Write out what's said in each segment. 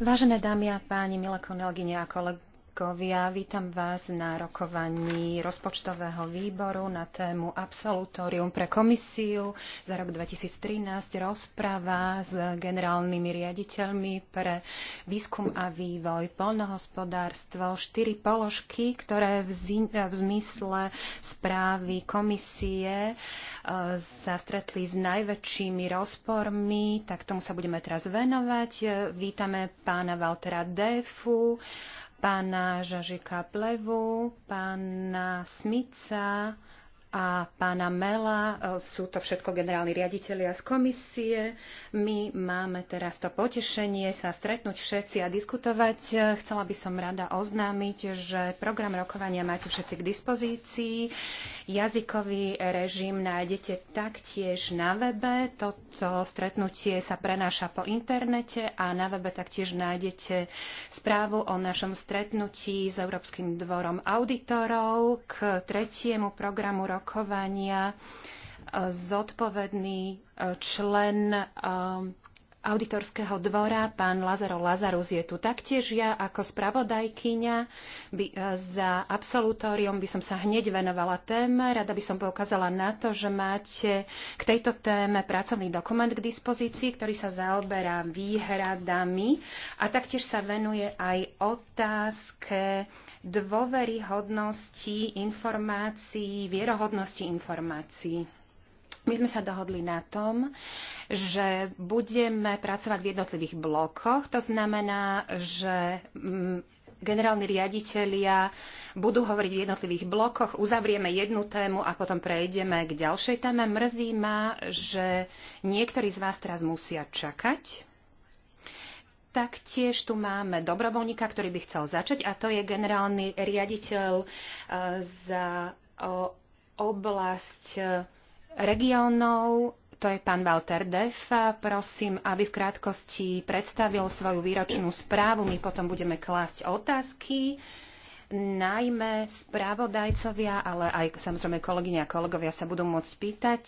Vážené dámy a páni, milé kolegyne a kolegovia, kolegovia, vítam vás na rokovaní rozpočtového výboru na tému absolutórium pre komisiu za rok 2013, rozprava s generálnymi riaditeľmi pre výskum a vývoj, polnohospodárstvo, štyri položky, ktoré v, zmysle správy komisie e, sa stretli s najväčšími rozpormi, tak tomu sa budeme teraz venovať. E, vítame pána Valtera Defu, pána Žažika Plevu, pána Smica, a pána Mela. E, sú to všetko generálni riaditeľia z komisie. My máme teraz to potešenie sa stretnúť všetci a diskutovať. Chcela by som rada oznámiť, že program rokovania máte všetci k dispozícii. Jazykový režim nájdete taktiež na webe. Toto stretnutie sa prenáša po internete a na webe taktiež nájdete správu o našom stretnutí s Európskym dvorom auditorov k tretiemu programu rokovania rokovania e, zodpovedný e, člen e, auditorského dvora, pán Lazaro Lazarus je tu taktiež. Ja ako spravodajkyňa by, e, za absolutórium by som sa hneď venovala téme. Rada by som poukázala na to, že máte k tejto téme pracovný dokument k dispozícii, ktorý sa zaoberá výhradami a taktiež sa venuje aj otázke dôveryhodnosti informácií, vierohodnosti informácií. My sme sa dohodli na tom, že budeme pracovať v jednotlivých blokoch. To znamená, že mm, generálni riaditeľia budú hovoriť v jednotlivých blokoch, uzavrieme jednu tému a potom prejdeme k ďalšej téme. Mrzí ma, že niektorí z vás teraz musia čakať. Taktiež tu máme dobrovoľníka, ktorý by chcel začať a to je generálny riaditeľ eh, za oblasť eh, regiónov. To je pán Walter Def. Prosím, aby v krátkosti predstavil svoju výročnú správu. My potom budeme klásť otázky najmä správodajcovia, ale aj samozrejme kolegyne a kolegovia sa budú môcť pýtať.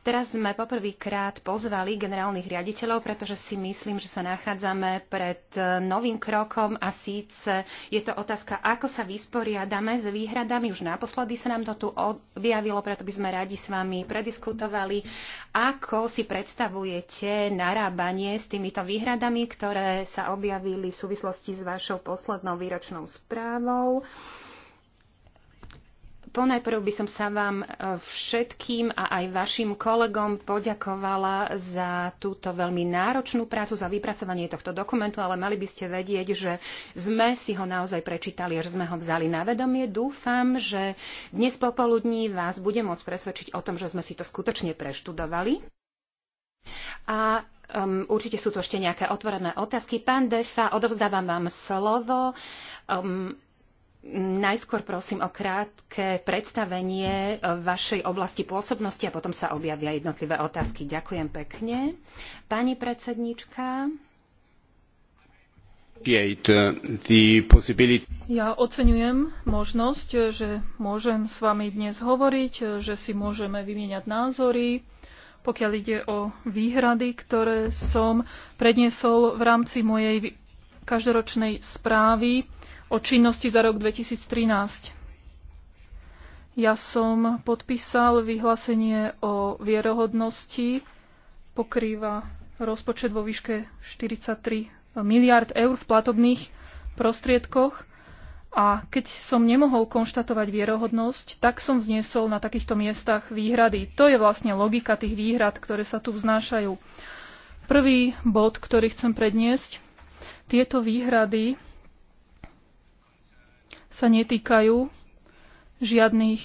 Teraz sme poprvýkrát pozvali generálnych riaditeľov, pretože si myslím, že sa nachádzame pred novým krokom a síce je to otázka, ako sa vysporiadame s výhradami. Už naposledy sa nám to tu objavilo, preto by sme radi s vami prediskutovali, ako si predstavujete narábanie s týmito výhradami, ktoré sa objavili v súvislosti s vašou poslednou výročnou správou kolegov. Ponajprv by som sa vám e, všetkým a aj vašim kolegom poďakovala za túto veľmi náročnú prácu, za vypracovanie tohto dokumentu, ale mali by ste vedieť, že sme si ho naozaj prečítali, že sme ho vzali na vedomie. Dúfam, že dnes popoludní vás bude môcť presvedčiť o tom, že sme si to skutočne preštudovali. A um, určite sú tu ešte nejaké otvorené otázky. Pán Defa, odovzdávam vám slovo. Um, Najskôr prosím o krátke predstavenie e, vašej oblasti pôsobnosti a potom sa objavia jednotlivé otázky. Ďakujem pekne. Pani predsednička. Uh, ja oceňujem možnosť, že môžem s vami dnes hovoriť, že si môžeme vymieňať názory, pokiaľ ide o výhrady, ktoré som predniesol v rámci mojej každoročnej správy o činnosti za rok 2013. Ja som podpísal vyhlásenie o vierohodnosti, pokrýva rozpočet vo výške 43 miliard eur v platobných prostriedkoch. A keď som nemohol konštatovať vierohodnosť, tak som vzniesol na takýchto miestach výhrady. To je vlastne logika tých výhrad, ktoré sa tu vznášajú. Prvý bod, ktorý chcem predniesť, tieto výhrady sa netýkajú žiadnych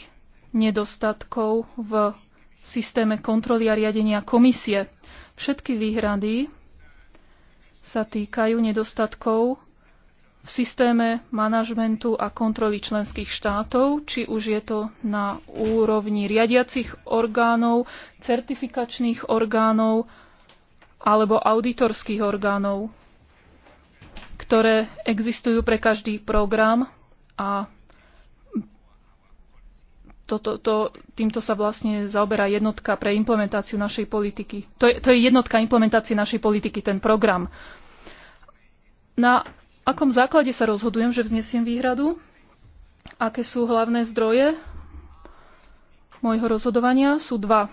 nedostatkov v systéme kontroly a riadenia komisie. Všetky výhrady sa týkajú nedostatkov v systéme manažmentu a kontroly členských štátov, či už je to na úrovni riadiacich orgánov, certifikačných orgánov alebo auditorských orgánov, ktoré existujú pre každý program a to, to, týmto sa vlastne zaoberá jednotka pre implementáciu našej politiky. To je, to je jednotka implementácie našej politiky, ten program. Na akom základe sa rozhodujem, že vznesiem výhradu? Aké sú hlavné zdroje môjho rozhodovania? Sú dva.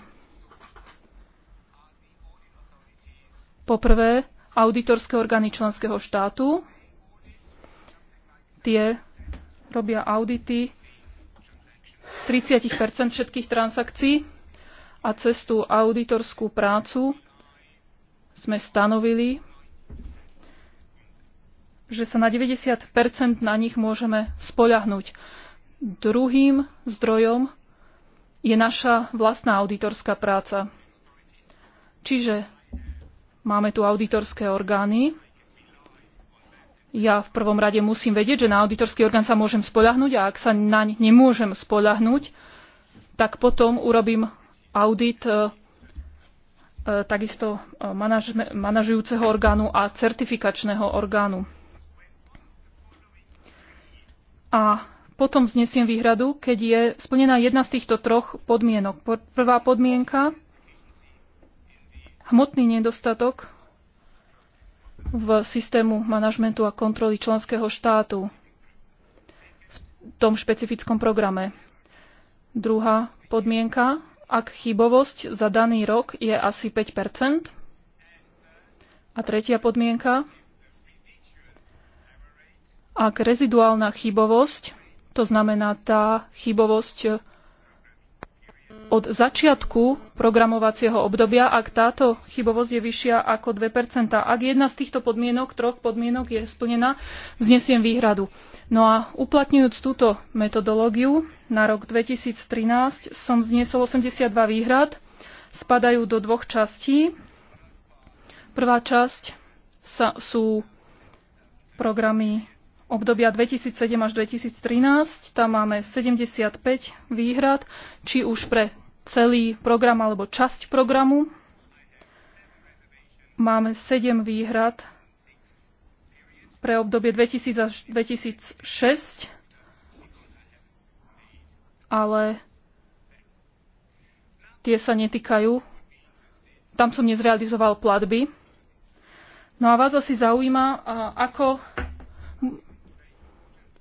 Poprvé, auditorské orgány členského štátu. Tie robia audity 30 všetkých transakcií a cez tú auditorskú prácu sme stanovili, že sa na 90 na nich môžeme spoľahnúť. Druhým zdrojom je naša vlastná auditorská práca. Čiže máme tu auditorské orgány, ja v prvom rade musím vedieť, že na auditorský orgán sa môžem spolahnúť a ak sa naň nemôžem spolahnúť, tak potom urobím audit e, e, takisto e, manaž, manažujúceho orgánu a certifikačného orgánu. A potom znesiem výhradu, keď je splnená jedna z týchto troch podmienok. Prvá podmienka, hmotný nedostatok v systému manažmentu a kontroly členského štátu v tom špecifickom programe. Druhá podmienka, ak chybovosť za daný rok je asi 5 A tretia podmienka, ak reziduálna chybovosť, to znamená tá chybovosť, od začiatku programovacieho obdobia, ak táto chybovosť je vyššia ako 2%. Ak jedna z týchto podmienok, troch podmienok je splnená, vznesiem výhradu. No a uplatňujúc túto metodológiu na rok 2013 som vzniesol 82 výhrad, spadajú do dvoch častí. Prvá časť sa, sú programy obdobia 2007 až 2013. Tam máme 75 výhrad, či už pre celý program alebo časť programu. Máme 7 výhrad pre obdobie 2000 až 2006, ale tie sa netýkajú. Tam som nezrealizoval platby. No a vás asi zaujíma, ako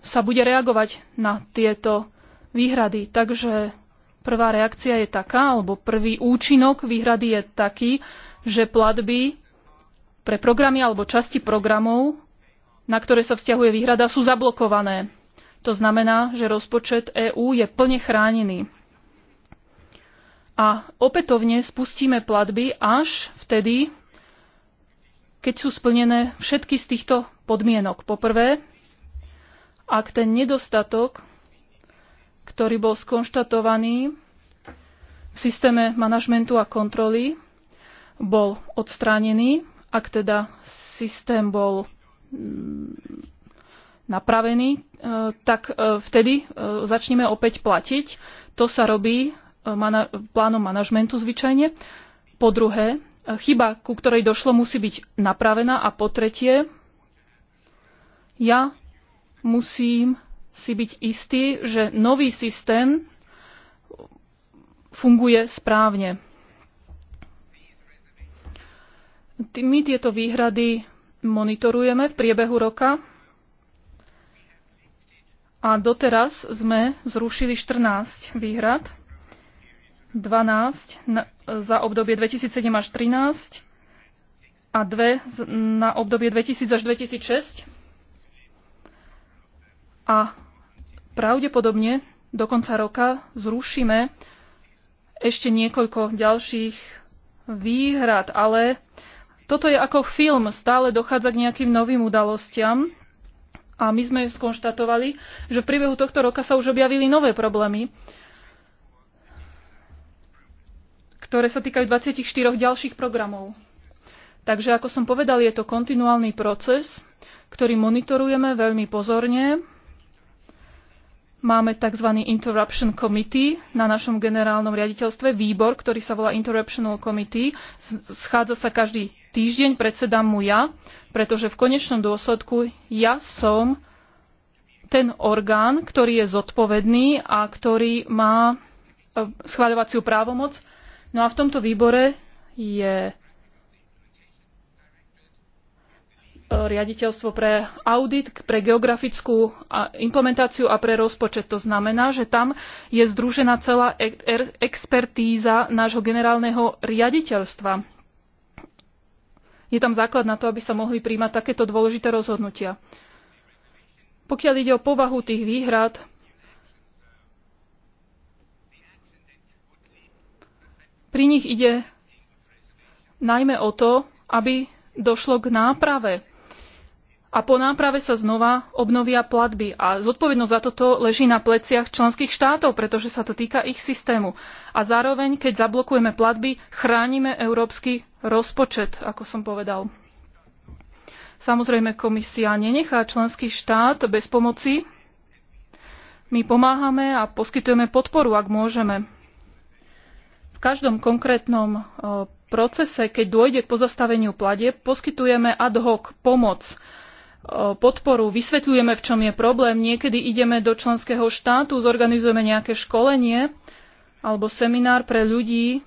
sa bude reagovať na tieto výhrady. Takže prvá reakcia je taká, alebo prvý účinok výhrady je taký, že platby pre programy alebo časti programov, na ktoré sa vzťahuje výhrada, sú zablokované. To znamená, že rozpočet EÚ je plne chránený. A opätovne spustíme platby až vtedy, keď sú splnené všetky z týchto podmienok. Poprvé, ak ten nedostatok, ktorý bol skonštatovaný v systéme manažmentu a kontroly, bol odstránený, ak teda systém bol mm, napravený, e, tak e, vtedy e, začneme opäť platiť. To sa robí plánom manažmentu zvyčajne. Po druhé, chyba, ku ktorej došlo, musí byť napravená. A po tretie, ja musím si byť istý, že nový systém funguje správne. My tieto výhrady monitorujeme v priebehu roka a doteraz sme zrušili 14 výhrad, 12 za obdobie 2007 až 2013 a 2 na obdobie 2000 až 2006 a pravdepodobne do konca roka zrušíme ešte niekoľko ďalších výhrad, ale toto je ako film, stále dochádza k nejakým novým udalostiam a my sme skonštatovali, že v priebehu tohto roka sa už objavili nové problémy, ktoré sa týkajú 24 ďalších programov. Takže ako som povedal, je to kontinuálny proces, ktorý monitorujeme veľmi pozorne Máme tzv. Interruption Committee na našom generálnom riaditeľstve, výbor, ktorý sa volá Interruptional Committee. Schádza sa každý týždeň, predsedám mu ja, pretože v konečnom dôsledku ja som ten orgán, ktorý je zodpovedný a ktorý má eh, schváľovaciu právomoc. No a v tomto výbore je riaditeľstvo pre audit, pre geografickú implementáciu a pre rozpočet. To znamená, že tam je združená celá e, er, expertíza nášho generálneho riaditeľstva. Je tam základ na to, aby sa mohli príjmať takéto dôležité rozhodnutia. Pokiaľ ide o povahu tých výhrad, pri nich ide najmä o to, aby došlo k náprave a po náprave sa znova obnovia platby. A zodpovednosť za toto leží na pleciach členských štátov, pretože sa to týka ich systému. A zároveň, keď zablokujeme platby, chránime európsky rozpočet, ako som povedal. Samozrejme, komisia nenechá členský štát bez pomoci. My pomáhame a poskytujeme podporu, ak môžeme. V každom konkrétnom e, procese, keď dôjde k pozastaveniu platieb, poskytujeme ad hoc pomoc E, podporu, vysvetľujeme, v čom je problém. Niekedy ideme do členského štátu, zorganizujeme nejaké školenie alebo seminár pre ľudí,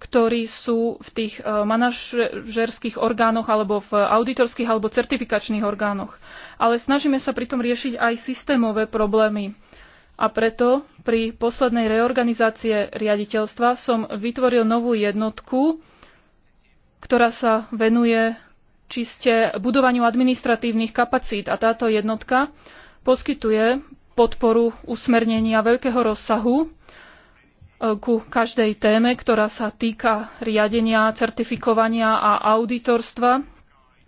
ktorí sú v tých e, manažerských orgánoch alebo v auditorských alebo certifikačných orgánoch. Ale snažíme sa pritom riešiť aj systémové problémy. A preto pri poslednej reorganizácie riaditeľstva som vytvoril novú jednotku, ktorá sa venuje čiste budovaniu administratívnych kapacít a táto jednotka poskytuje podporu usmernenia veľkého rozsahu e, ku každej téme, ktorá sa týka riadenia, certifikovania a auditorstva.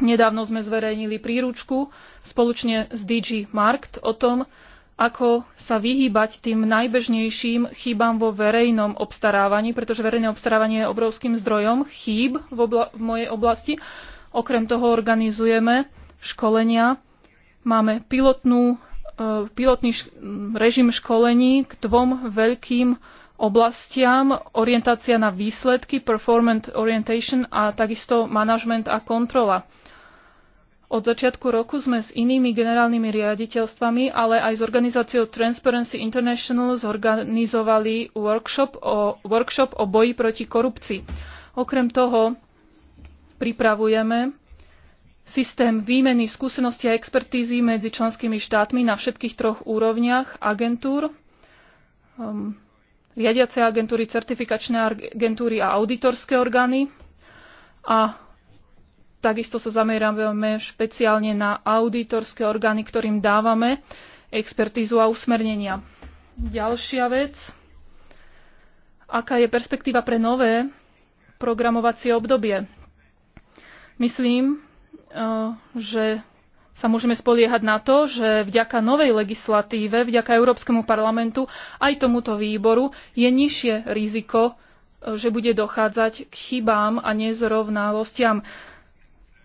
Nedávno sme zverejnili príručku spoločne s DG Markt o tom, ako sa vyhýbať tým najbežnejším chýbam vo verejnom obstarávaní, pretože verejné obstarávanie je obrovským zdrojom chýb v, obla- v mojej oblasti Okrem toho organizujeme školenia. Máme pilotnú, e, pilotný režim školení k dvom veľkým oblastiam orientácia na výsledky, performance orientation a takisto management a kontrola. Od začiatku roku sme s inými generálnymi riaditeľstvami, ale aj s organizáciou Transparency International zorganizovali workshop o, workshop o boji proti korupcii. Okrem toho pripravujeme systém výmeny skúseností a expertízy medzi členskými štátmi na všetkých troch úrovniach agentúr, um, riadiace agentúry, certifikačné agentúry a auditorské orgány. A takisto sa zamerávame špeciálne na auditorské orgány, ktorým dávame expertízu a usmernenia. Ďalšia vec. Aká je perspektíva pre nové programovacie obdobie? Myslím, eh, že sa môžeme spoliehať na to, že vďaka novej legislatíve, vďaka Európskemu parlamentu aj tomuto výboru je nižšie riziko, eh, že bude dochádzať k chybám a nezrovnalostiam.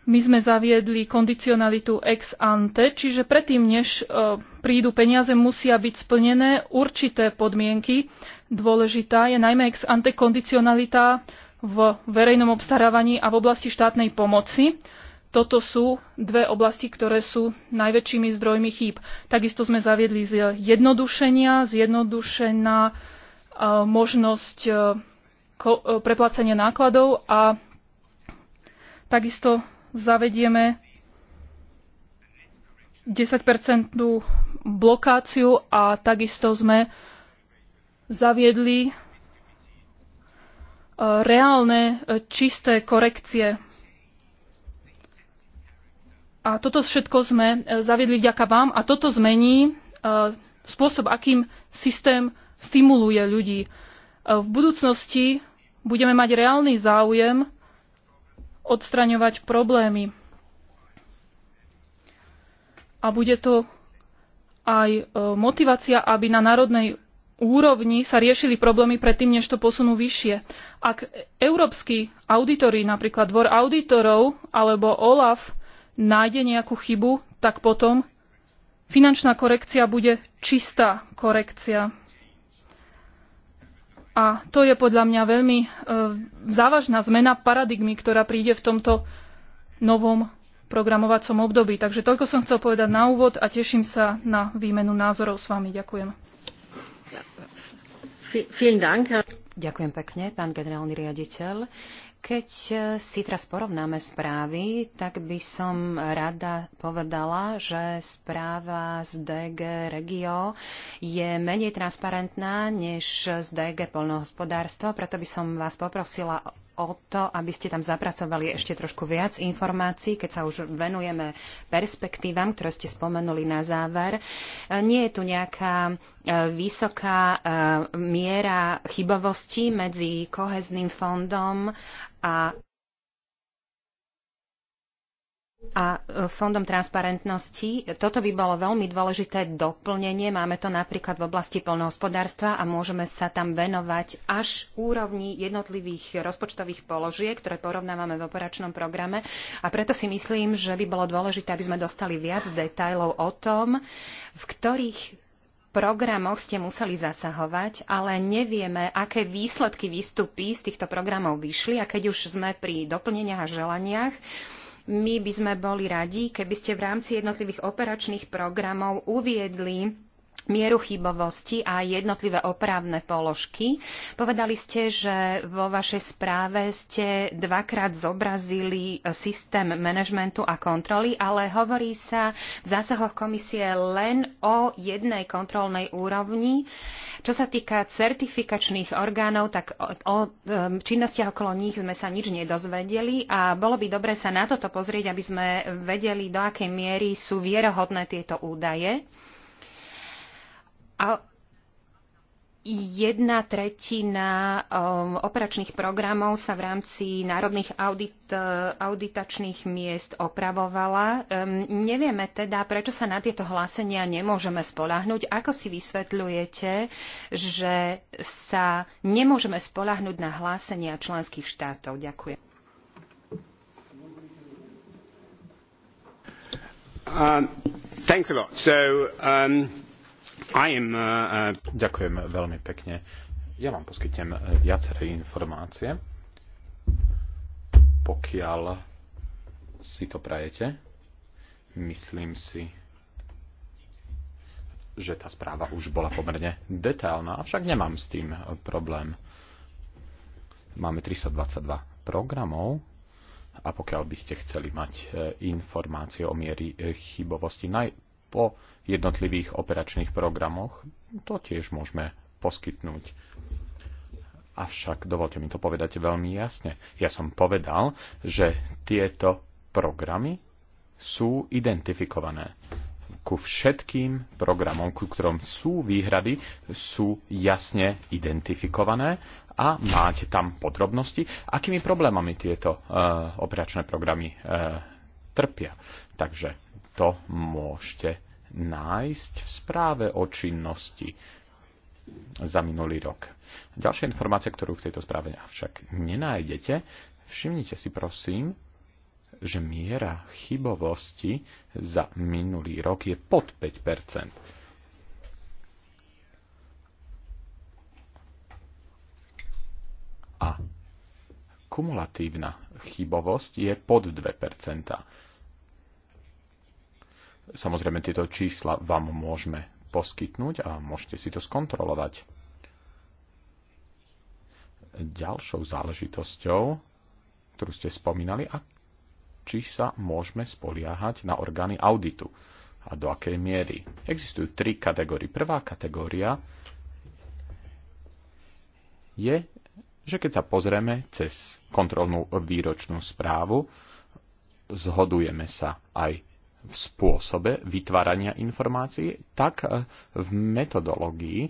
My sme zaviedli kondicionalitu ex ante, čiže predtým, než eh, prídu peniaze, musia byť splnené určité podmienky. Dôležitá je najmä ex ante kondicionalita v verejnom obstarávaní a v oblasti štátnej pomoci. Toto sú dve oblasti, ktoré sú najväčšími zdrojmi chýb. Takisto sme zaviedli zjednodušenia, zjednodušená e, možnosť e, e, preplácania nákladov a takisto zavedieme 10-percentnú blokáciu a takisto sme zaviedli reálne, e, čisté korekcie. A toto všetko sme e, zaviedli vďaka vám a toto zmení e, spôsob, akým systém stimuluje ľudí. V budúcnosti budeme mať reálny záujem odstraňovať problémy. A bude to aj motivácia, aby na národnej úrovni sa riešili problémy predtým, než to posunú vyššie. Ak európsky auditori, napríklad dvor auditorov alebo OLAF, nájde nejakú chybu, tak potom finančná korekcia bude čistá korekcia. A to je podľa mňa veľmi e, závažná zmena paradigmy, ktorá príde v tomto novom programovacom období. Takže toľko som chcel povedať na úvod a teším sa na výmenu názorov s vami. Ďakujem. Ďakujem pekne, pán generálny riaditeľ. Keď eh, si teraz porovnáme správy, tak by som rada povedala, že správa z DG Regio je menej transparentná než z DG Polnohospodárstva, preto by som vás poprosila o to, aby ste tam zapracovali ešte trošku viac informácií, keď sa už venujeme perspektívam, ktoré ste spomenuli na záver. E, nie je tu nejaká e, vysoká e, miera chybovosti medzi kohezným fondom a a e, Fondom transparentnosti. Toto by bolo veľmi dôležité doplnenie. Máme to napríklad v oblasti polnohospodárstva a môžeme sa tam venovať až úrovni jednotlivých rozpočtových položiek, ktoré porovnávame v operačnom programe. A preto si myslím, že by bolo dôležité, aby sme dostali viac detajlov o tom, v ktorých programoch ste museli zasahovať, ale nevieme, aké výsledky výstupy z týchto programov vyšli a keď už sme pri doplneniach a želaniach, my by sme boli radi, keby ste v rámci jednotlivých operačných programov uviedli mieru chybovosti a jednotlivé opravné položky. Povedali ste, že vo vašej správe ste dvakrát zobrazili e, systém manažmentu a kontroly, ale hovorí sa v zásahoch komisie len o jednej kontrolnej úrovni čo sa týka certifikačných orgánov, tak o, o činnostiach okolo nich sme sa nič nedozvedeli a bolo by dobre sa na toto pozrieť, aby sme vedeli, do akej miery sú vierohodné tieto údaje. A jedna tretina um, operačných programov sa v rámci národných audit, uh, auditačných miest opravovala. Um, nevieme teda, prečo sa na tieto hlásenia nemôžeme spolahnuť. Ako si vysvetľujete, že sa nemôžeme spolahnuť na hlásenia členských štátov? Ďakujem. Um, thanks a lot. So, um, Uh, uh... Ďakujem veľmi pekne. Ja vám poskytnem eh, viaceré informácie, pokiaľ si to prajete. Myslím si, že tá správa už bola pomerne detailná, avšak nemám s tým eh, problém. Máme 322 programov a pokiaľ by ste chceli mať eh, informácie o miery chybovosti, naj, po jednotlivých operačných programoch. To tiež môžeme poskytnúť. Avšak dovolte mi to povedať veľmi jasne. Ja som povedal, že tieto programy sú identifikované. Ku všetkým programom, ku ktorom sú výhrady, sú jasne identifikované a máte tam podrobnosti, akými problémami tieto uh, operačné programy uh, trpia. Takže to môžete nájsť v správe o činnosti za minulý rok. Ďalšia informácia, ktorú v tejto správe avšak nenájdete, všimnite si prosím, že miera chybovosti za minulý rok je pod 5 A kumulatívna chybovosť je pod 2 Samozrejme, tieto čísla vám môžeme poskytnúť a môžete si to skontrolovať. Ďalšou záležitosťou, ktorú ste spomínali, a či sa môžeme spoliahať na orgány auditu a do akej miery. Existujú tri kategórie. Prvá kategória je, že keď sa pozrieme cez kontrolnú výročnú správu, zhodujeme sa aj v spôsobe vytvárania informácií, tak eh, v metodológii,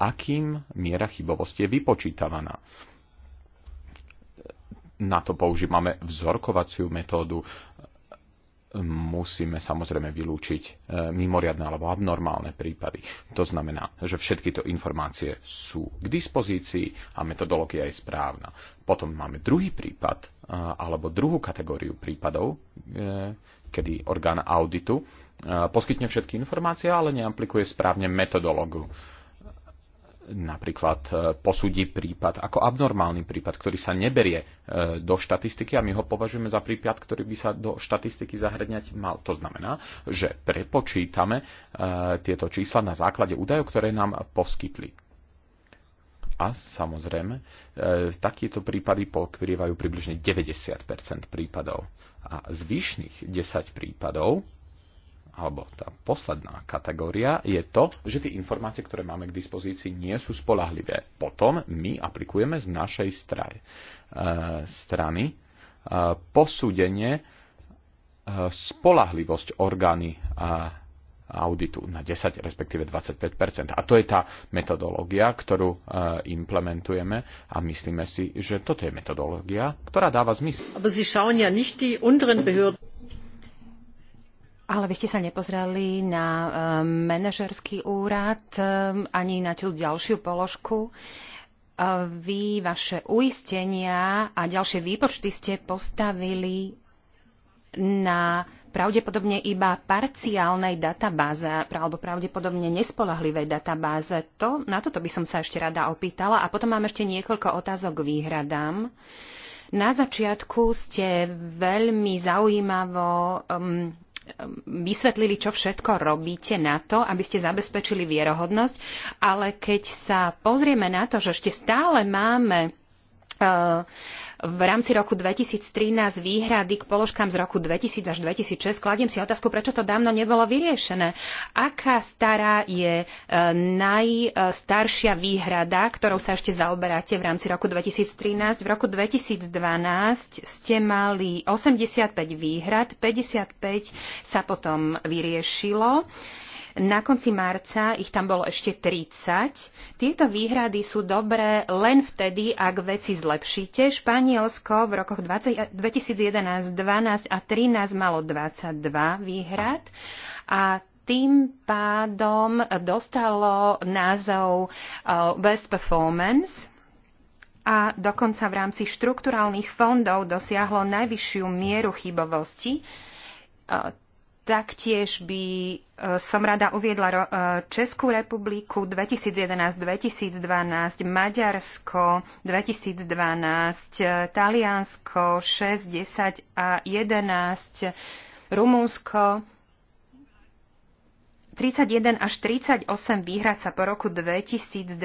akým miera chybovosti je vypočítavaná. Na to používame vzorkovaciu metódu. Musíme samozrejme vylúčiť eh, mimoriadne alebo abnormálne prípady. To znamená, že všetky to informácie sú k dispozícii a metodológia je správna. Potom máme druhý prípad eh, alebo druhú kategóriu prípadov, kedy orgán auditu e, poskytne všetky informácie, ale neaplikuje správne metodologu. Napríklad e, posúdi prípad ako abnormálny prípad, ktorý sa neberie e, do štatistiky a my ho považujeme za prípad, ktorý by sa do štatistiky zahrňať mal. To znamená, že prepočítame tieto čísla na základe údajov, ktoré nám poskytli a samozrejme, e, takéto prípady pokrývajú približne 90 prípadov. A z vyšných 10 prípadov, alebo tá posledná kategória, je to, že tie informácie, ktoré máme k dispozícii, nie sú spolahlivé. Potom my aplikujeme z našej straj, e, strany e, posúdenie spolahlivosť orgány auditu na 10, respektíve 25 A to je tá metodológia, ktorú e, implementujeme a myslíme si, že toto je metodológia, ktorá dáva zmysel. Ale vy ste sa nepozreli na e, manažerský úrad e, ani na tú ďalšiu položku vy vaše uistenia a ďalšie výpočty ste postavili na pravdepodobne iba parciálnej databáze alebo pravdepodobne nespolahlivej databáze. To, na toto by som sa ešte rada opýtala. A potom mám ešte niekoľko otázok k výhradám. Na začiatku ste veľmi zaujímavo um, um vysvetlili, čo všetko robíte na to, aby ste zabezpečili vierohodnosť, ale keď sa pozrieme na to, že ešte stále máme uh, v rámci roku 2013 výhrady k položkám z roku 2000 až 2006, kladiem si otázku, prečo to dávno nebolo vyriešené. Aká stará je e, najstaršia výhrada, ktorou sa ešte zaoberáte v rámci roku 2013? V roku 2012 ste mali 85 výhrad, 55 sa potom vyriešilo. Na konci marca ich tam bolo ešte 30. Tieto výhrady sú dobré len vtedy, ak veci zlepšíte. Španielsko v rokoch 20, 2011, 12 a 13 malo 22 výhrad a tým pádom dostalo názov eh, Best Performance a dokonca v rámci štrukturálnych fondov dosiahlo najvyššiu mieru chybovosti. Eh, Taktiež by e, som rada uviedla e, Českú republiku 2011-2012, Maďarsko 2012, e, Taliansko 6, 10 a 11, Rumúnsko 31 až 38 výhrad sa po roku 2013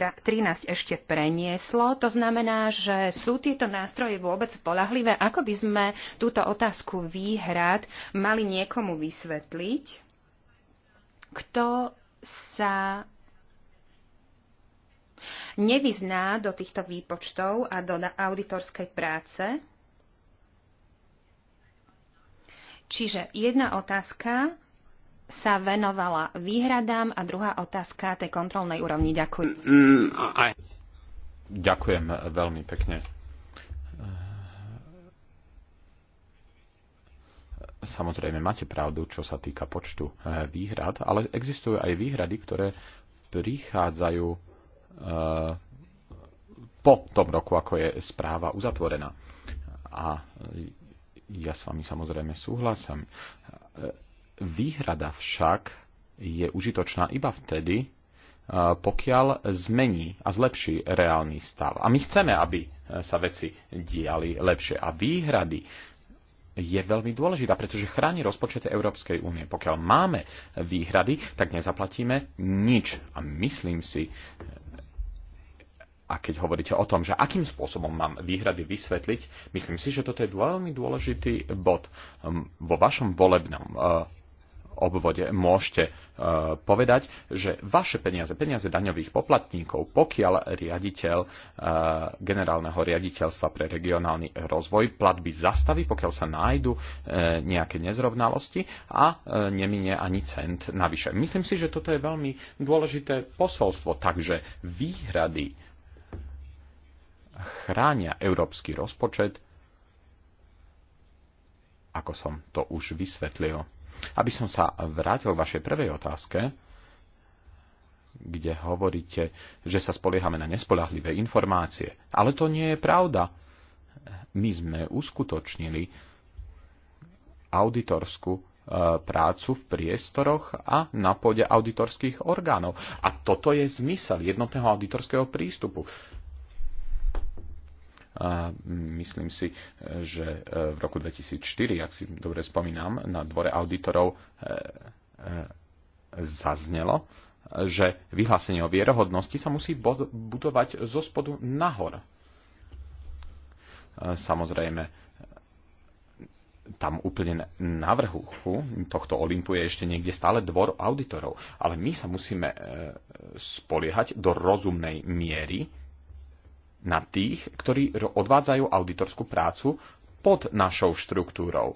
ešte prenieslo. To znamená, že sú tieto nástroje vôbec polahlivé? Ako by sme túto otázku výhrad mali niekomu vysvetliť? Kto sa nevyzná do týchto výpočtov a do auditorskej práce. Čiže jedna otázka, sa venovala výhradám a druhá otázka tej kontrolnej úrovni. Ďakujem. Ďakujem veľmi pekne. Samozrejme, máte pravdu, čo sa týka počtu eh, výhrad, ale existujú aj výhrady, ktoré prichádzajú eh, po tom roku, ako je správa uzatvorená. A ja s vami samozrejme súhlasím Výhrada však je užitočná iba vtedy, e, pokiaľ zmení a zlepší reálny stav. A my chceme, aby e, sa veci diali lepšie. A výhrady je veľmi dôležitá, pretože chráni rozpočet Európskej únie. Pokiaľ máme výhrady, tak nezaplatíme nič. A myslím si, a keď hovoríte o tom, že akým spôsobom mám výhrady vysvetliť, myslím si, že toto je veľmi dôležitý bod. Vo vašom volebnom e, obvode môžete e, povedať, že vaše peniaze, peniaze daňových poplatníkov, pokiaľ riaditeľ e, generálneho riaditeľstva pre regionálny rozvoj platby zastaví, pokiaľ sa nájdu e, nejaké nezrovnalosti a neminie ani cent navyše. Myslím si, že toto je veľmi dôležité posolstvo, takže výhrady chránia európsky rozpočet, ako som to už vysvetlil. Aby som sa vrátil k vašej prvej otázke, kde hovoríte, že sa spoliehame na nespolahlivé informácie. Ale to nie je pravda. My sme uskutočnili auditorskú e, prácu v priestoroch a na pôde auditorských orgánov. A toto je zmysel jednotného auditorského prístupu. A myslím si, že e, v roku 2004, ak si dobre spomínam, na dvore auditorov e, e, zaznelo, že vyhlásenie o vierohodnosti sa musí budovať zo spodu nahor. Samozrejme, tam úplne na vrhu tohto Olympu je ešte niekde stále dvor auditorov. Ale my sa musíme spoliehať do rozumnej miery na tých, ktorí odvádzajú auditorskú prácu pod našou štruktúrou e,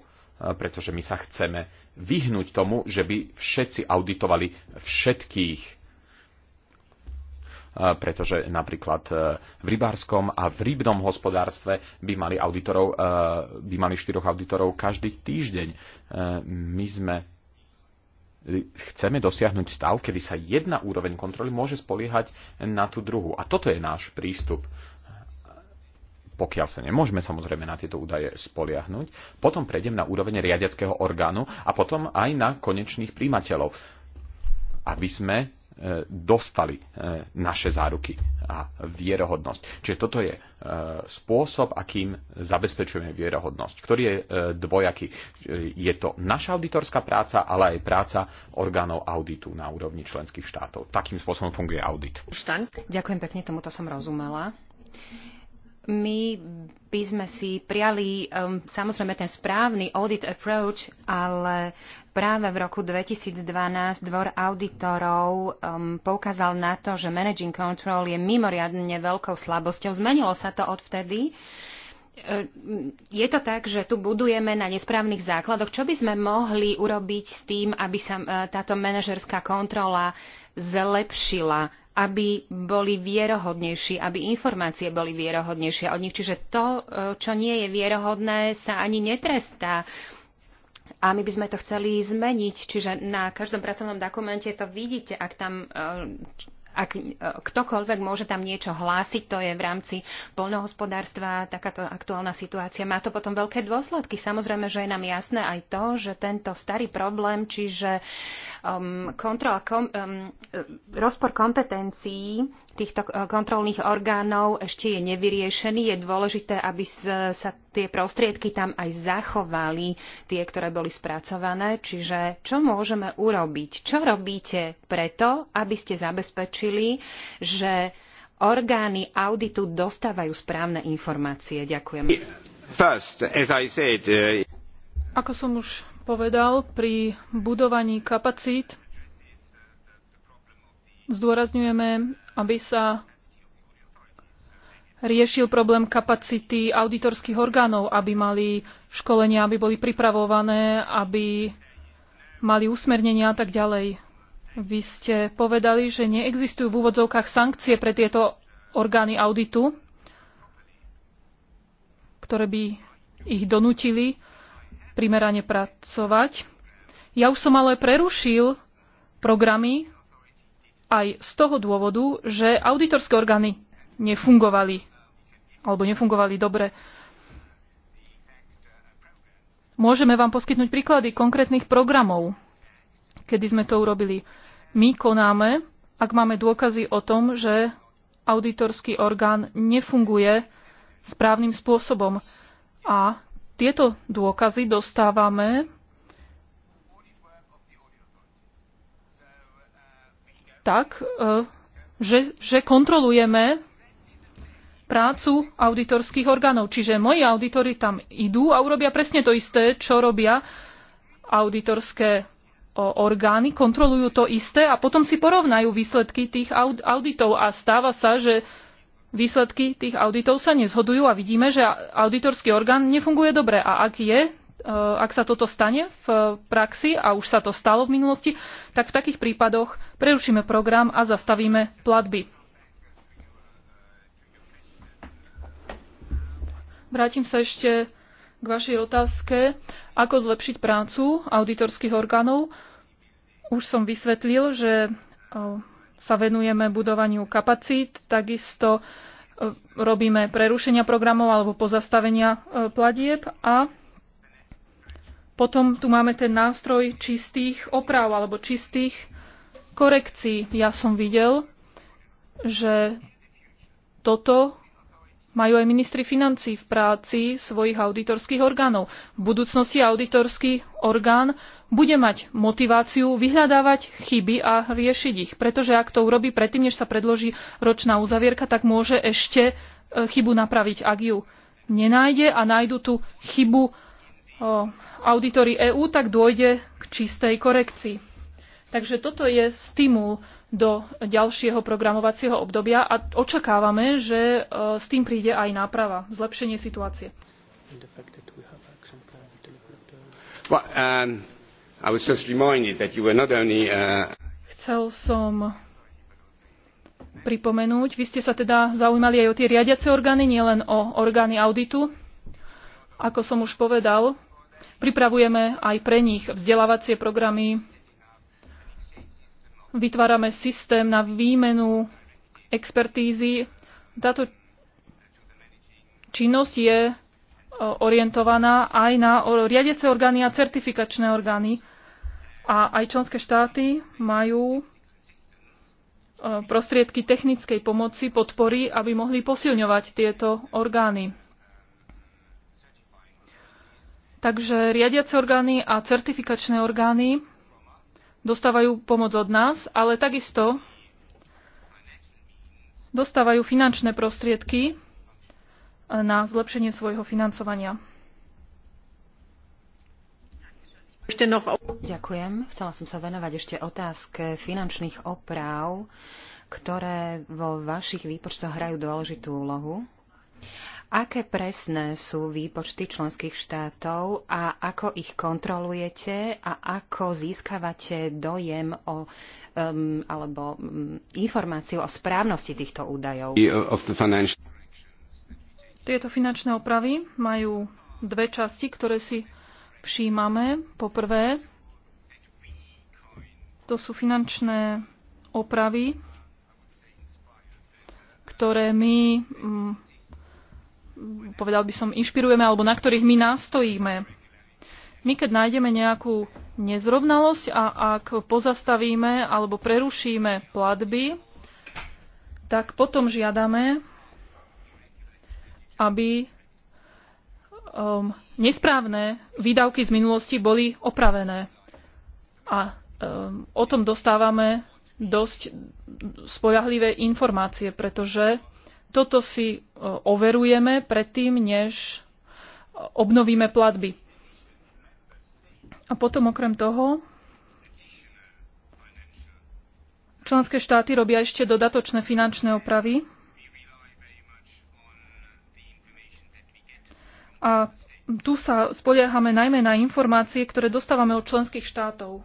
pretože my sa chceme vyhnúť tomu, že by všetci auditovali všetkých. E, pretože napríklad e, v rybárskom a v rybnom hospodárstve by mali, auditorov, by mali štyroch auditorov každý týždeň. My sme chceme dosiahnuť stav, kedy sa jedna úroveň kontroly môže spoliehať na tú druhú. A toto je náš prístup. Pokiaľ sa nemôžeme samozrejme na tieto údaje spoliahnuť, potom prejdem na úroveň riadeckého orgánu a potom aj na konečných príjimateľov, aby sme e, dostali e, naše záruky a vierohodnosť. Čiže toto je e, spôsob, akým zabezpečujeme vierohodnosť, ktorý je dvojaký. Je to naša auditorská práca, ale aj práca orgánov auditu na úrovni členských štátov. Takým spôsobom funguje audit. Ďakujem pekne, tomuto som rozumela my by sme si priali um, samozrejme ten správny audit approach, ale práve v roku 2012 dvor auditorov um, poukázal na to, že managing control je mimoriadne veľkou slabosťou. Zmenilo sa to odvtedy. E, je to tak, že tu budujeme na nesprávnych základoch. Čo by sme mohli urobiť s tým, aby sa e, táto manažerská kontrola zlepšila, aby boli vierohodnejší, aby informácie boli vierohodnejšie od nich. Čiže to, e, čo nie je vierohodné, sa ani netrestá. A my by sme to chceli zmeniť, čiže na každom pracovnom dokumente to vidíte, ak tam e, ak e, ktokoľvek môže tam niečo hlásiť, to je v rámci poľnohospodárstva takáto aktuálna situácia. Má to potom veľké dôsledky. Samozrejme, že je nám jasné aj to, že tento starý problém, čiže um, kontrola, kom, um, e, rozpor kompetencií týchto eh, kontrolných orgánov ešte je nevyriešený. Je dôležité, aby sa tie prostriedky tam aj zachovali, tie, ktoré boli spracované. Čiže čo môžeme urobiť? Čo robíte preto, aby ste zabezpečili, že orgány auditu dostávajú správne informácie? Ďakujem. First, as I said, uh... Ako som už povedal, pri budovaní kapacít Zdôrazňujeme, aby sa riešil problém kapacity auditorských orgánov, aby mali školenia, aby boli pripravované, aby mali usmernenia a tak ďalej. Vy ste povedali, že neexistujú v úvodzovkách sankcie pre tieto orgány auditu, ktoré by ich donútili primerane pracovať. Ja už som ale prerušil programy aj z toho dôvodu, že auditorské orgány nefungovali alebo nefungovali dobre. Môžeme vám poskytnúť príklady konkrétnych programov, kedy sme to urobili. My konáme, ak máme dôkazy o tom, že auditorský orgán nefunguje správnym spôsobom. A tieto dôkazy dostávame tak, e, že, že kontrolujeme prácu auditorských orgánov. Čiže moji auditory tam idú a urobia presne to isté, čo robia auditorské orgány, kontrolujú to isté a potom si porovnajú výsledky tých auditov a stáva sa, že výsledky tých auditov sa nezhodujú a vidíme, že auditorský orgán nefunguje dobre. A ak je ak sa toto stane v praxi, a už sa to stalo v minulosti, tak v takých prípadoch prerušíme program a zastavíme platby. Vrátim sa ešte k vašej otázke, ako zlepšiť prácu auditorských orgánov. Už som vysvetlil, že sa venujeme budovaniu kapacít, takisto robíme prerušenia programov alebo pozastavenia platieb a potom tu máme ten nástroj čistých oprav alebo čistých korekcií. Ja som videl, že toto majú aj ministri financí v práci svojich auditorských orgánov. V budúcnosti auditorský orgán bude mať motiváciu vyhľadávať chyby a riešiť ich, pretože ak to urobí predtým, než sa predloží ročná uzavierka, tak môže ešte e, chybu napraviť, ak ju nenájde a nájdu tú chybu auditory EÚ, tak dôjde k čistej korekcii. Takže toto je stimul do ďalšieho programovacieho obdobia a očakávame, že e, s tým príde aj náprava, zlepšenie situácie. Um, uh, Chcel som pripomenúť, vy ste sa teda zaujímali aj o tie riadiace orgány, nielen o orgány auditu. Ako som už povedal, Pripravujeme aj pre nich vzdelávacie programy, vytvárame systém na výmenu expertízy. Táto činnosť je e, orientovaná aj na riadece orgány a certifikačné orgány. A aj členské štáty majú e, prostriedky technickej pomoci, podpory, aby mohli posilňovať tieto orgány. Takže riadiace orgány a certifikačné orgány dostávajú pomoc od nás, ale takisto dostávajú finančné prostriedky na zlepšenie svojho financovania. Ďakujem. Chcela som sa venovať ešte otázke finančných oprav, ktoré vo vašich výpočtoch hrajú dôležitú úlohu. Aké presné sú výpočty členských štátov a ako ich kontrolujete a ako získavate dojem o, um, alebo um, informáciu o správnosti týchto údajov? Uh, Tieto finančné opravy majú dve časti, ktoré si všímame. Poprvé, to sú finančné opravy, ktoré my mm, povedal by som, inšpirujeme alebo na ktorých my nástojíme. My keď nájdeme nejakú nezrovnalosť a ak pozastavíme alebo prerušíme platby, tak potom žiadame, aby um, nesprávne výdavky z minulosti boli opravené. A um, o tom dostávame dosť spojahlivé informácie, pretože toto si e, overujeme predtým, než e, obnovíme platby. A potom okrem toho členské štáty robia ešte dodatočné finančné opravy. A tu sa spoliehame najmä na informácie, ktoré dostávame od členských štátov.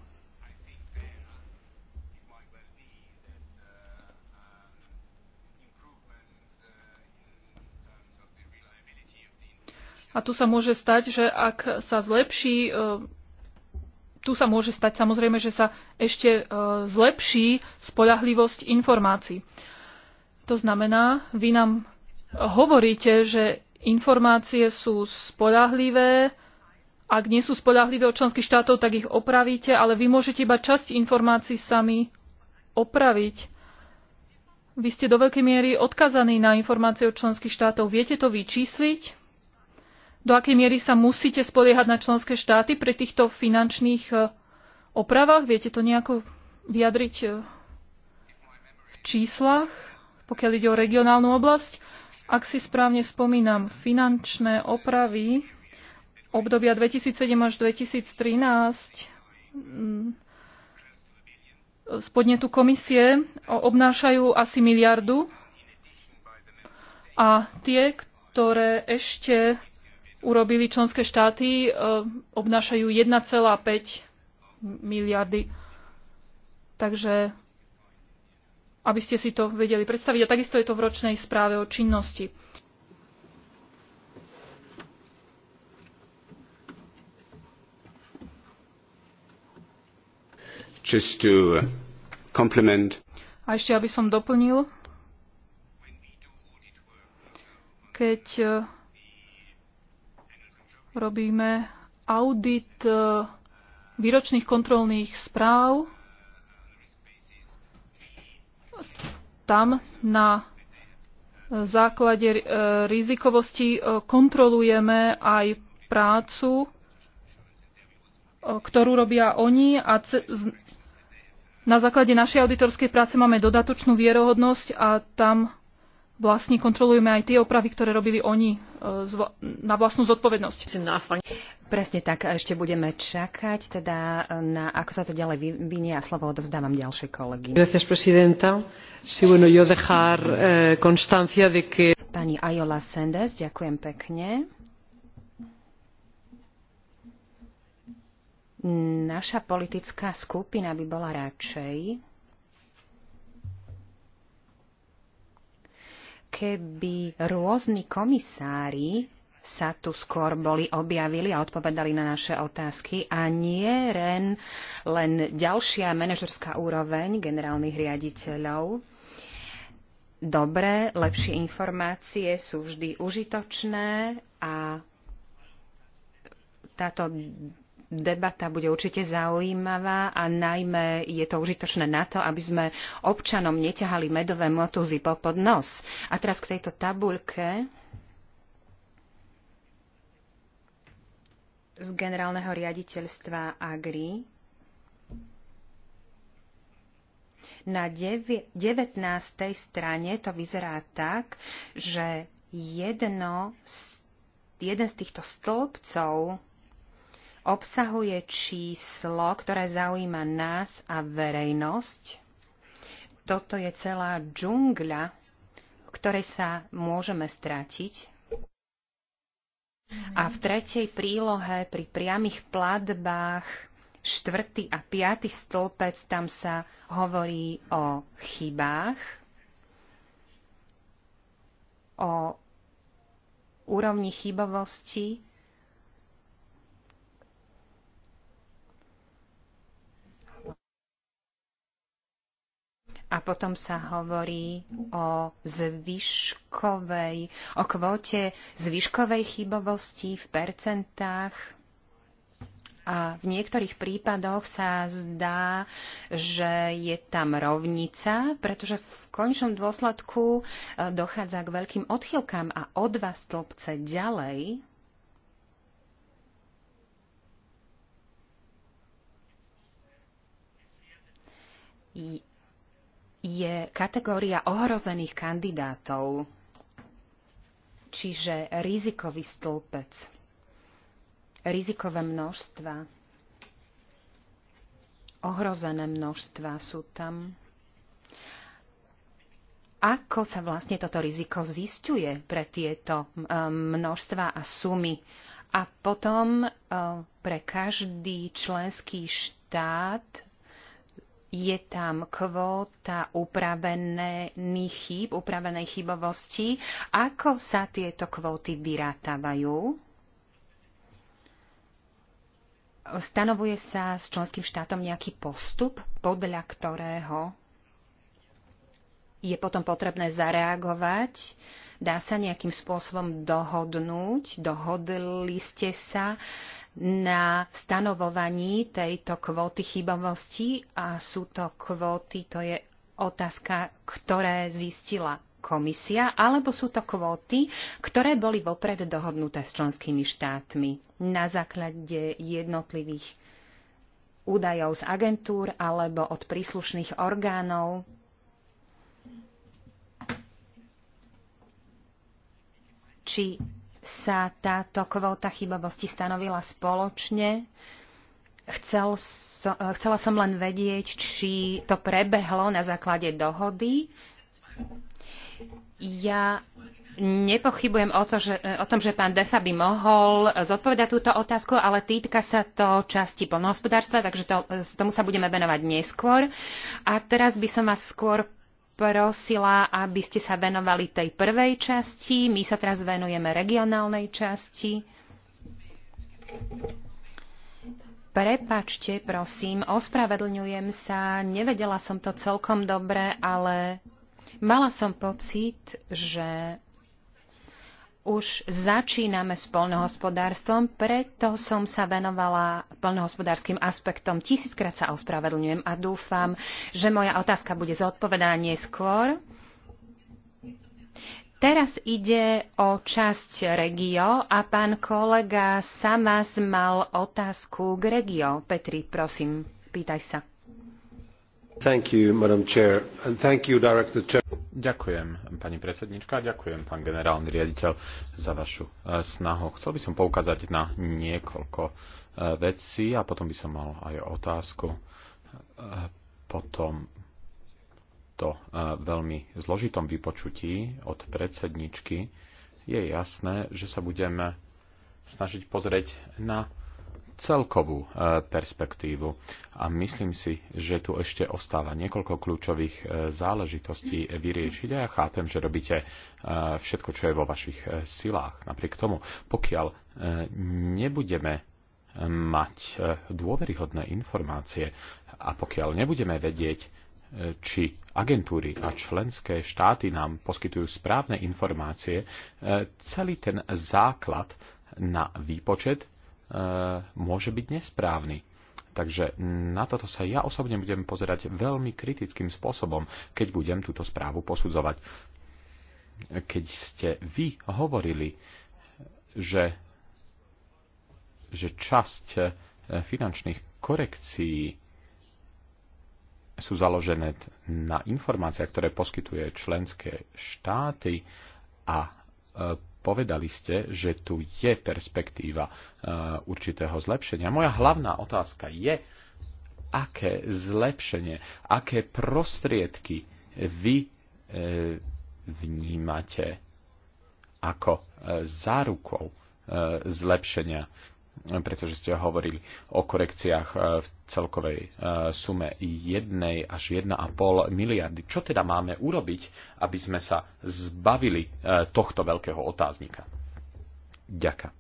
A tu sa môže stať, že ak sa zlepší, e, tu sa môže stať samozrejme, že sa ešte e, zlepší spolahlivosť informácií. To znamená, vy nám hovoríte, že informácie sú spolahlivé, ak nie sú spolahlivé od členských štátov, tak ich opravíte, ale vy môžete iba časť informácií sami opraviť. Vy ste do veľkej miery odkazaní na informácie od členských štátov. Viete to vyčísliť? do akej miery sa musíte spoliehať na členské štáty pri týchto finančných e, opravách? Viete to nejako vyjadriť e, v číslach, pokiaľ ide o regionálnu oblasť? Ak si správne spomínam, finančné opravy obdobia 2007 až 2013 spodne tu komisie e, obnášajú asi miliardu a tie, ktoré ešte urobili členské štáty, e, obnášajú 1,5 miliardy. Takže aby ste si to vedeli predstaviť. A takisto je to v ročnej správe o činnosti. Just to uh, compliment. A ešte, aby som doplnil, keď e, Robíme audit e, výročných kontrolných správ. Tam na základe e, rizikovosti e, kontrolujeme aj prácu, ktorú robia oni a na základe našej auditorskej práce máme dodatočnú vierohodnosť a tam vlastne kontrolujeme aj tie opravy, ktoré robili oni e, na vlastnú zodpovednosť. Presne tak, ešte budeme čakať, teda e, na ako sa to ďalej vynie a slovo odovzdávam ďalšej kolegy. Gracias, presidenta. bueno, yo dejar eh, constancia de que... Pani Ayola Sendes, ďakujem pekne. Naša politická skupina by bola radšej, keby rôzni komisári sa tu skôr boli, objavili a odpovedali na naše otázky a nie len, len ďalšia manažerská úroveň generálnych riaditeľov. Dobré, lepšie informácie sú vždy užitočné a táto debata bude určite zaujímavá a najmä je to užitočné na to, aby sme občanom neťahali medové motúzy popod nos. A teraz k tejto tabuľke z generálneho riaditeľstva Agri na 19. strane to vyzerá tak, že jedno z, jeden z týchto stĺpcov obsahuje číslo, ktoré zaujíma nás a verejnosť. Toto je celá džungľa, v ktorej sa môžeme stratiť. A v tretej prílohe pri priamých platbách štvrtý a piatý stĺpec, tam sa hovorí o chybách, o úrovni chybovosti a potom sa hovorí o zvyškovej, o kvote zvyškovej chybovosti v percentách. A v niektorých prípadoch sa zdá, že je tam rovnica, pretože v končnom dôsledku e, dochádza k veľkým odchylkám a o dva stĺpce ďalej je kategória ohrozených kandidátov, čiže rizikový stĺpec, rizikové množstva, ohrozené množstva sú tam. Ako sa vlastne toto riziko zistuje pre tieto e, množstva a sumy? A potom e, pre každý členský štát je tam kvóta upravených chýb, upravenej chybovosti. Ako sa tieto kvóty vyrátavajú? Stanovuje sa s členským štátom nejaký postup, podľa ktorého je potom potrebné zareagovať. Dá sa nejakým spôsobom dohodnúť, dohodli ste sa, uh, na stanovovaní tejto kvóty chybovosti a sú to kvóty, to je otázka, ktoré zistila komisia, alebo sú to kvóty, ktoré boli vopred dohodnuté s členskými štátmi na základe jednotlivých údajov z agentúr alebo od príslušných orgánov či sa táto kvóta chybovosti stanovila spoločne. Chcel, eh, chcela som len vedieť, či to prebehlo na základe dohody. Ja nepochybujem o, to, že, eh, o tom, že pán Defa by mohol zodpovedať túto otázku, ale týka sa to časti polnohospodárstva, takže to, eh, tomu sa budeme venovať neskôr. A teraz by som vás skôr prosila, aby ste sa venovali tej prvej časti. My sa teraz venujeme regionálnej časti. Prepačte, prosím, ospravedlňujem sa, nevedela som to celkom dobre, ale mala som pocit, že už začíname s polnohospodárstvom, preto som sa venovala polnohospodárským aspektom. Tisíckrát sa ospravedlňujem a dúfam, že moja otázka bude zodpovedaná neskôr. Teraz ide o časť regio a pán kolega Samas mal otázku k regio. Petri, prosím, pýtaj sa ďakujem, pani predsednička, ďakujem, pán generálny riaditeľ, za vašu e, snahu. Chcel by som poukázať na niekoľko e, vecí a potom by som mal aj otázku. E, potom to veľmi zložitom vypočutí od predsedničky je jasné, že sa budeme snažiť pozrieť na celkovú e, perspektívu. A myslím si, že tu ešte ostáva niekoľko kľúčových e, záležitostí vyriešiť a ja chápem, že robíte e, všetko, čo je vo vašich silách. Napriek tomu, pokiaľ nebudeme mať dôveryhodné informácie a pokiaľ nebudeme vedieť, či agentúry a členské štáty nám poskytujú správne informácie, celý ten základ na výpočet E, môže byť nesprávny. Takže na toto sa ja osobne budem pozerať veľmi kritickým spôsobom, keď budem túto správu posudzovať. Keď ste vy hovorili, že, že časť e, finančných korekcií sú založené na informáciách, ktoré poskytuje členské štáty a e, povedali ste, že tu je perspektíva e, určitého zlepšenia. Moja hlavná otázka je, aké zlepšenie, aké prostriedky vy e, vnímate ako e, zárukou zlepšenia pretože ste hovorili o korekciách e, v celkovej e, sume 1 až 1,5 miliardy. Čo teda máme urobiť, aby sme sa zbavili e, tohto veľkého otáznika? Ďakujem.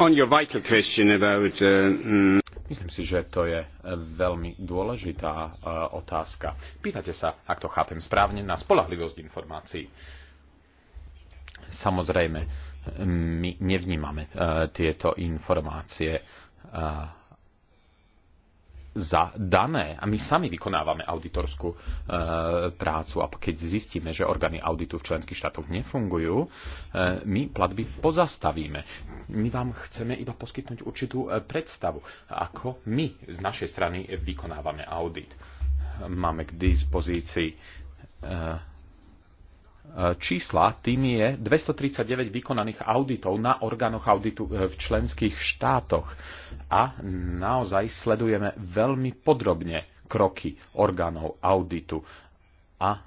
On your vital question about, uh, mm. Myslím si, že to je veľmi dôležitá uh, otázka. Pýtate sa, ak to chápem správne, na spolahlivosť informácií. Samozrejme, my nevnímame e, tieto informácie e, za dané. A my sami vykonávame auditorskú uh, prácu a keď zistíme, že orgány auditu v členských štátoch nefungujú, uh, my platby pozastavíme. My vám chceme iba poskytnúť určitú uh, predstavu, ako my z našej strany vykonávame audit. Máme k dispozícii Uh, E, čísla, tým je 239 vykonaných auditov na orgánoch auditu e, v členských štátoch. A naozaj sledujeme veľmi podrobne kroky orgánov auditu a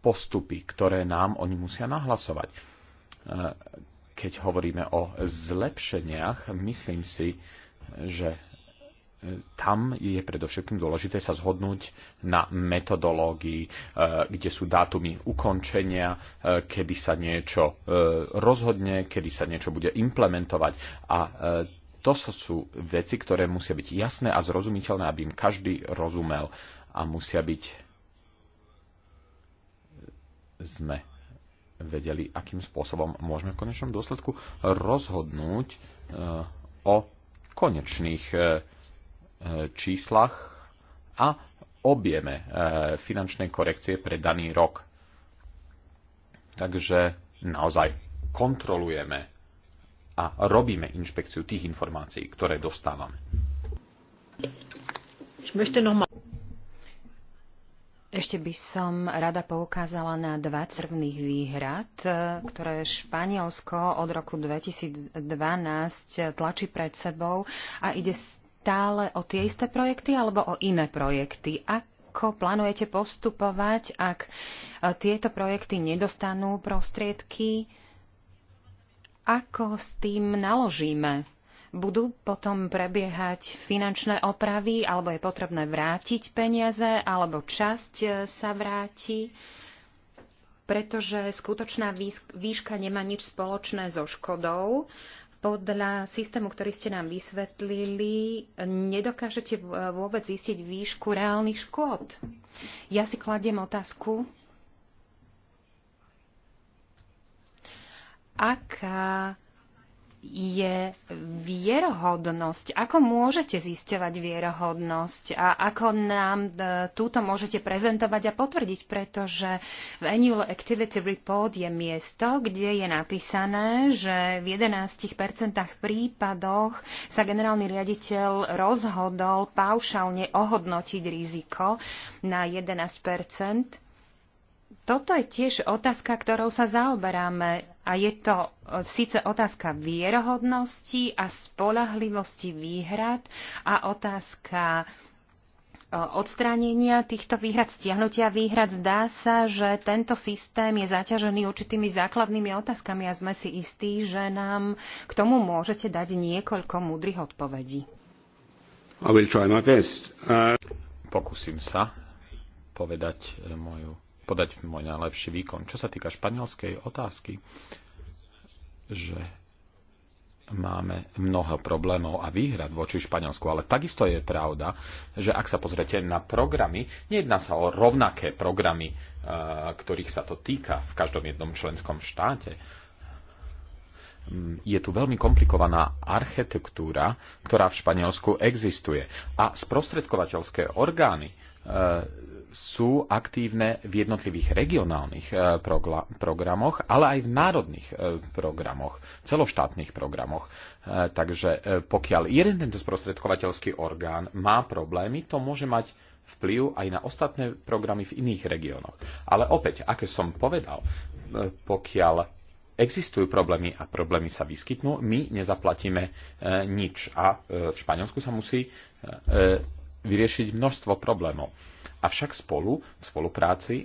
postupy, ktoré nám oni musia nahlasovať. E, keď hovoríme o zlepšeniach, myslím si, že tam je predovšetkým dôležité sa zhodnúť na metodológii, e, kde sú dátumy ukončenia, e, kedy sa niečo e, rozhodne, kedy sa niečo bude implementovať a to sú veci, ktoré musia byť jasné a zrozumiteľné, aby im každý rozumel a musia byť sme vedeli, akým spôsobom môžeme v konečnom dôsledku rozhodnúť o konečných Eh, číslach a objeme eh, finančnej korekcie pre daný rok. Takže naozaj kontrolujeme a robíme inšpekciu tých informácií, ktoré dostávame. Ešte by som rada poukázala na dva crvných výhrad, eh, ktoré Španielsko od roku 2012 tlačí pred sebou a ide stále o tie isté projekty alebo o iné projekty? Ako plánujete postupovať, ak e, tieto projekty nedostanú prostriedky? Ako s tým naložíme? Budú potom prebiehať finančné opravy, alebo je potrebné vrátiť peniaze, alebo časť e, sa vráti? pretože skutočná výška nemá nič spoločné so škodou podľa systému, ktorý ste nám vysvetlili, nedokážete vôbec zistiť výšku reálnych škôd. Ja si kladiem otázku, aká je vierhodnosť. Ako môžete zisťovať vierhodnosť a ako nám e, túto môžete prezentovať a potvrdiť, pretože v Annual Activity Report je miesto, kde je napísané, že v 11% prípadoch sa generálny riaditeľ rozhodol paušálne ohodnotiť riziko na 11 toto je tiež otázka, ktorou sa zaoberáme a je to e, síce otázka vierohodnosti a spolahlivosti výhrad a otázka e, odstránenia týchto výhrad, stiahnutia výhrad. Zdá sa, že tento systém je zaťažený určitými základnými otázkami a sme si istí, že nám k tomu môžete dať niekoľko múdrych odpovedí. I will try my best. Uh... Pokúsim sa povedať e, moju podať môj najlepší výkon. Čo sa týka španielskej otázky, že máme mnoho problémov a výhrad voči Španielsku, ale takisto je pravda, že ak sa pozrete na programy, nejedná sa o rovnaké programy, eh, ktorých sa to týka v každom jednom členskom štáte. Je tu veľmi komplikovaná architektúra, ktorá v Španielsku existuje. A sprostredkovateľské orgány E, sú aktívne v jednotlivých regionálnych e, programoch, ale aj v národných e, programoch, celoštátnych programoch. Takže pokiaľ jeden tento sprostredkovateľský orgán má problémy, to môže mať vplyv aj na ostatné programy v iných regiónoch. Ale opäť, ako som povedal, pokiaľ existujú problémy a problémy sa vyskytnú, my nezaplatíme nič. A v Španielsku sa musí vyriešiť množstvo problémov. Avšak spolu, v spolupráci e,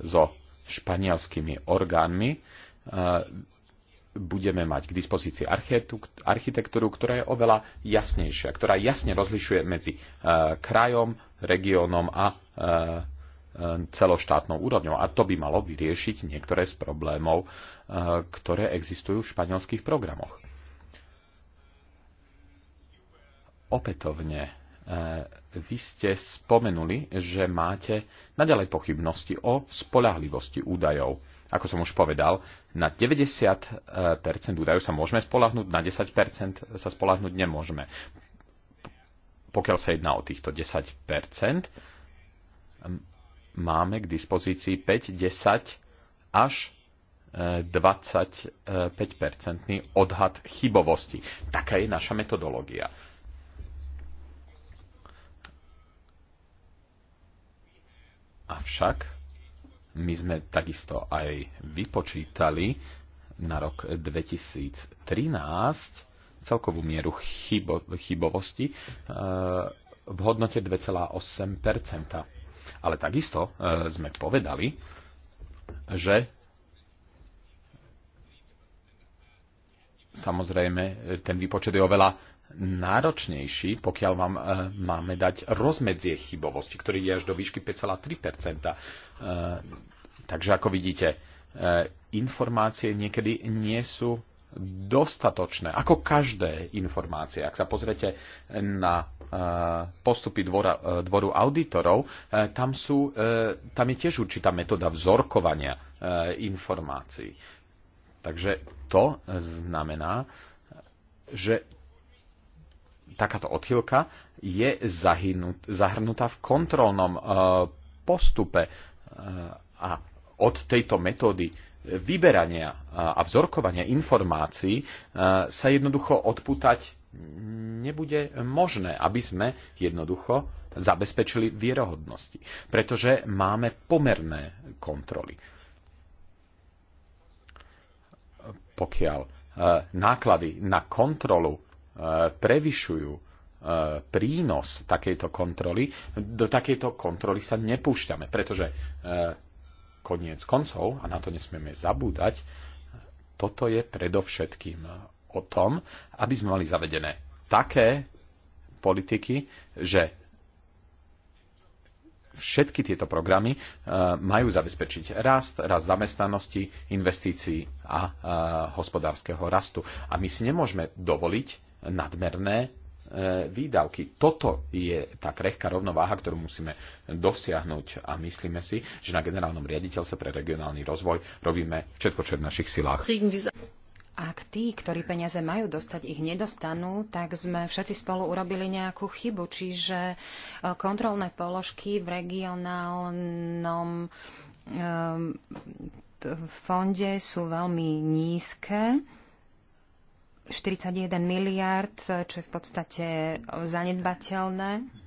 so španielskými orgánmi e, budeme mať k dispozícii architektúru, ktorá je oveľa jasnejšia, ktorá jasne rozlišuje medzi e, krajom, regiónom a e, e celoštátnou úrovňou. A to by malo vyriešiť niektoré z problémov, e, ktoré existujú v španielských programoch. Opätovne Eh, vy ste spomenuli, že máte naďalej pochybnosti o spolahlivosti údajov. Ako som už povedal, na 90% eh, údajov sa môžeme spolahnúť, na 10% sa spolahnúť nemôžeme. Pokiaľ sa jedná o týchto 10%, máme k dispozícii 5, 10 až 25 eh, odhad chybovosti. Taká je naša metodológia. Avšak my sme takisto aj vypočítali na rok 2013 celkovú mieru chybo, chybovosti e, v hodnote 2,8 Ale takisto e, sme povedali, že samozrejme ten výpočet je oveľa náročnejší, pokiaľ vám e, máme dať rozmedzie chybovosti, ktorý je až do výšky 5,3 e, Takže ako vidíte, e, informácie niekedy nie sú dostatočné, ako každé informácie. Ak sa pozriete na postupy dvora, dvoru auditorov, tam, sú, tam je tiež určitá metóda vzorkovania informácií. Takže to znamená, že takáto odchylka je zahynut, zahrnutá v kontrolnom e, postupe e, a od tejto metódy vyberania e, a vzorkovania informácií sa jednoducho odputať nebude možné, aby sme jednoducho zabezpečili vierohodnosti, pretože máme pomerné kontroly. Pokiaľ náklady na kontrolu E, prevyšujú e, prínos takejto kontroly, do takejto kontroly sa nepúšťame, pretože e, koniec koncov, a na to nesmieme zabúdať, toto je predovšetkým o tom, aby sme mali zavedené také politiky, že všetky tieto programy majú zabezpečiť rast, rast zamestnanosti, investícií a hospodárskeho rastu. A my si nemôžeme dovoliť nadmerné e, výdavky. Toto je tá krehká rovnováha, ktorú musíme dosiahnuť a myslíme si, že na generálnom riaditeľstve pre regionálny rozvoj robíme všetko, čo je v našich silách. Ak tí, ktorí peniaze majú dostať, ich nedostanú, tak sme všetci spolu urobili nejakú chybu. Čiže e, kontrolné položky v regionálnom e, fonde sú veľmi nízke 41 miliard, čo je v podstate zanedbateľné.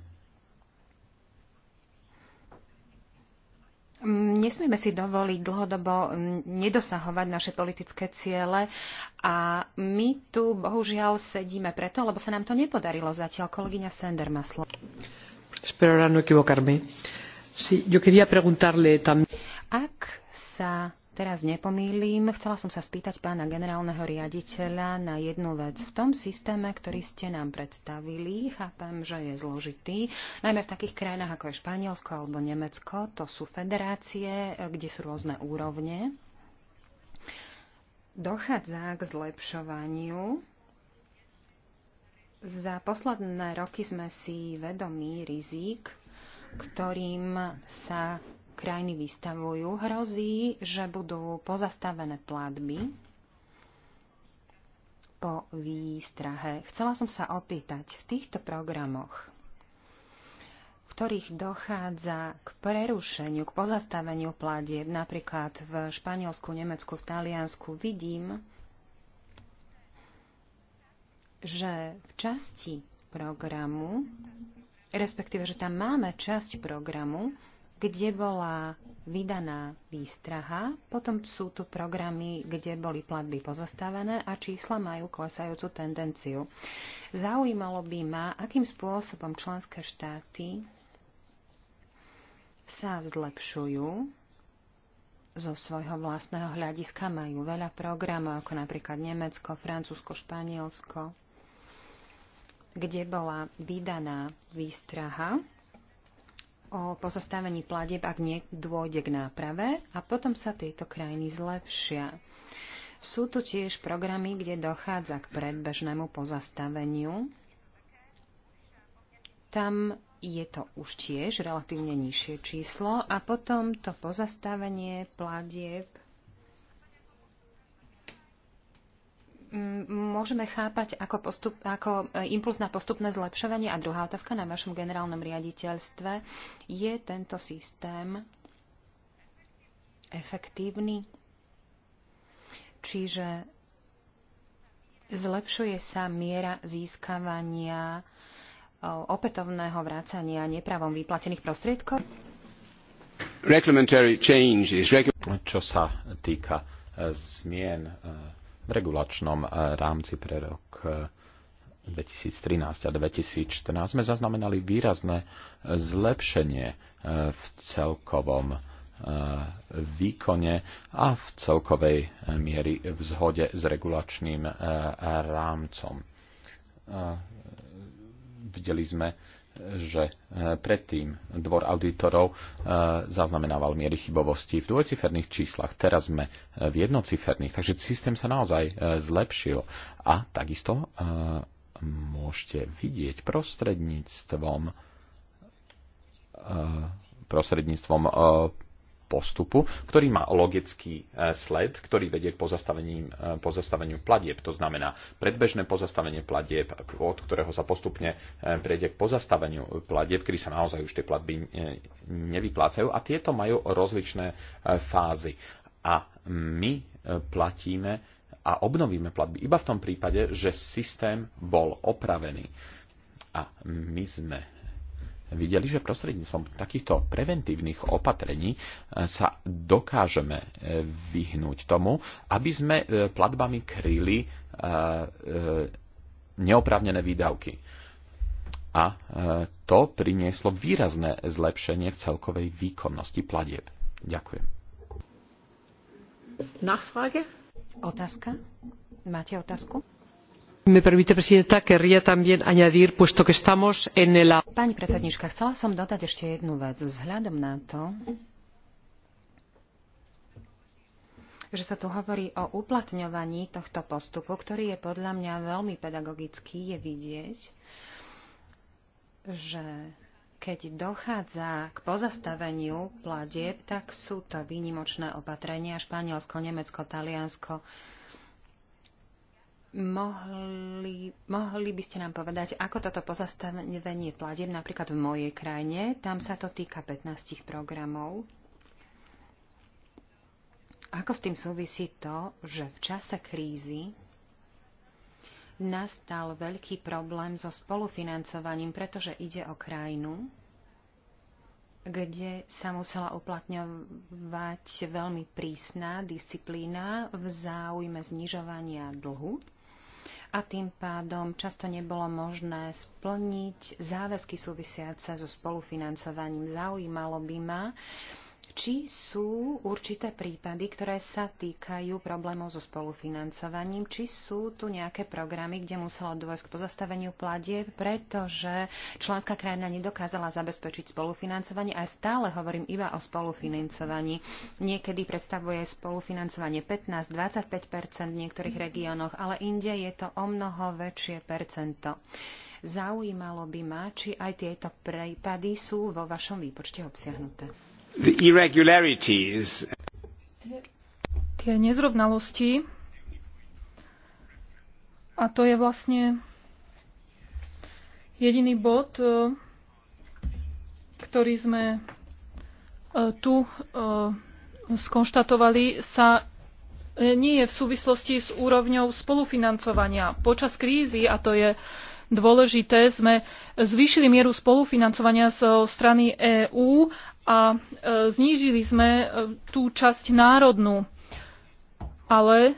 Nesmieme si dovoliť dlhodobo nedosahovať naše politické ciele a my tu bohužiaľ sedíme preto, lebo sa nám to nepodarilo zatiaľ. Kolegyňa Sender má slovo. No Ak sa teraz nepomýlim, chcela som sa spýtať pána generálneho riaditeľa na jednu vec. V tom systéme, ktorý ste nám predstavili, chápem, že je zložitý, najmä v takých krajinách ako je Španielsko alebo Nemecko, to sú federácie, kde sú rôzne úrovne. Dochádza k zlepšovaniu za posledné roky sme si vedomí rizík, ktorým sa krajiny vystavujú, hrozí, že budú pozastavené platby po výstrahe. Chcela som sa opýtať, v týchto programoch, v ktorých dochádza k prerušeniu, k pozastaveniu platieb napríklad v Španielsku, Nemecku, v Taliansku, vidím, že v časti programu, respektíve, že tam máme časť programu, kde bola vydaná výstraha, potom sú tu programy, kde boli platby pozastavené a čísla majú klesajúcu tendenciu. Zaujímalo by ma, akým spôsobom členské štáty sa zlepšujú zo svojho vlastného hľadiska majú veľa programov, ako napríklad Nemecko, Francúzsko, Španielsko, kde bola vydaná výstraha o pozastavení pladeb, ak nie dôjde k náprave a potom sa tieto krajiny zlepšia. Sú tu tiež programy, kde dochádza k predbežnému pozastaveniu. Tam je to už tiež relatívne nižšie číslo a potom to pozastavenie pladieb môžeme chápať ako, postup, ako e, impuls na postupné zlepšovanie? A druhá otázka na vašom generálnom riaditeľstve. Je tento systém efektívny? Čiže zlepšuje sa miera získavania opätovného vrácania nepravom vyplatených prostriedkov? Čo sa týka e, zmien e, v regulačnom eh, rámci pre rok 2013 eh, a 2014 sme zaznamenali výrazné eh, zlepšenie v celkovom výkone a v celkovej miery v zhode s regulačným rámcom. Videli sme, že e, predtým dvor auditorov e, zaznamenával miery chybovosti v dvojciferných číslach. Teraz sme e, v jednociferných, takže systém sa naozaj zlepšil. A takisto môžete vidieť prostredníctvom prostredníctvom postupu, ktorý má logický e, sled, ktorý vedie k e, pozastaveniu platieb. To znamená predbežné pozastavenie platieb, od ktorého sa postupne e, prejde k pozastaveniu platieb, kedy sa naozaj už tie platby nevyplácajú. A tieto majú rozličné fázy. A my platíme a obnovíme platby iba v tom prípade, že systém bol opravený. A my sme videli, že prostredníctvom takýchto preventívnych opatrení e, sa dokážeme e, vyhnúť tomu, aby sme e, platbami kryli neoprávnené výdavky. A to prinieslo výrazné zlepšenie v celkovej výkonnosti platieb. Ďakujem. Nachfrage? Otázka? Máte otázku? Me permite, presidenta, querría también añadir, puesto que estamos en el... Pani predsednička, chcela som dodať ešte jednu vec. Vzhľadom na to, že sa tu hovorí o uplatňovaní tohto postupu, ktorý je podľa mňa veľmi pedagogický, je vidieť, že keď dochádza k pozastaveniu platieb, tak sú to výnimočné opatrenia Španielsko, Nemecko, Taliansko, Mohli, mohli by ste nám povedať, ako toto pozastavenie pladieb napríklad v mojej krajine, tam sa to týka 15 programov. Ako s tým súvisí to, že v čase krízy nastal veľký problém so spolufinancovaním, pretože ide o krajinu, kde sa musela uplatňovať veľmi prísna disciplína v záujme znižovania dlhu a tým pádom často nebolo možné splniť záväzky súvisiace so spolufinancovaním. Zaujímalo by ma, či sú určité prípady, ktoré sa týkajú problémov so spolufinancovaním, či sú tu nejaké programy, kde muselo dôjsť k pozastaveniu platie, pretože členská krajina nedokázala zabezpečiť spolufinancovanie a stále hovorím iba o spolufinancovaní. Niekedy predstavuje spolufinancovanie 15-25 v niektorých regiónoch, ale inde je to o mnoho väčšie percento. Zaujímalo by ma, či aj tieto prípady sú vo vašom výpočte obsiahnuté. The irregularities. Tie nezrovnalosti a to je vlastne jediný bod, e, ktorý sme e, tu e, skonštatovali, sa nie je v súvislosti s úrovňou spolufinancovania. Počas krízy, a to je dôležité. Sme zvýšili mieru spolufinancovania zo strany EÚ a e, znížili sme e, tú časť národnú. Ale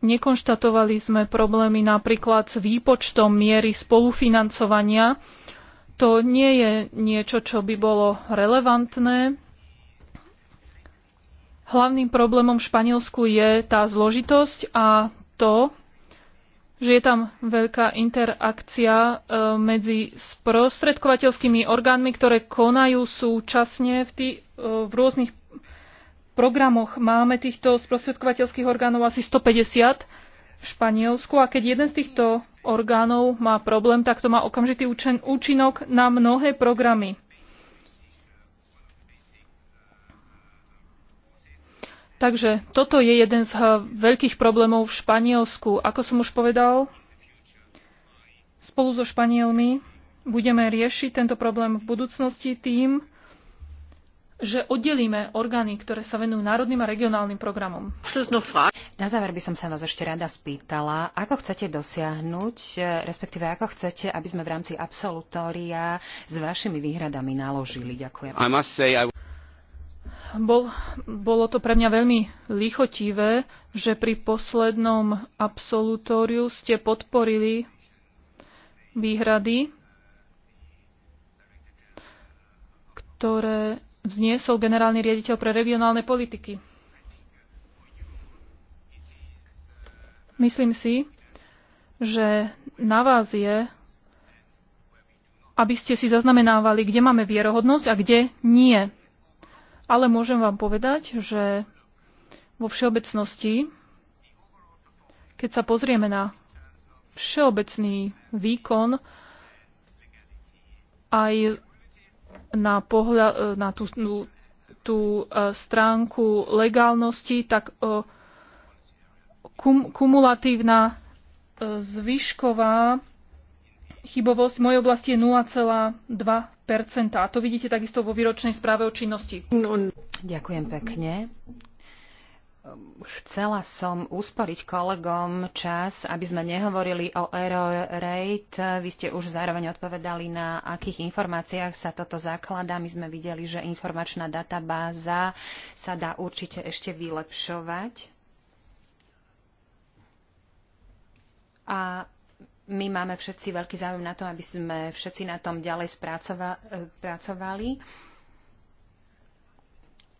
nekonštatovali sme problémy napríklad s výpočtom miery spolufinancovania. To nie je niečo, čo by bolo relevantné Hlavným problémom v Španielsku je tá zložitosť a to, že je tam veľká interakcia e, medzi sprostredkovateľskými orgánmi, ktoré konajú súčasne v, tý, e, v rôznych programoch. Máme týchto sprostredkovateľských orgánov asi 150 v Španielsku a keď jeden z týchto orgánov má problém, tak to má okamžitý účinok na mnohé programy. Takže toto je jeden z eh, veľkých problémov v Španielsku. Ako som už povedal, spolu so Španielmi budeme riešiť tento problém v budúcnosti tým, že oddelíme orgány, ktoré sa venujú národným a regionálnym programom. Na záver by som sa vás ešte rada spýtala, ako chcete dosiahnuť, eh, respektíve ako chcete, aby sme v rámci absolutória s vašimi výhradami naložili. Ďakujem. I must say I... Bol, bolo to pre mňa veľmi lichotivé, že pri poslednom absolutóriu ste podporili výhrady, ktoré vzniesol generálny riaditeľ pre regionálne politiky. Myslím si, že na vás je, aby ste si zaznamenávali, kde máme vierohodnosť a kde nie ale môžem vám povedať, že vo všeobecnosti, keď sa pozrieme na všeobecný výkon, aj na, pohľa, e, na tú, tú, tú e, stránku legálnosti, tak e, kum, kumulatívna zvyšková chybovosť v mojej oblasti je 0,2 a to vidíte takisto vo výročnej správe o činnosti. No, no. Ďakujem pekne. Chcela som usporiť kolegom čas, aby sme nehovorili o error rate. Vy ste už zároveň odpovedali, na akých informáciách sa toto zakladá. My sme videli, že informačná databáza sa dá určite ešte vylepšovať. A my máme všetci veľký záujem na tom, aby sme všetci na tom ďalej pracovali.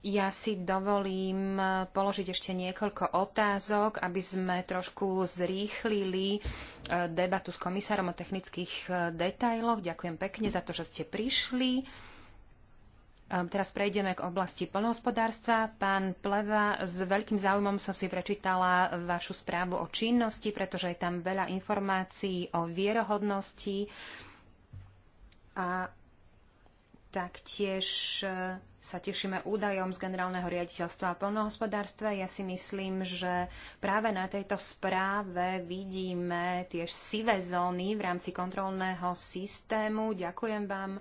Ja si dovolím položiť ešte niekoľko otázok, aby sme trošku zrýchlili e, debatu s komisárom o technických e, detailoch. Ďakujem pekne za to, že ste prišli. Ehm, teraz prejdeme k oblasti plnohospodárstva. Pán Pleva, s veľkým záujmom som si prečítala vašu správu o činnosti, pretože je tam veľa informácií o vierohodnosti a taktiež sa tešíme údajom z generálneho riaditeľstva a plnohospodárstva. Ja si myslím, že práve na tejto správe vidíme tiež sivé zóny v rámci kontrolného systému. Ďakujem vám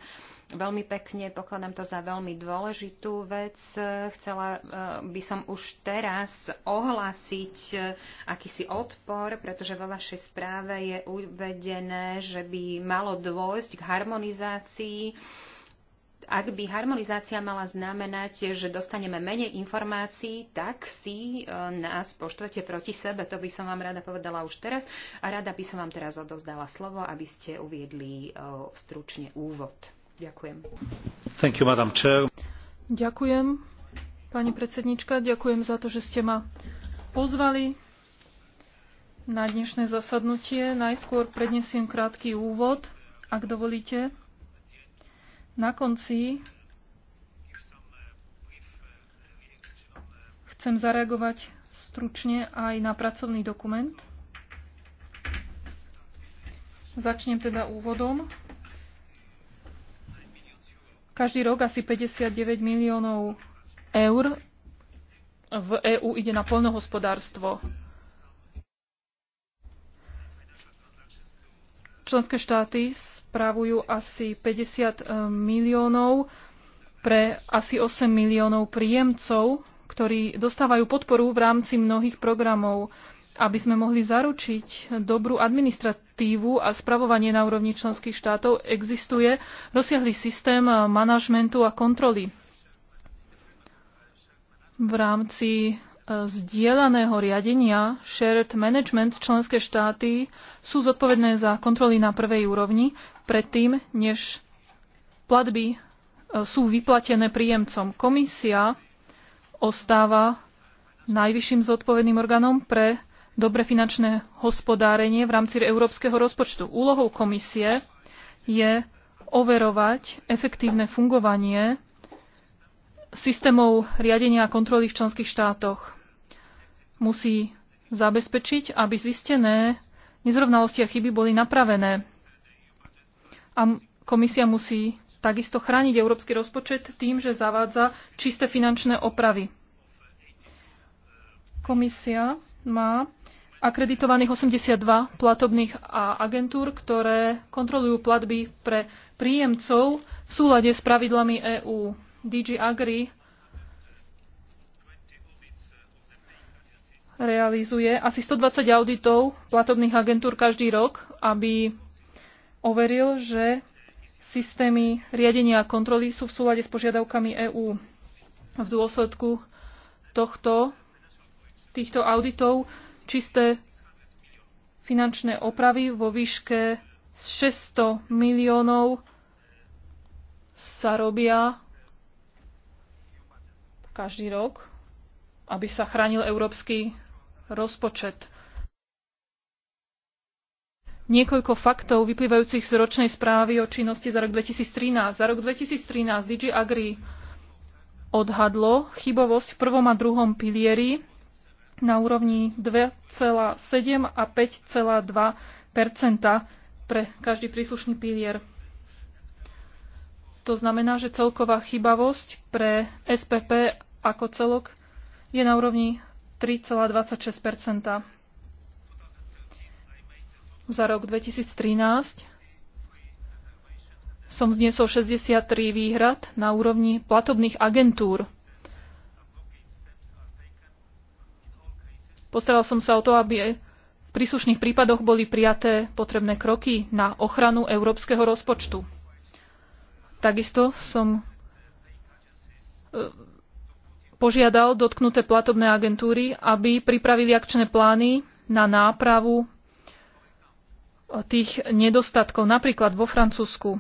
veľmi pekne, pokladám to za veľmi dôležitú vec. Chcela e, by som už teraz ohlásiť e, akýsi odpor, pretože vo vašej správe je uvedené, že by malo dôjsť k harmonizácii ak by harmonizácia mala znamenať, že dostaneme menej informácií, tak si e, nás poštvete proti sebe. To by som vám rada povedala už teraz a rada by som vám teraz odozdala slovo, aby ste uviedli e, stručne úvod. Ďakujem. Thank you, Madam Chair. Ďakujem, pani predsednička. Ďakujem za to, že ste ma pozvali na dnešné zasadnutie. Najskôr prednesiem krátky úvod, ak dovolíte. Na konci chcem zareagovať stručne aj na pracovný dokument. Začnem teda úvodom. Každý rok asi 59 miliónov eur v EÚ ide na poľnohospodárstvo. Členské štáty spravujú asi 50 e, miliónov pre asi 8 miliónov príjemcov, ktorí dostávajú podporu v rámci mnohých programov, aby sme mohli zaručiť dobrú administratívu a spravovanie na úrovni členských štátov, existuje rozsiahly systém e, manažmentu a kontroly v rámci E, zdieľaného riadenia, shared management, členské štáty sú zodpovedné za kontroly na prvej úrovni predtým, než platby e, sú vyplatené príjemcom. Komisia ostáva najvyšším zodpovedným orgánom pre dobre finančné hospodárenie v rámci európskeho rozpočtu. Úlohou komisie je overovať efektívne fungovanie systémov riadenia a kontroly v členských štátoch musí zabezpečiť, aby zistené nezrovnalosti a chyby boli napravené. A komisia musí takisto chrániť európsky rozpočet tým, že zavádza čisté finančné opravy. Komisia má akreditovaných 82 platobných agentúr, ktoré kontrolujú platby pre príjemcov v súlade s pravidlami EÚ. DG Agri realizuje asi 120 auditov platobných agentúr každý rok, aby overil, že systémy riadenia a kontroly sú v súlade s požiadavkami EÚ. V dôsledku tohto, týchto auditov čisté finančné opravy vo výške 600 miliónov sa robia každý rok, aby sa chránil európsky rozpočet. Niekoľko faktov vyplývajúcich z ročnej správy o činnosti za rok 2013. Za rok 2013 DG Agri odhadlo chybovosť v prvom a druhom pilieri na úrovni 2,7 a 5,2 pre každý príslušný pilier. To znamená, že celková chybavosť pre SPP ako celok je na úrovni 3,26 Za rok 2013 som zniesol 63 výhrad na úrovni platobných agentúr. Postaral som sa o to, aby v príslušných prípadoch boli prijaté potrebné kroky na ochranu európskeho rozpočtu. Takisto som e, požiadal dotknuté platobné agentúry, aby pripravili akčné plány na nápravu e, tých nedostatkov. Napríklad vo Francúzsku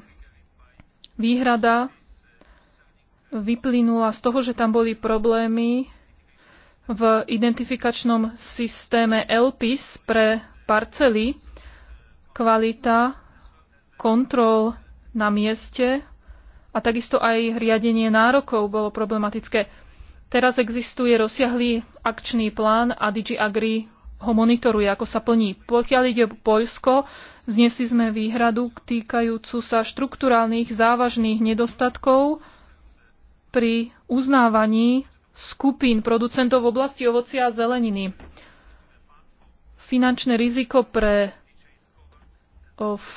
výhrada vyplynula z toho, že tam boli problémy v identifikačnom systéme LPIS pre parcely. Kvalita kontrol na mieste a takisto aj riadenie nárokov bolo problematické. Teraz existuje rozsiahlý akčný plán a DG Agri ho monitoruje, ako sa plní. Pokiaľ ide o Poľsko, znesli sme výhradu týkajúcu sa štruktúrálnych závažných nedostatkov pri uznávaní skupín producentov v oblasti ovocia a zeleniny. Finančné riziko pre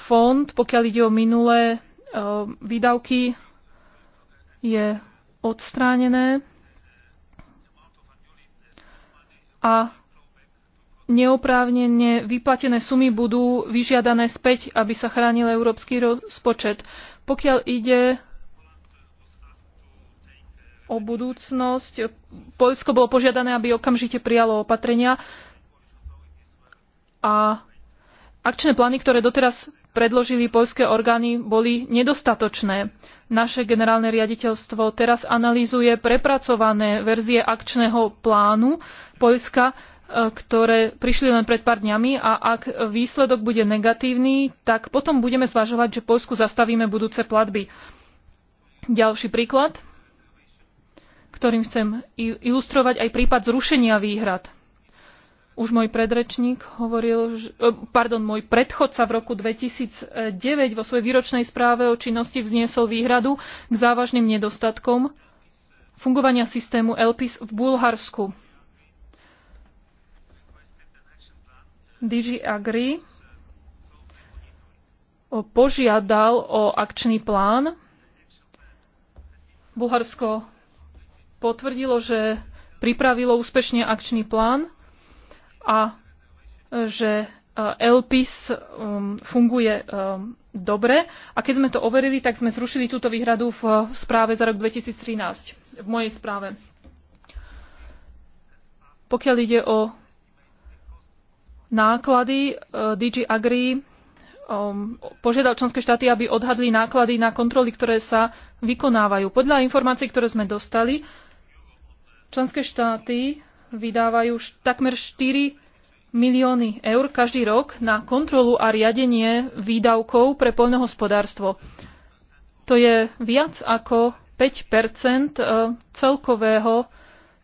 fond, pokiaľ ide o minulé výdavky, je odstránené. a neoprávnene vyplatené sumy budú vyžiadané späť, aby sa chránil európsky rozpočet. Pokiaľ ide o budúcnosť, Poľsko bolo požiadané, aby okamžite prijalo opatrenia a akčné plány, ktoré doteraz predložili poľské orgány, boli nedostatočné. Naše generálne riaditeľstvo teraz analýzuje prepracované verzie akčného plánu Poľska, e, ktoré prišli len pred pár dňami a ak výsledok bude negatívny, tak potom budeme zvažovať, že Poľsku zastavíme budúce platby. Ďalší príklad, ktorým chcem ilustrovať aj prípad zrušenia výhrad. Už môj predrečník hovoril, e, pardon, môj predchodca v roku 2009 vo svojej výročnej správe o činnosti vzniesol výhradu k závažným nedostatkom fungovania systému ELPIS v Bulharsku. Digi Agri požiadal o akčný plán. Bulharsko potvrdilo, že pripravilo úspešne akčný plán a že e, LPIS e, funguje e, dobre a keď sme to overili, tak sme zrušili túto výhradu v správe za rok 2013, v mojej správe. Pokiaľ ide o náklady, DG Agri požiadal členské štáty, aby odhadli náklady na kontroly, ktoré sa vykonávajú. Podľa informácií, ktoré sme dostali, členské štáty vydávajú takmer 4 milióny eur každý rok na kontrolu a riadenie výdavkov pre poľnohospodárstvo. To je viac ako 5 e, celkového,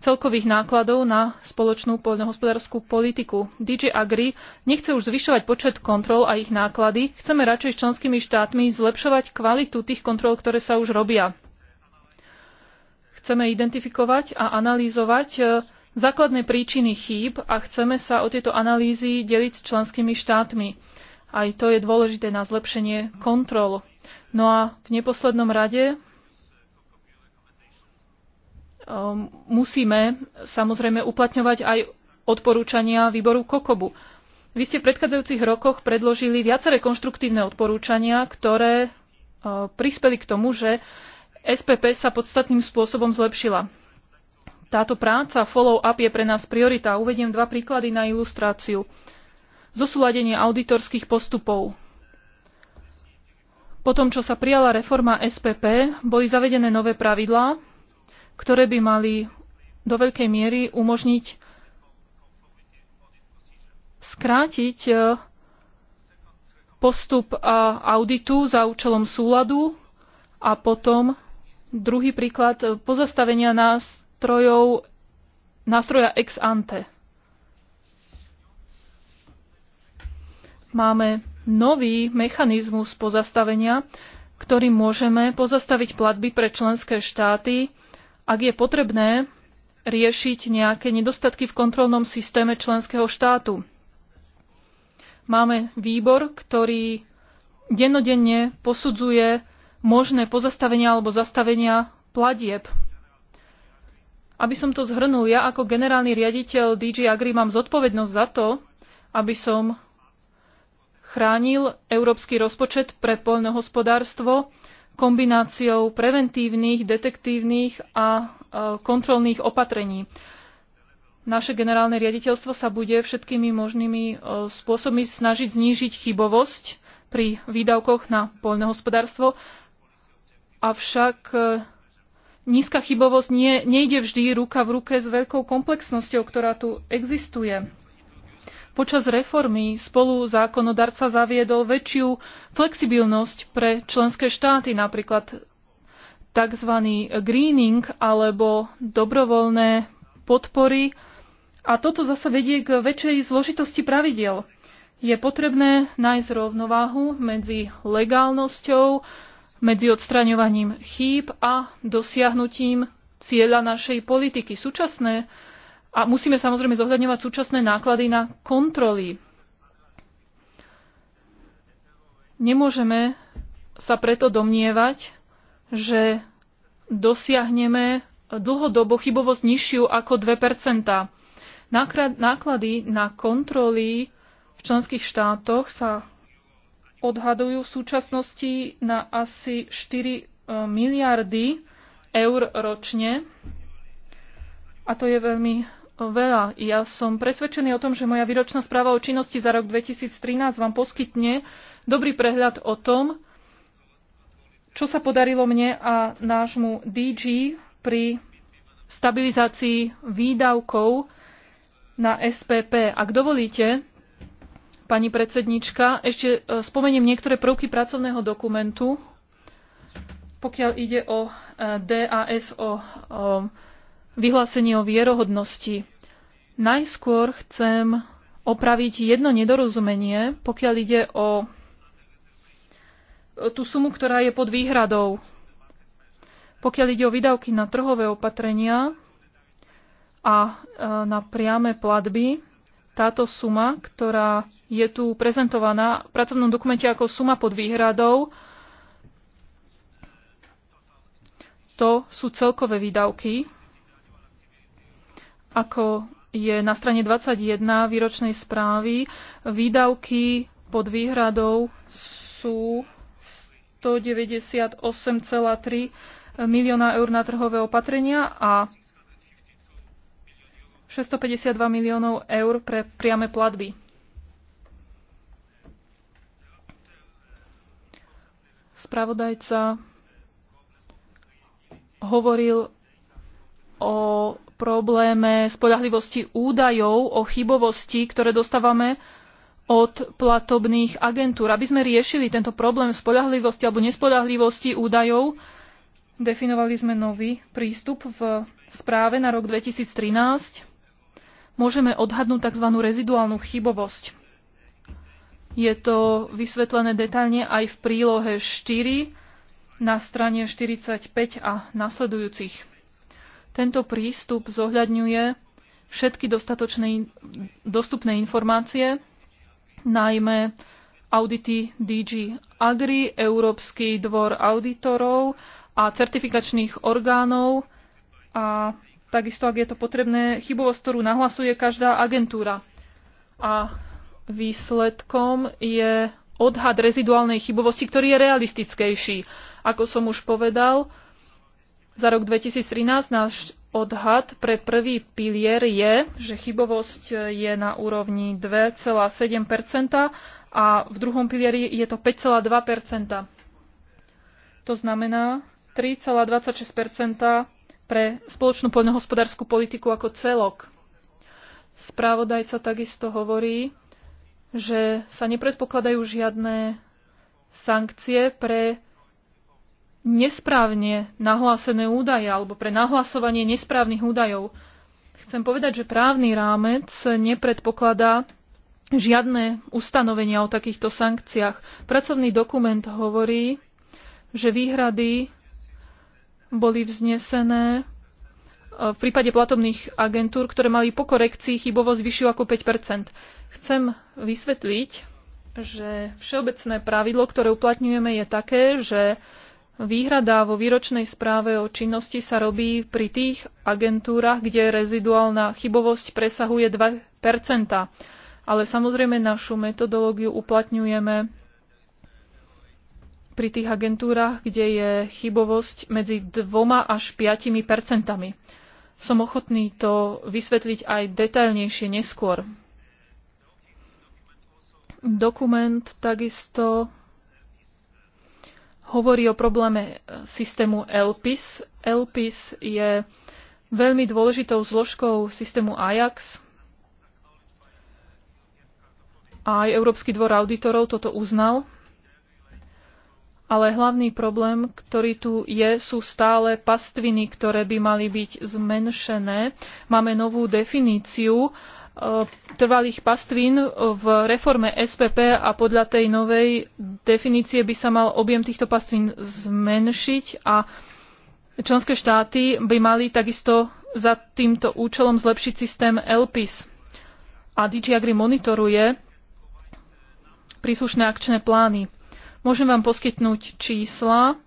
celkových nákladov na spoločnú poľnohospodárskú politiku. DJ Agri nechce už zvyšovať počet kontrol a ich náklady. Chceme radšej s členskými štátmi zlepšovať kvalitu tých kontrol, ktoré sa už robia. Chceme identifikovať a analýzovať e, základné príčiny chýb a chceme sa o tieto analýzy deliť s členskými štátmi. Aj to je dôležité na zlepšenie kontrol. No a v neposlednom rade um, musíme samozrejme uplatňovať aj odporúčania výboru Kokobu. Vy ste v predchádzajúcich rokoch predložili viaceré konštruktívne odporúčania, ktoré uh, prispeli k tomu, že SPP sa podstatným spôsobom zlepšila táto práca follow-up je pre nás priorita. Uvediem dva príklady na ilustráciu. Zosúladenie auditorských postupov. Po tom, čo sa prijala reforma SPP, boli zavedené nové pravidlá, ktoré by mali do veľkej miery umožniť skrátiť e, postup e, auditu za účelom súladu a potom druhý príklad e, pozastavenia nás nástrojov, nástroja ex ante. Máme nový mechanizmus pozastavenia, ktorým môžeme pozastaviť platby pre členské štáty, ak je potrebné riešiť nejaké nedostatky v kontrolnom systéme členského štátu. Máme výbor, ktorý dennodenne posudzuje možné pozastavenia alebo zastavenia platieb aby som to zhrnul, ja ako generálny riaditeľ DG Agri mám zodpovednosť za to, aby som chránil európsky rozpočet pre poľnohospodárstvo kombináciou preventívnych, detektívnych a e, kontrolných opatrení. Naše generálne riaditeľstvo sa bude všetkými možnými e, spôsobmi snažiť znížiť chybovosť pri výdavkoch na poľnohospodárstvo, avšak e, nízka chybovosť nie, nejde vždy ruka v ruke s veľkou komplexnosťou, ktorá tu existuje. Počas reformy spolu zákonodarca zaviedol väčšiu flexibilnosť pre členské štáty, napríklad tzv. greening alebo dobrovoľné podpory. A toto zase vedie k väčšej zložitosti pravidiel. Je potrebné nájsť rovnováhu medzi legálnosťou, medzi odstraňovaním chýb a dosiahnutím cieľa našej politiky. Súčasné a musíme samozrejme zohľadňovať súčasné náklady na kontroly. Nemôžeme sa preto domnievať, že dosiahneme dlhodobo chybovosť nižšiu ako 2 Náklady na kontroly v členských štátoch sa odhadujú v súčasnosti na asi 4 e, miliardy eur ročne. A to je veľmi e, veľa. Ja som presvedčený o tom, že moja výročná správa o činnosti za rok 2013 vám poskytne dobrý prehľad o tom, čo sa podarilo mne a nášmu DG pri stabilizácii výdavkov na SPP. Ak dovolíte, pani predsednička. Ešte e, spomeniem niektoré prvky pracovného dokumentu, pokiaľ ide o e, DAS, o, vyhlásenie o vierohodnosti. Najskôr chcem opraviť jedno nedorozumenie, pokiaľ ide o e, tú sumu, ktorá je pod výhradou. Pokiaľ ide o výdavky na trhové opatrenia a na priame platby, táto suma, ktorá je tu prezentovaná v pracovnom dokumente ako suma pod výhradou, to sú celkové výdavky, ako je na strane 21 výročnej správy. Výdavky pod výhradou sú 198,3 milióna eur na trhové opatrenia a 652 miliónov eur pre priame platby. Spravodajca hovoril o probléme spolahlivosti údajov, o chybovosti, ktoré dostávame od platobných agentúr. Aby sme riešili tento problém spolahlivosti alebo nespolahlivosti údajov, definovali sme nový prístup v správe na rok 2013 môžeme odhadnúť tzv. reziduálnu chybovosť. Je to vysvetlené detailne aj v prílohe 4 na strane 45 a nasledujúcich. Tento prístup zohľadňuje všetky dostatočné, dostupné informácie, najmä audity DG Agri, Európsky dvor auditorov a certifikačných orgánov a takisto ak je to potrebné, chybovosť, ktorú nahlasuje každá agentúra. A výsledkom je odhad reziduálnej chybovosti, ktorý je realistickejší. Ako som už povedal, za rok 2013 náš odhad pre prvý pilier je, že chybovosť je na úrovni 2,7 a v druhom pilieri je to 5,2 To znamená, 3,26 pre spoločnú poľnohospodárskú politiku ako celok. Správodajca takisto hovorí, že sa nepredpokladajú žiadne sankcie pre nesprávne nahlásené údaje alebo pre nahlasovanie nesprávnych údajov. Chcem povedať, že právny rámec nepredpokladá žiadne ustanovenia o takýchto sankciách. Pracovný dokument hovorí, že výhrady boli vznesené e, v prípade platobných agentúr, ktoré mali po korekcii chybovosť vyššiu ako 5 Chcem vysvetliť, že všeobecné pravidlo, ktoré uplatňujeme, je také, že výhrada vo výročnej správe o činnosti sa robí pri tých agentúrach, kde reziduálna chybovosť presahuje 2 Ale samozrejme našu metodológiu uplatňujeme pri tých agentúrach, kde je chybovosť medzi dvoma až 5 percentami. Som ochotný to vysvetliť aj detailnejšie neskôr. Dokument takisto hovorí o probléme systému LPIS. LPIS je veľmi dôležitou zložkou systému Ajax, aj Európsky dvor auditorov toto uznal ale hlavný problém, ktorý tu je, sú stále pastviny, ktoré by mali byť zmenšené. Máme novú definíciu e, trvalých pastvín v reforme SPP a podľa tej novej definície by sa mal objem týchto pastvín zmenšiť a členské štáty by mali takisto za týmto účelom zlepšiť systém LPIS. A DG Agri monitoruje príslušné akčné plány. Môžem vám poskytnúť čísla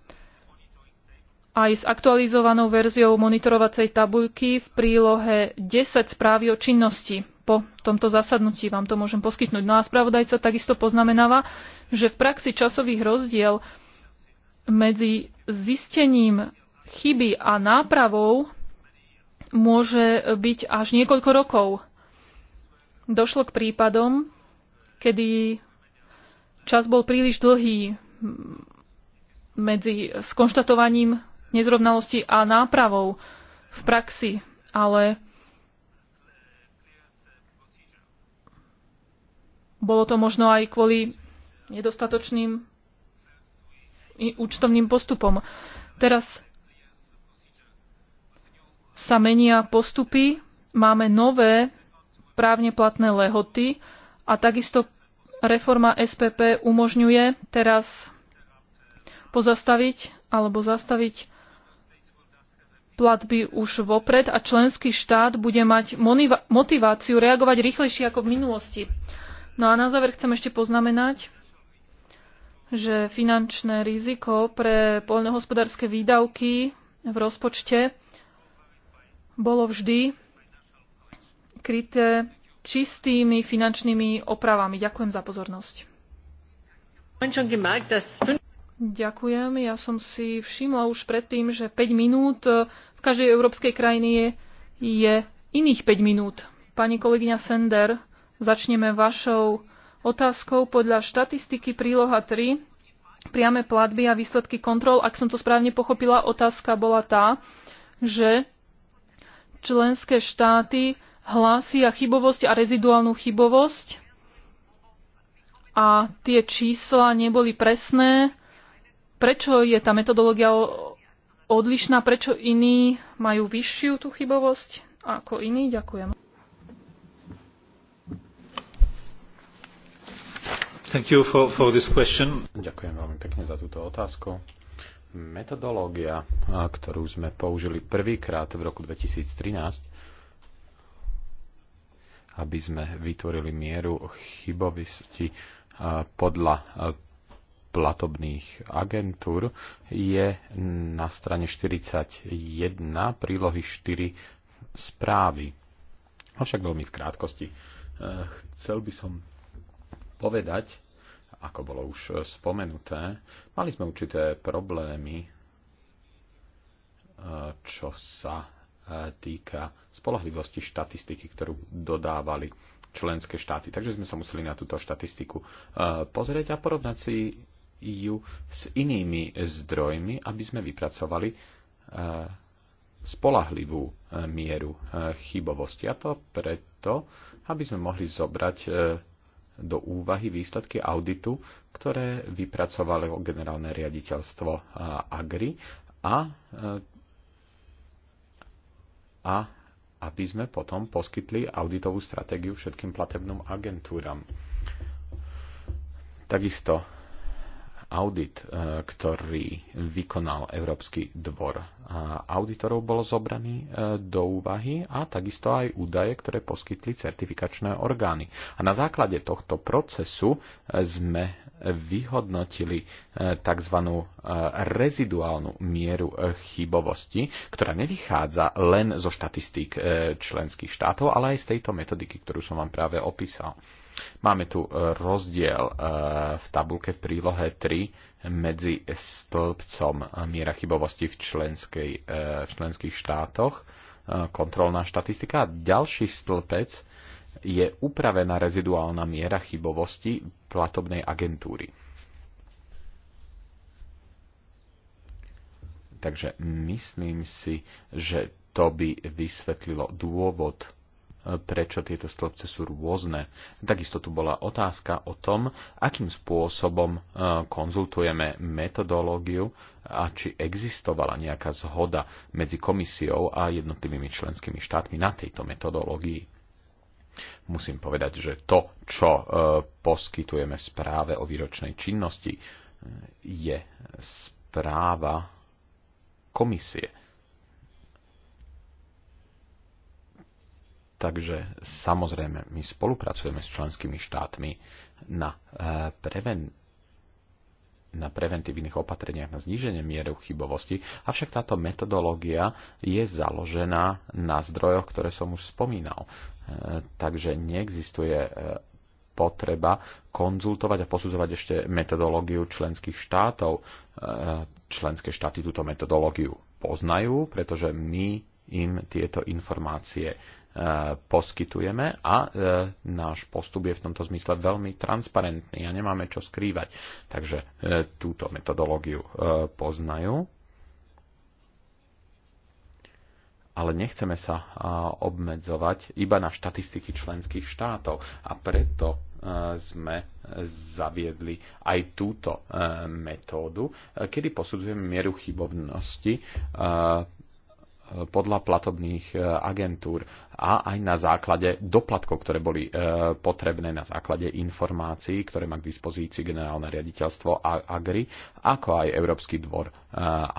aj s aktualizovanou verziou monitorovacej tabuľky v prílohe 10 správy o činnosti. Po tomto zasadnutí vám to môžem poskytnúť. No a spravodajca takisto poznamenáva, že v praxi časových rozdiel medzi zistením chyby a nápravou môže byť až niekoľko rokov. Došlo k prípadom, kedy Čas bol príliš dlhý medzi skonštatovaním nezrovnalosti a nápravou v praxi, ale bolo to možno aj kvôli nedostatočným účtovným postupom. Teraz sa menia postupy, máme nové právne platné lehoty a takisto reforma SPP umožňuje teraz pozastaviť alebo zastaviť platby už vopred a členský štát bude mať motiváciu reagovať rýchlejšie ako v minulosti. No a na záver chcem ešte poznamenať, že finančné riziko pre poľnohospodárske výdavky v rozpočte bolo vždy kryté čistými finančnými opravami. Ďakujem za pozornosť. Ďakujem. Ja som si všimla už predtým, že 5 minút v každej európskej krajine je, je iných 5 minút. Pani kolegyňa Sender, začneme vašou otázkou. Podľa štatistiky príloha 3, priame platby a výsledky kontrol, ak som to správne pochopila, otázka bola tá, že členské štáty hlásia chybovosť a reziduálnu chybovosť a tie čísla neboli presné. Prečo je tá metodológia odlišná? Prečo iní majú vyššiu tú chybovosť ako iní? Ďakujem. Thank you for, for this question. Ďakujem veľmi pekne za túto otázku. Metodológia, ktorú sme použili prvýkrát v roku 2013, aby sme vytvorili mieru chybovisti podľa platobných agentúr je na strane 41 prílohy 4 správy. Avšak veľmi v krátkosti. E, chcel by som povedať, ako bolo už spomenuté, mali sme určité problémy, e, čo sa E, týka spolahlivosti štatistiky, ktorú dodávali členské štáty. Takže sme sa museli na túto štatistiku e, pozrieť a porovnať si ju s inými zdrojmi, aby sme vypracovali e, spolahlivú mieru chybovosti. A to preto, aby sme mohli zobrať do úvahy výsledky auditu, ktoré vypracovalo generálne riaditeľstvo Agri a a aby sme potom poskytli auditovú stratégiu všetkým platebným agentúram. Takisto audit, e, ktorý vykonal Európsky dvor e, auditorov, bol zobraný e, do úvahy a takisto aj údaje, ktoré poskytli certifikačné orgány. A na základe tohto procesu sme vyhodnotili e, tzv. E, reziduálnu mieru e, chybovosti, ktorá nevychádza len zo štatistík členských štátov, ale aj z tejto metodiky, ktorú som vám práve opísal. Máme tu rozdiel v tabulke v prílohe 3 medzi stĺpcom miera chybovosti v, členskej, v členských štátoch, kontrolná štatistika a ďalší stĺpec je upravená reziduálna miera chybovosti platobnej agentúry. Takže myslím si, že to by vysvetlilo dôvod, e, prečo tieto stĺpce sú rôzne. Takisto tu bola otázka o tom, akým spôsobom e, konzultujeme metodológiu a či existovala nejaká zhoda medzi komisiou a jednotlivými členskými štátmi na tejto metodológii. Musím povedať, že to, čo e, poskytujeme správe o výročnej činnosti, je správa komisie. Takže samozrejme, my spolupracujeme s členskými štátmi na e, preven- na preventívnych opatreniach na zníženie mieru chybovosti, avšak táto metodológia je založená na zdrojoch, ktoré som už spomínal. E, takže neexistuje e, potreba konzultovať a posudzovať ešte metodológiu členských štátov. E, členské štáty túto metodológiu poznajú, pretože my im tieto informácie E, poskytujeme a e, náš postup je v tomto zmysle veľmi transparentný a nemáme čo skrývať. Takže e, túto metodológiu poznajú. Ale nechceme sa obmedzovať iba na štatistiky členských štátov a preto sme zaviedli aj túto metódu, kedy posudzujeme mieru chybovnosti podľa platobných e, agentúr a aj na základe doplatkov, ktoré boli e, potrebné na základe informácií, ktoré má k dispozícii generálne riaditeľstvo Agri, ako aj Európsky dvor e,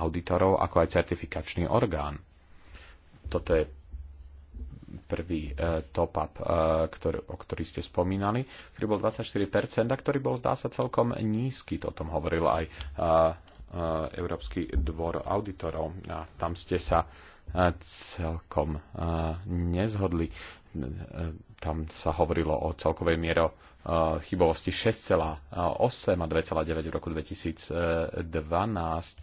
auditorov, ako aj certifikačný orgán. Toto je prvý top-up, o ktorý ste spomínali, ktorý bol 24% a ktorý bol, zdá sa, celkom nízky. O tom hovoril aj Európsky dvor auditorov. A tam ste sa celkom nezhodli. Tam sa hovorilo o celkovej miere chybovosti 6,8 a 2,9 v roku 2012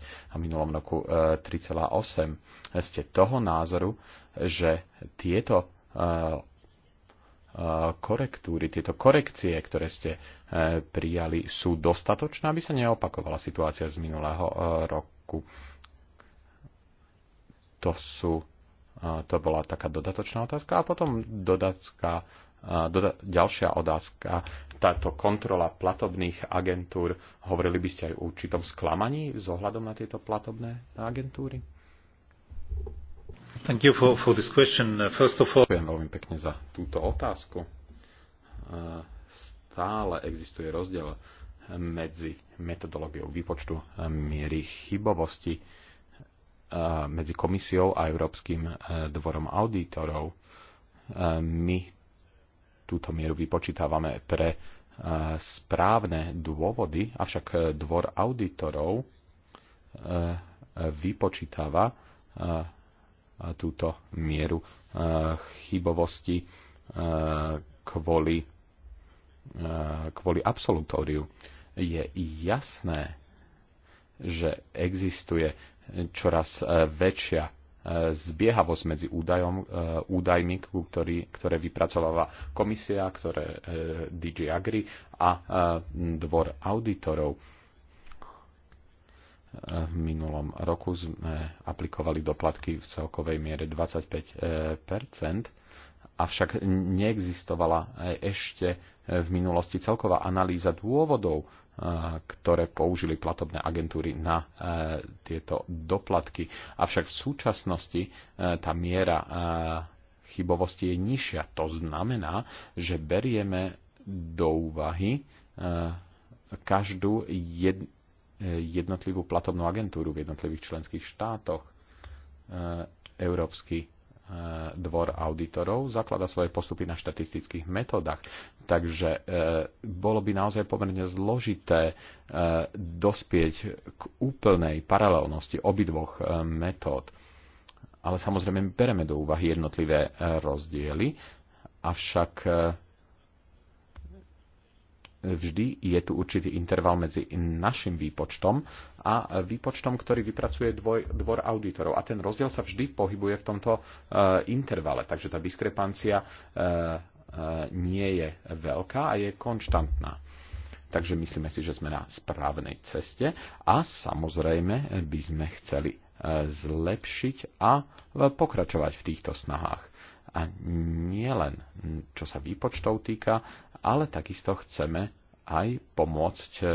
a v minulom roku 3,8. E, ste toho názoru, že tieto e, e, korektúry, tieto korekcie, ktoré ste prijali, sú dostatočné, aby sa neopakovala situácia z minulého roku. To, sú, to bola taká dodatočná otázka. A potom dodatka, doda, ďalšia otázka, táto kontrola platobných agentúr. Hovorili by ste aj o určitom sklamaní s ohľadom na tieto platobné agentúry? Thank you for, for this question. First of all... Ďakujem veľmi pekne za túto otázku. Stále existuje rozdiel medzi metodológiou výpočtu miery chybovosti Eh, medzi komisiou a Európskym eh, dvorom auditorov. Eh, my túto mieru vypočítavame pre správne dôvody, avšak dvor auditorov vypočítava túto mieru chybovosti kvôli, kvôli absolutóriu. Je jasné, že existuje čoraz e, väčšia e, zbiehavosť medzi údajom, e, údajmi, ktorý, ktoré vypracováva komisia, ktoré DG Agri a dvor auditorov. V minulom roku sme aplikovali doplatky v celkovej miere 25 avšak neexistovala ešte v minulosti celková analýza dôvodov ktoré použili platobné agentúry na e, tieto doplatky. Avšak v súčasnosti e, tá miera e, chybovosti je nižšia. To znamená, že berieme do úvahy každú jednotlivú platobnú agentúru v jednotlivých členských štátoch. Európsky E, dvor auditorov zaklada svoje postupy na štatistických metodách. Takže e, bolo by naozaj pomerne zložité e, dospieť k úplnej paralelnosti obidvoch metód. Ale samozrejme bereme do úvahy jednotlivé rozdiely, avšak vždy je tu určitý interval medzi našim výpočtom a výpočtom, ktorý vypracuje dvoj, dvor auditorov. A ten rozdiel sa vždy pohybuje v tomto uh, intervale, takže tá diskrepancia uh, uh, nie je veľká a je konštantná. Takže myslíme si, že sme na správnej ceste a samozrejme by sme chceli zlepšiť a pokračovať v týchto snahách. A nie len čo sa výpočtov týka, ale takisto chceme aj pomôcť e,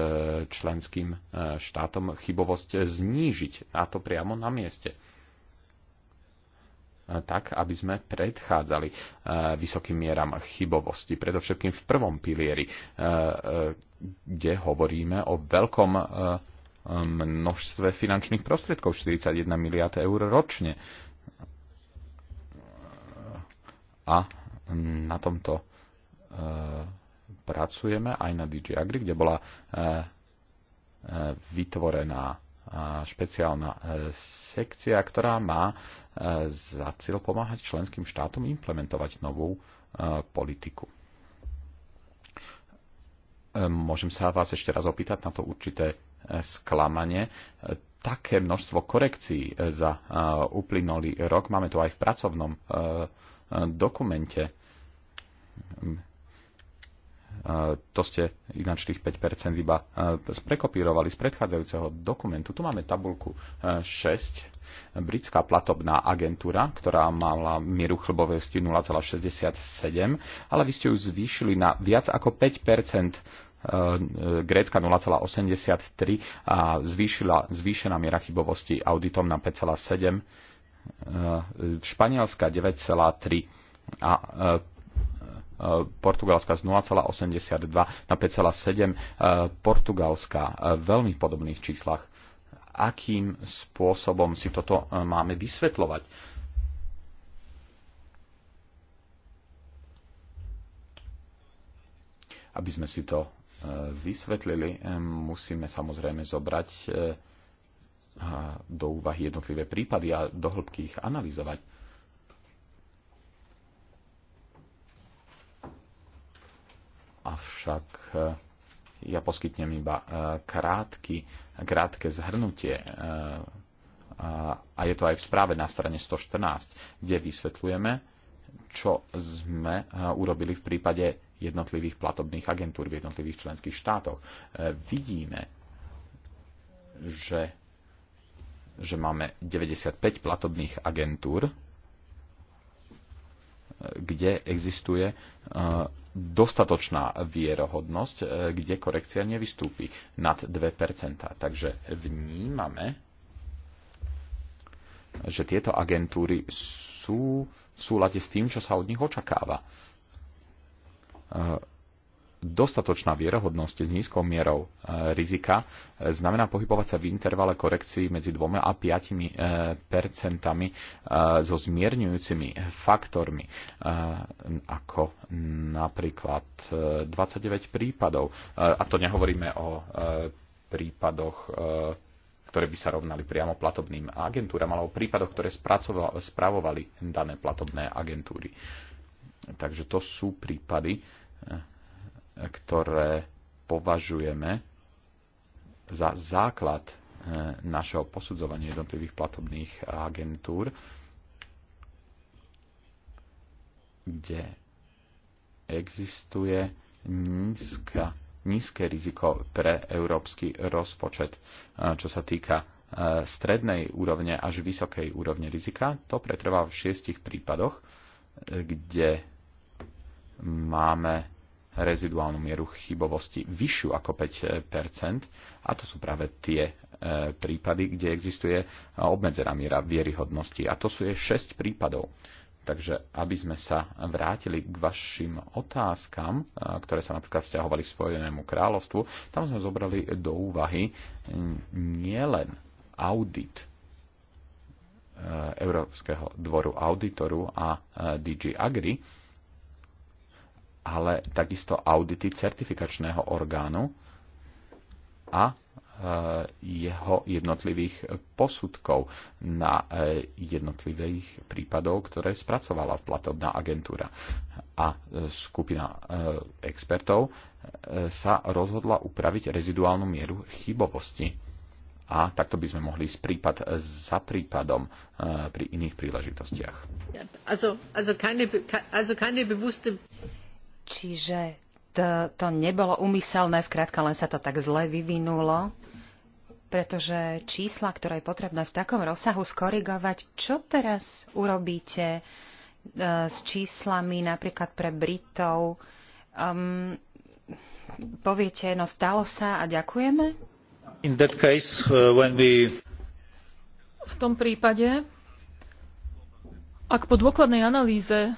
členským e, štátom chybovosť znížiť na to priamo na mieste e, tak, aby sme predchádzali vysokým mieram chybovosti, predovšetkým v prvom pilieri, kde hovoríme o veľkom množstve finančných prostriedkov, 41 miliard eur ročne a mm, na tomto e, pracujeme aj na DJ Agri, kde bola e, e, vytvorená špeciálna sekcia, ktorá má za cieľ pomáhať členským štátom implementovať novú politiku. Môžem sa vás ešte raz opýtať na to určité sklamanie. Také množstvo korekcií za uplynulý rok máme tu aj v pracovnom dokumente. To ste ináč tých 5% iba sprekopírovali z predchádzajúceho dokumentu. Tu máme tabulku 6, britská platobná agentúra, ktorá mala mieru chlbovosti 0,67, ale vy ste ju zvýšili na viac ako 5 e, Grécka 0,83 a zvýšila, zvýšená miera chybovosti auditom na 5,7 E, Španielska 9,3 a e, e, Portugalska z 0,82 na 5,7, Portugalska v veľmi podobných číslach. Akým spôsobom si toto máme vysvetľovať? Aby sme si to vysvetlili, musíme samozrejme zobrať do úvahy jednotlivé prípady a do hĺbky ich analyzovať. Avšak e, ja poskytnem iba e, krátky, krátke zhrnutie e, a je to aj v správe na strane 114, kde vysvetľujeme, čo sme urobili v prípade jednotlivých platobných agentúr v jednotlivých členských štátoch. Vidíme, že že máme 95 platobných agentúr, e, kde existuje e, dostatočná vierohodnosť, e, kde korekcia nevystúpi nad 2%. Takže vnímame, že tieto agentúry sú v súlade s tým, čo sa od nich očakáva dostatočná vierohodnosť s nízkou mierou e, rizika e, znamená pohybovať sa v intervale korekcií medzi 2 a 5 e, percentami so zmierňujúcimi faktormi, ako napríklad 29 prípadov. A to nehovoríme o prípadoch ktoré by sa rovnali priamo platobným agentúram, ale o prípadoch, ktoré spravovali dané platobné agentúry. Takže to sú prípady, ktoré považujeme za základ e, našeho posudzovania jednotlivých platobných agentúr, kde existuje nízka, nízke riziko pre európsky rozpočet, e, čo sa týka e, strednej úrovne až vysokej úrovne rizika. To pretrvá v šiestich prípadoch, kde máme reziduálnu mieru chybovosti vyššiu ako 5 a to sú práve tie e, prípady, kde existuje obmedzená miera vieryhodnosti. A to sú je 6 prípadov. Takže aby sme sa vrátili k vašim otázkam, e, ktoré sa napríklad vzťahovali k Spojenému kráľovstvu, tam sme zobrali do úvahy nielen audit e, Európskeho dvoru auditoru a DG Agri, ale takisto audity certifikačného orgánu a e, jeho jednotlivých posudkov na e, jednotlivých prípadov, ktoré spracovala platobná agentúra. A e, skupina expertov sa rozhodla upraviť reziduálnu mieru chybovosti. A takto by sme mohli ísť prípad za prípadom pri iných príležitostiach. Also, also keine, also keine bewusste... Čiže to, to nebolo umyselné, skrátka len sa to tak zle vyvinulo, pretože čísla, ktoré je potrebné v takom rozsahu skorigovať, čo teraz urobíte e, s číslami napríklad pre Britov? Um, poviete, no stalo sa a ďakujeme? In that case, uh, when we... V tom prípade, ak po dôkladnej analýze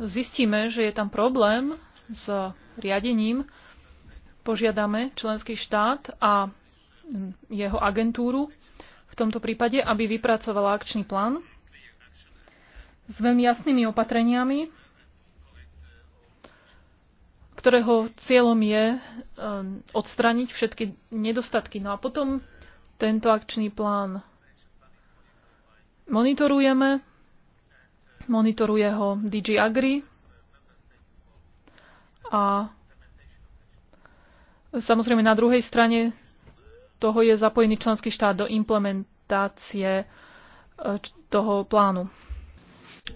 zistíme, že je tam problém s riadením, požiadame členský štát a jeho agentúru v tomto prípade, aby vypracovala akčný plán s veľmi jasnými opatreniami, ktorého cieľom je e, odstrániť všetky nedostatky. No a potom tento akčný plán monitorujeme, Monitoruje ho DG Agri a samozrejme na druhej strane toho je zapojený členský štát do implementácie e, toho plánu.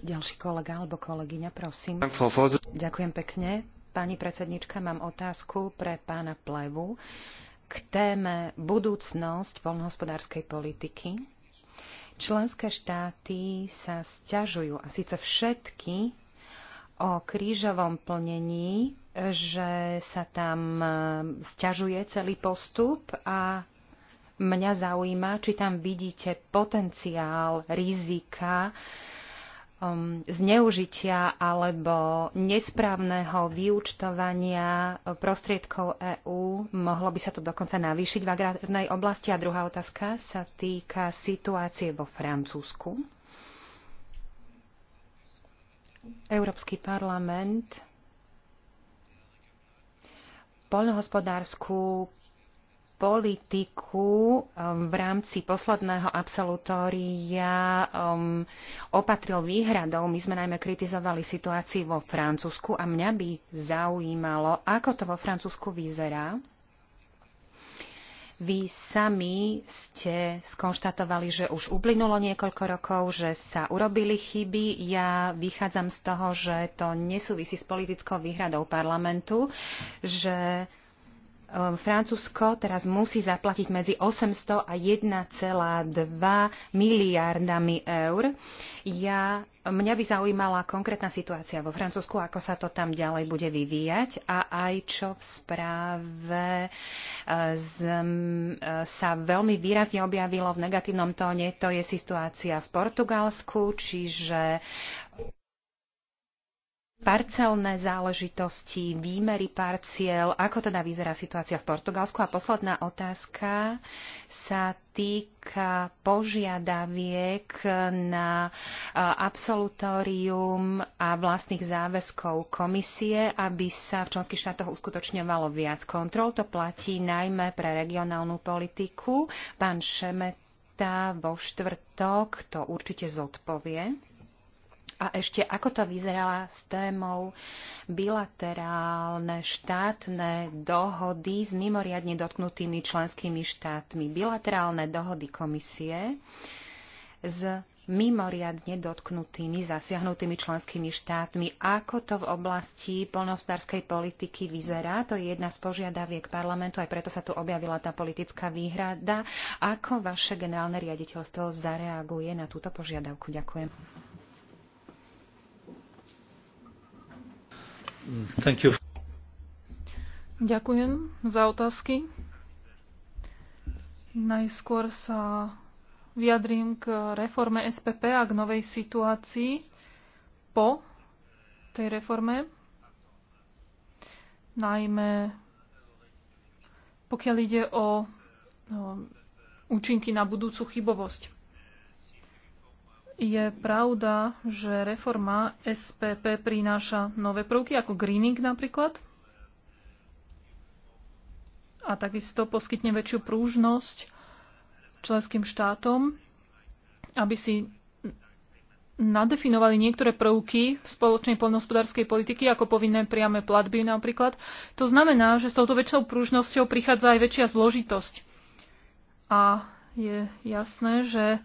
Ďalší kolega alebo kolegyňa, prosím. Ďakujem pekne. Pani predsednička, mám otázku pre pána Plevu k téme budúcnosť poľnohospodárskej politiky. Členské štáty sa sťažujú, a síce všetky, o krížovom plnení, že sa tam e, sťažuje celý postup a mňa zaujíma, či tam vidíte potenciál rizika um, zneužitia alebo nesprávneho vyúčtovania uh, prostriedkov EÚ. Mohlo by sa to dokonca navýšiť v agrárnej oblasti. A druhá otázka sa týka situácie vo Francúzsku. Európsky parlament poľnohospodárskú politiku um, v rámci posledného absolutória um, opatril výhradou. My sme najmä kritizovali situáciu vo Francúzsku a mňa by zaujímalo, ako to vo Francúzsku vyzerá. Vy sami ste skonštatovali, že už uplynulo niekoľko rokov, že sa urobili chyby. Ja vychádzam z toho, že to nesúvisí s politickou výhradou parlamentu, že Ehm, Francúzsko teraz musí zaplatiť medzi 800 a 1,2 miliardami eur. Ja, mňa by zaujímala konkrétna situácia vo Francúzsku, ako sa to tam ďalej bude vyvíjať a aj čo v správe ehm, z, ehm, sa veľmi výrazne objavilo v negatívnom tóne, to je situácia v Portugalsku, čiže parcelné záležitosti, výmery parciel, ako teda vyzerá situácia v Portugalsku. A posledná otázka sa týka požiadaviek na e, absolutórium a vlastných záväzkov komisie, aby sa v členských štátoch uskutočňovalo viac kontrol. To platí najmä pre regionálnu politiku. Pán Šemeta vo štvrtok to určite zodpovie. A ešte ako to vyzerala s témou bilaterálne štátne dohody s mimoriadne dotknutými členskými štátmi. Bilaterálne dohody komisie s mimoriadne dotknutými, zasiahnutými členskými štátmi. Ako to v oblasti polnovstárskej politiky vyzerá? To je jedna z požiadaviek parlamentu, aj preto sa tu objavila tá politická výhrada. Ako vaše generálne riaditeľstvo zareaguje na túto požiadavku? Ďakujem. Thank you. Ďakujem za otázky. Najskôr sa vyjadrím k reforme SPP a k novej situácii po tej reforme. Najmä pokiaľ ide o, o účinky na budúcu chybovosť. Je pravda, že reforma SPP prináša nové prvky, ako greening napríklad. A takisto poskytne väčšiu prúžnosť členským štátom, aby si nadefinovali niektoré prvky v spoločnej poľnohospodárskej politiky, ako povinné priame platby napríklad. To znamená, že s touto väčšou pružnosťou prichádza aj väčšia zložitosť. A je jasné, že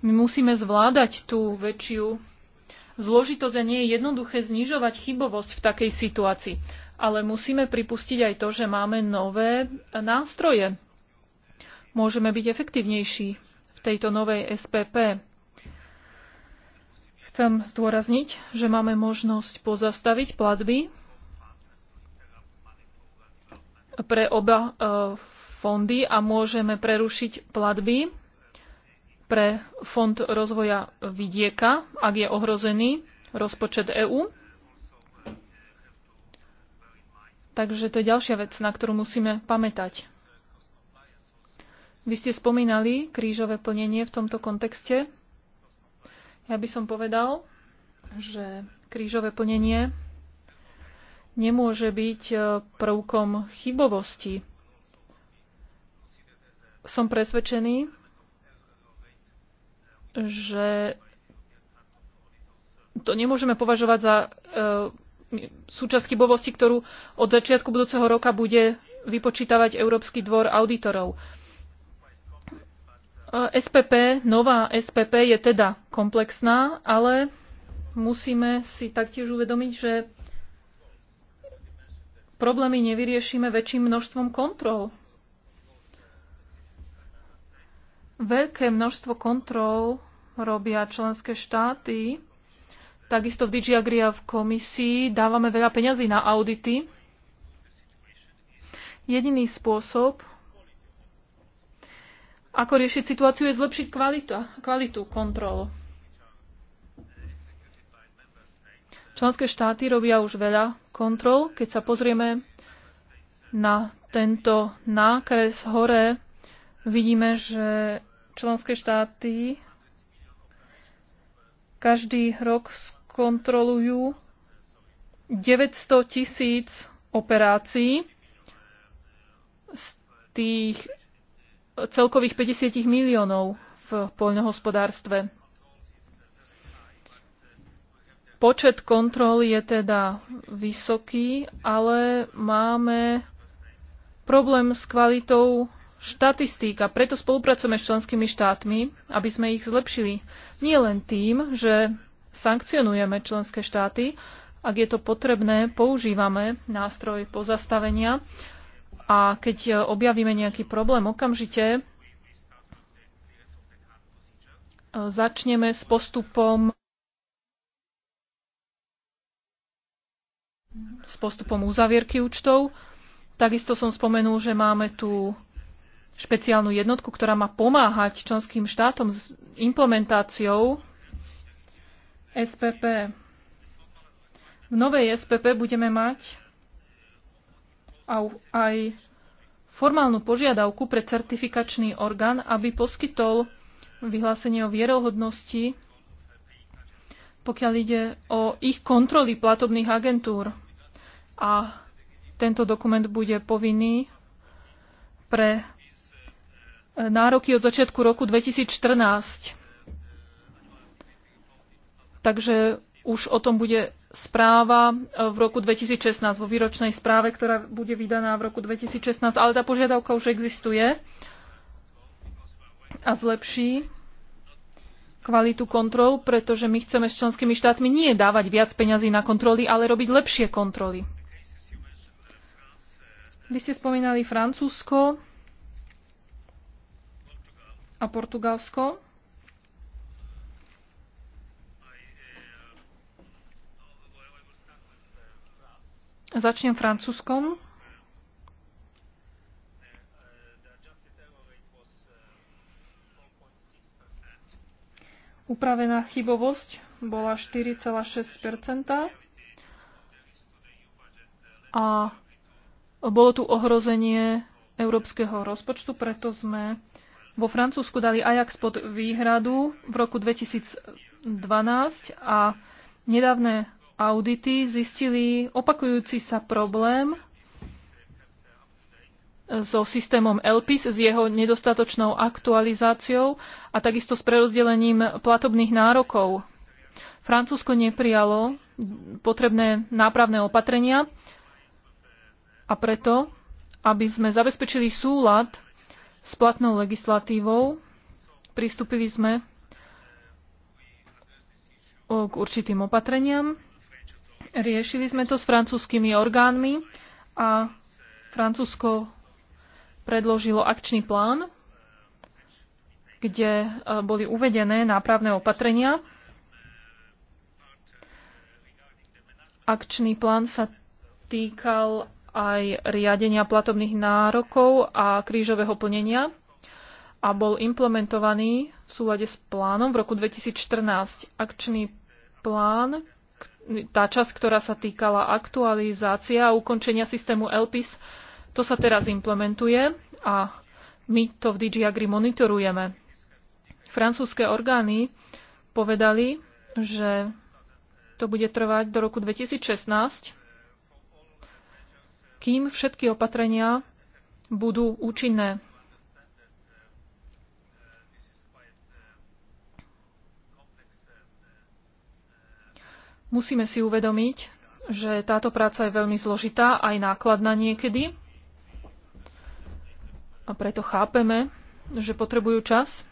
my musíme zvládať tú väčšiu zložitosť a nie je jednoduché znižovať chybovosť v takej situácii. Ale musíme pripustiť aj to, že máme nové nástroje. Môžeme byť efektívnejší v tejto novej SPP. Chcem zdôrazniť, že máme možnosť pozastaviť platby pre oba eh, fondy a môžeme prerušiť platby pre Fond rozvoja vidieka, ak je ohrozený rozpočet EÚ. Takže to je ďalšia vec, na ktorú musíme pamätať. Vy ste spomínali krížové plnenie v tomto kontexte. Ja by som povedal, že krížové plnenie nemôže byť e, prvkom chybovosti. Som presvedčený, že to nemôžeme považovať za uh, súčasť chybovosti, ktorú od začiatku budúceho roka bude vypočítavať Európsky dvor auditorov. E, SPP, nová SPP je teda komplexná, ale musíme si taktiež uvedomiť, že problémy nevyriešime väčším množstvom kontrol. Veľké množstvo kontrol robia členské štáty. Takisto v DigiAgri a v komisii dávame veľa peňazí na audity. Jediný spôsob, ako riešiť situáciu, je zlepšiť kvalita, kvalitu kontrol. Členské štáty robia už veľa kontrol. Keď sa pozrieme na tento nákres hore, vidíme, že členské štáty každý rok skontrolujú 900 tisíc operácií z tých celkových 50 miliónov v poľnohospodárstve. Počet kontrol je teda vysoký, ale máme problém s kvalitou štatistík a preto spolupracujeme s členskými štátmi, aby sme ich zlepšili. Nie len tým, že sankcionujeme členské štáty, ak je to potrebné, používame nástroj pozastavenia a keď objavíme nejaký problém, okamžite e, začneme s postupom s postupom uzavierky účtov. Takisto som spomenul, že máme tu špeciálnu jednotku, ktorá má pomáhať členským štátom s implementáciou SPP. V novej SPP budeme mať aj formálnu požiadavku pre certifikačný orgán, aby poskytol vyhlásenie o vierohodnosti, pokiaľ ide o ich kontroly platobných agentúr. A tento dokument bude povinný pre E, nároky od začiatku roku 2014. Takže už o tom bude správa e, v roku 2016, vo výročnej správe, ktorá bude vydaná v roku 2016, ale tá požiadavka už existuje a zlepší kvalitu kontrol, pretože my chceme s členskými štátmi nie dávať viac peňazí na kontroly, ale robiť lepšie kontroly. Vy ste spomínali Francúzsko a Portugalsko. Začnem francúzskom. Upravená chybovosť bola 4,6 a bolo tu ohrozenie európskeho rozpočtu, preto sme vo Francúzsku dali Ajax pod výhradu v roku 2012 a nedávne audity zistili opakujúci sa problém so systémom LPIS, s jeho nedostatočnou aktualizáciou a takisto s prerozdelením platobných nárokov. Francúzsko neprijalo potrebné nápravné opatrenia a preto, aby sme zabezpečili súlad s platnou legislatívou. Pristúpili sme k určitým opatreniam. Riešili sme to s francúzskými orgánmi a Francúzsko predložilo akčný plán, kde e, boli uvedené nápravné opatrenia. Akčný plán sa týkal aj riadenia platobných nárokov a krížového plnenia a bol implementovaný v súlade s plánom v roku 2014. Akčný plán, tá časť, ktorá sa týkala aktualizácia a ukončenia systému LPIS, to sa teraz implementuje a my to v DG Agri monitorujeme. Francúzske orgány povedali, že to bude trvať do roku 2016 kým všetky opatrenia budú účinné. Musíme si uvedomiť, že táto práca je veľmi zložitá, aj nákladná niekedy. A preto chápeme, že potrebujú čas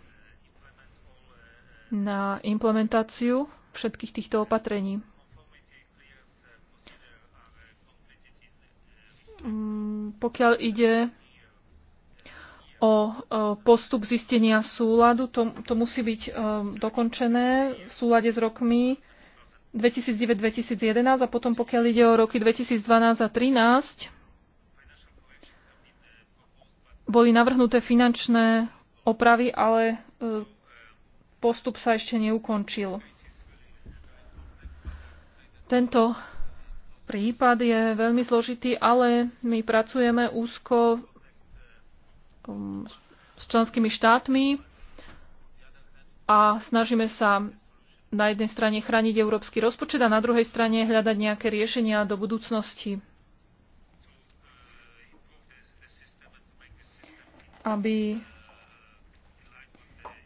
na implementáciu všetkých týchto opatrení. Mm, pokiaľ ide o postup zistenia súladu, to, to musí byť um, dokončené v súlade s rokmi 2009-2011 a potom pokiaľ ide o roky 2012 a 2013, boli navrhnuté finančné opravy, ale e, postup sa ešte neukončil. Tento Prípad je veľmi zložitý, ale my pracujeme úzko um, s členskými štátmi a snažíme sa na jednej strane chrániť európsky rozpočet a na druhej strane hľadať nejaké riešenia do budúcnosti. Aby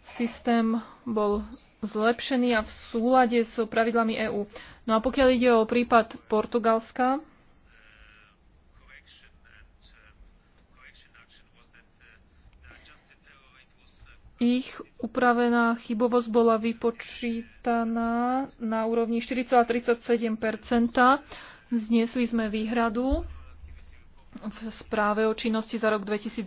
systém bol zlepšený a v súlade s so pravidlami EÚ. No a pokiaľ ide o prípad Portugalska, ich upravená chybovosť bola vypočítaná na úrovni 4,37 Zniesli sme výhradu v správe o činnosti za rok 2011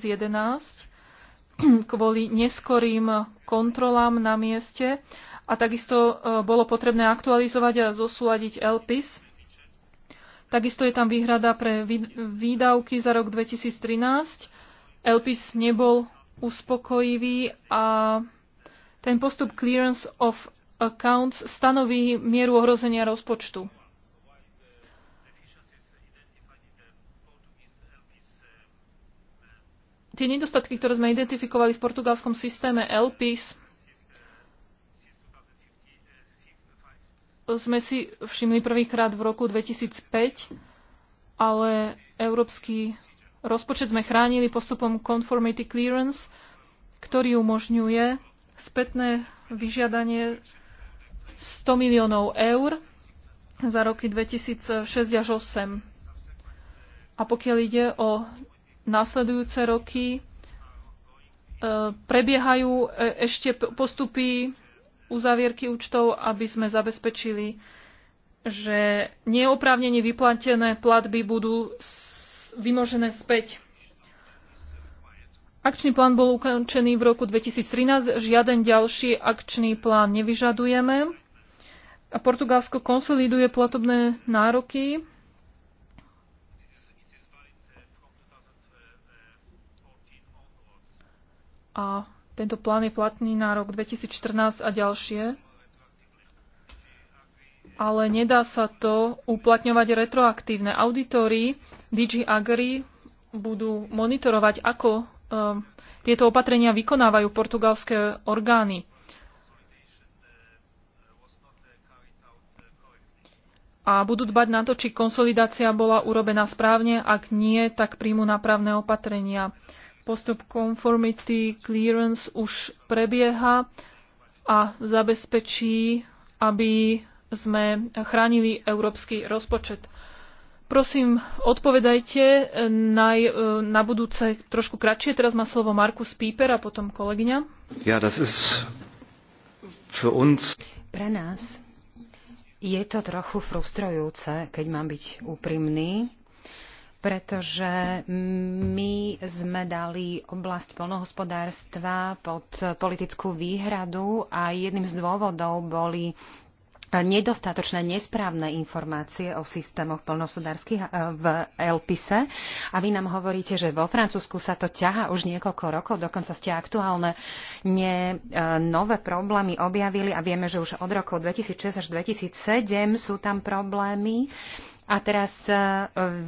kvôli neskorým kontrolám na mieste a takisto e, bolo potrebné aktualizovať a zosúľadiť LPIS. Takisto je tam výhrada pre výdavky za rok 2013. LPIS nebol uspokojivý a ten postup Clearance of Accounts stanoví mieru ohrozenia rozpočtu. tie nedostatky, ktoré sme identifikovali v portugalskom systéme LPIS, sme si všimli prvýkrát v roku 2005, ale európsky rozpočet sme chránili postupom Conformity Clearance, ktorý umožňuje spätné vyžiadanie 100 miliónov eur za roky 2006 až 2008. A pokiaľ ide o nasledujúce roky e, prebiehajú e, ešte postupy uzavierky účtov, aby sme zabezpečili, že neoprávnene vyplatené platby budú vymožené späť. Akčný plán bol ukončený v roku 2013, žiaden ďalší akčný plán nevyžadujeme. A Portugalsko konsoliduje platobné nároky a tento plán je platný na rok 2014 a ďalšie, ale nedá sa to uplatňovať retroaktívne. Auditory DG Agri budú monitorovať, ako um, tieto opatrenia vykonávajú portugalské orgány. A budú dbať na to, či konsolidácia bola urobená správne, ak nie, tak príjmu nápravné opatrenia. Postup conformity clearance už prebieha a zabezpečí, aby sme chránili európsky rozpočet. Prosím, odpovedajte na, e, na budúce trošku kratšie. Teraz má slovo Markus Píper a potom kolegyňa. Ja, das ist für uns... Pre nás je to trochu frustrujúce, keď mám byť úprimný, pretože my sme dali oblasť polnohospodárstva pod politickú výhradu a jedným z dôvodov boli nedostatočné, nesprávne informácie o systémoch polnohospodárských eh, v Elpise. A vy nám hovoríte, že vo Francúzsku sa to ťaha už niekoľko rokov, dokonca ste aktuálne ne, eh, nové problémy objavili a vieme, že už od rokov 2006 až 2007 sú tam problémy. A teraz e,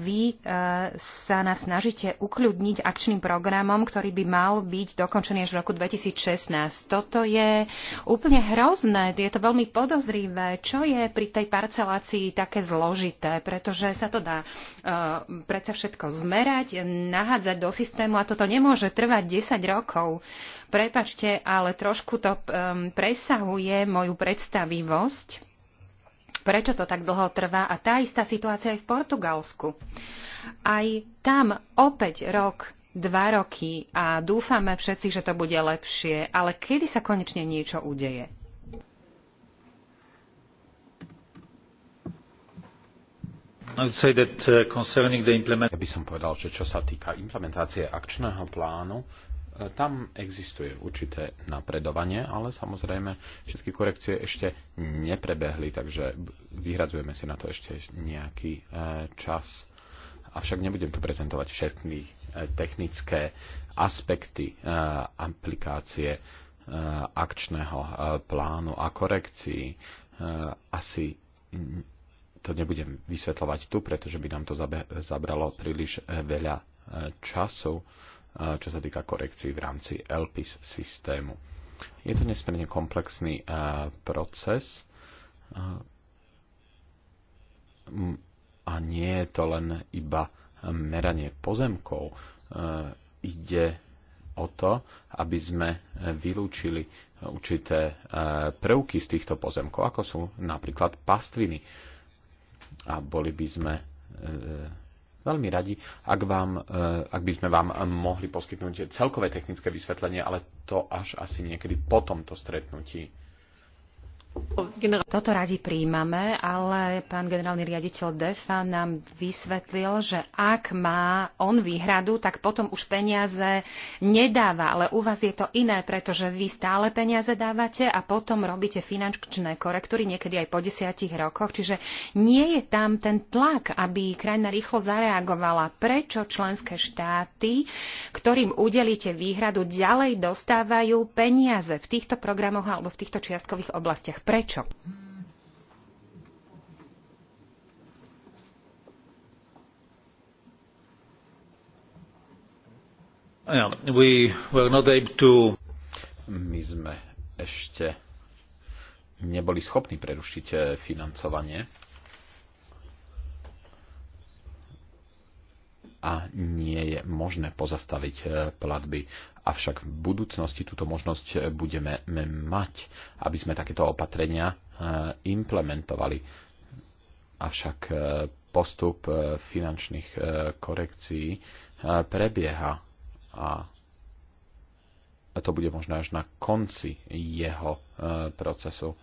vy e, sa nás snažíte ukľudniť akčným programom, ktorý by mal byť dokončený až v roku 2016. Toto je úplne hrozné, je to veľmi podozrivé. Čo je pri tej parcelácii také zložité? Pretože sa to dá e, predsa všetko zmerať, nahádzať do systému a toto nemôže trvať 10 rokov. Prepačte, ale trošku to presahuje moju predstavivosť prečo to tak dlho trvá. A tá istá situácia je v Portugalsku. Aj tam opäť rok, dva roky a dúfame všetci, že to bude lepšie, ale kedy sa konečne niečo udeje? Uh, ja by som povedal, že čo sa týka implementácie akčného plánu, tam existuje určité napredovanie, ale samozrejme všetky korekcie ešte neprebehli, takže vyhradzujeme si na to ešte nejaký e, čas. Avšak nebudem tu prezentovať všetky e, technické aspekty e, aplikácie akčného plánu a korekcií. Asi to nebudem vysvetľovať tu, pretože by nám to zabralo príliš veľa času čo sa týka korekcií v rámci LPIS systému. Je to nesmierne komplexný e, proces e, a nie je to len iba meranie pozemkov. E, ide o to, aby sme vylúčili určité prvky z týchto pozemkov, ako sú napríklad pastviny. A boli by sme veľmi radi, ak, vám, eh, ak by sme vám mohli poskytnúť celkové technické vysvetlenie, ale to až asi niekedy po tomto stretnutí. Toto radi príjmame, ale pán generálny riaditeľ DEFA nám vysvetlil, že ak má on výhradu, tak potom už peniaze nedáva. Ale u vás je to iné, pretože vy stále peniaze dávate a potom robíte finančné korektúry niekedy aj po desiatich rokoch. Čiže nie je tam ten tlak, aby krajina rýchlo zareagovala. Prečo členské štáty, ktorým udelíte výhradu, ďalej dostávajú peniaze v týchto programoch alebo v týchto čiastkových oblastiach? Prečo? Yeah, we were not able to... My sme ešte neboli schopní prerušiť eh, financovanie a nie je možné pozastaviť e, platby. Avšak v budúcnosti túto možnosť e, budeme mať, aby sme takéto opatrenia e, implementovali. Avšak postup finančných korekcií prebieha a to bude možné až na konci jeho procesu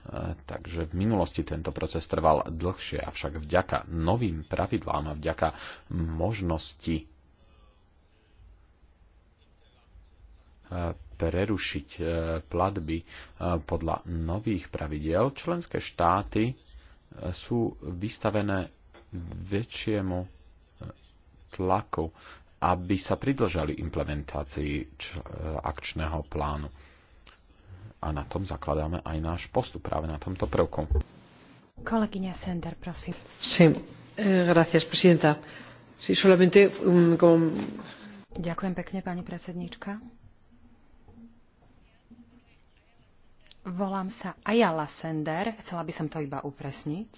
Eh, takže v minulosti tento proces trval dlhšie, avšak vďaka novým pravidlám a vďaka možnosti eh, prerušiť eh, platby podľa nových pravidiel, členské štáty sú vystavené väčšiemu tlaku, aby sa pridlžali implementácii akčného plánu a na tom zakladáme aj náš postup práve na tomto prvku. Kolegyňa Sender, prosím. Sí, eh, gracias, presidenta. Sí, solamente, um, com... Ďakujem pekne, pani predsedníčka. Volám sa Ayala Sender, chcela by som to iba upresniť.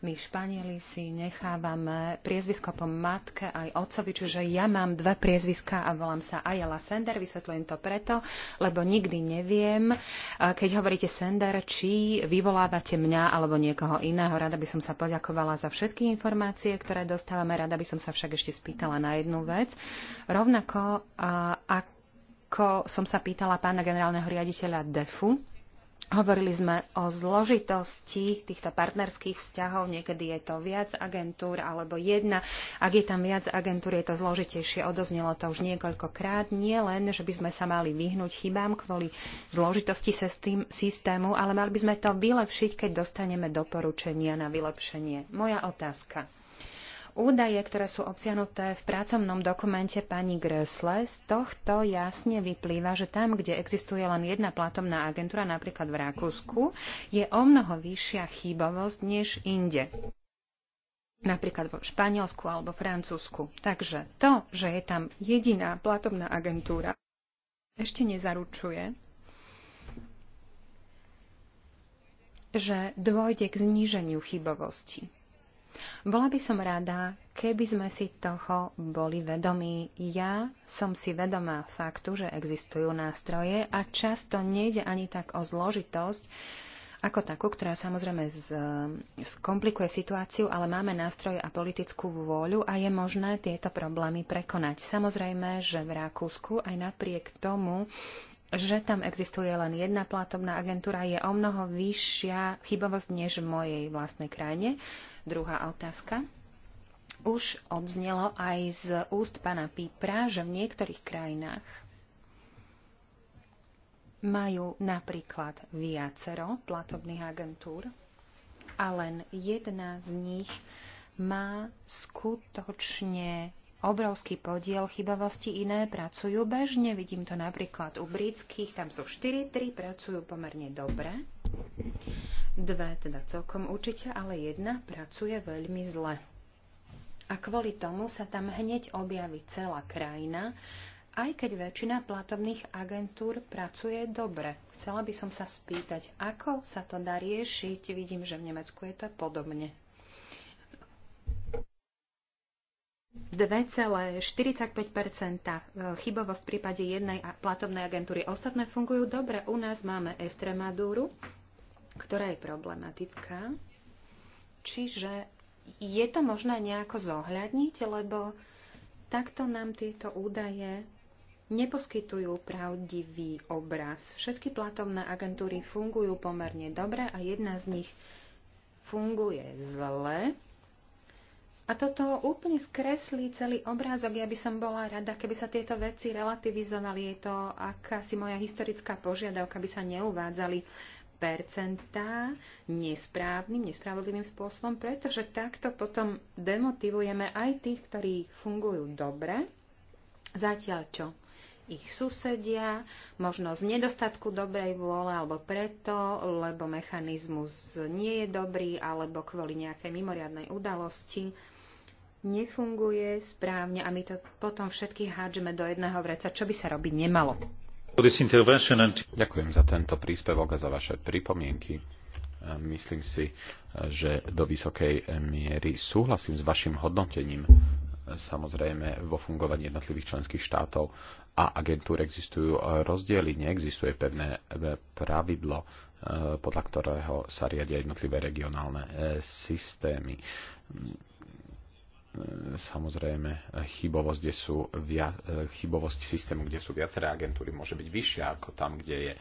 My Španieli si nechávame priezvisko po matke aj otcovi, čiže ja mám dve priezviska a volám sa Ayala Sender. Vysvetľujem to preto, lebo nikdy neviem, e, keď hovoríte Sender, či vyvolávate mňa alebo niekoho iného. Rada by som sa poďakovala za všetky informácie, ktoré dostávame. Rada by som sa však ešte spýtala na jednu vec. Rovnako ako som sa pýtala pána generálneho riaditeľa DEFu, Hovorili sme o zložitosti týchto partnerských vzťahov, niekedy je to viac agentúr alebo jedna. Ak je tam viac agentúr, je to zložitejšie. Odoznelo to už niekoľkokrát. Nie len, že by sme sa mali vyhnúť chybám kvôli zložitosti systému, ale mali by sme to vylepšiť, keď dostaneme doporučenia na vylepšenie. Moja otázka. Údaje, ktoré sú obsiahnuté v pracovnom dokumente pani Grösle, z tohto jasne vyplýva, že tam, kde existuje len jedna platobná agentúra, napríklad v Rakúsku, je o mnoho vyššia chybovosť než inde napríklad vo Španielsku alebo Francúzsku. Takže to, že je tam jediná platobná agentúra, ešte nezaručuje, že dôjde k zníženiu chybovosti. Bola by som rada, keby sme si toho boli vedomí. Ja som si vedomá faktu, že existujú nástroje a často nejde ani tak o zložitosť, ako takú, ktorá samozrejme z, skomplikuje situáciu, ale máme nástroje a politickú vôľu a je možné tieto problémy prekonať. Samozrejme, že v Rakúsku aj napriek tomu, že tam existuje len jedna platobná agentúra, je o mnoho vyššia chybovosť než v mojej vlastnej krajine. Druhá otázka. Už odznelo aj z úst pána Pípra, že v niektorých krajinách majú napríklad viacero platobných agentúr a len jedna z nich má skutočne obrovský podiel chybavosti, iné pracujú bežne. Vidím to napríklad u britských, tam sú 4, 3 pracujú pomerne dobre. Dve teda celkom určite, ale jedna pracuje veľmi zle. A kvôli tomu sa tam hneď objaví celá krajina, aj keď väčšina platobných agentúr pracuje dobre. Chcela by som sa spýtať, ako sa to dá riešiť. Vidím, že v Nemecku je to podobne. 2,45 e, chybovosť v prípade jednej platobnej agentúry. Ostatné fungujú dobre. U nás máme Estremadúru, ktorá je problematická. Čiže je to možné nejako zohľadniť, lebo takto nám tieto údaje neposkytujú pravdivý obraz. Všetky platobné agentúry fungujú pomerne dobre a jedna z nich funguje zle a toto úplne skreslí celý obrázok. Ja by som bola rada, keby sa tieto veci relativizovali. Je to akási moja historická požiadavka, aby sa neuvádzali percentá nesprávnym, nespravodlivým spôsobom, pretože takto potom demotivujeme aj tých, ktorí fungujú dobre, zatiaľ čo ich susedia, možno z nedostatku dobrej vôle, alebo preto, lebo mechanizmus nie je dobrý, alebo kvôli nejakej mimoriadnej udalosti nefunguje správne a my to potom všetky hádžeme do jedného vreca, čo by sa robiť nemalo. Ďakujem za tento príspevok a za vaše pripomienky. Myslím si, že do vysokej miery súhlasím s vašim hodnotením samozrejme vo fungovaní jednotlivých členských štátov a agentúr existujú rozdiely, neexistuje pevné pravidlo, e, podľa ktorého sa riadia jednotlivé regionálne e, systémy E, samozrejme chybovosť, kde sú via, e, chybovosť systému, kde sú viaceré agentúry, môže byť vyššia ako tam, kde je e,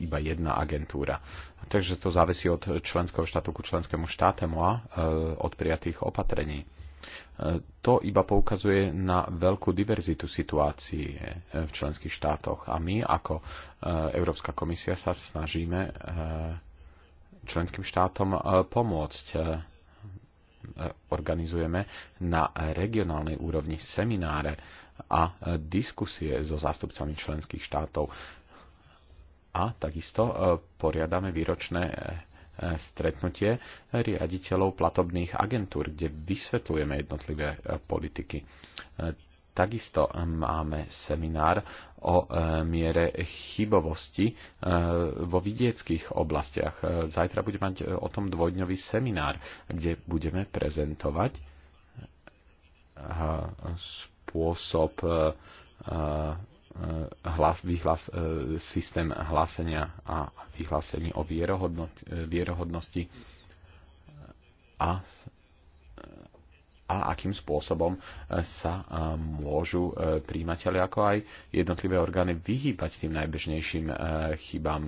iba jedna agentúra. Takže to závisí od členského štátu ku členskému štátu a od prijatých opatrení. To iba poukazuje na veľkú diverzitu situácií v členských štátoch a my ako Európska komisia sa snažíme členským štátom pomôcť Eh, organizujeme na regionálnej úrovni semináre a eh, diskusie so zástupcami členských štátov. A takisto eh, poriadame výročné stretnutie riaditeľov platobných agentúr, kde vysvetlujeme jednotlivé politiky. Takisto eh, máme seminár o eh, miere chybovosti eh, vo vidieckých oblastiach. Zajtra budeme mať o tom dvojdňový seminár, kde budeme prezentovať spôsob hlas, vyhlas, systém hlásenia a vyhlásení o vierohodnosti a a akým spôsobom e, sa e, môžu e, príjimateľi ako aj jednotlivé orgány vyhýbať tým najbežnejším chybám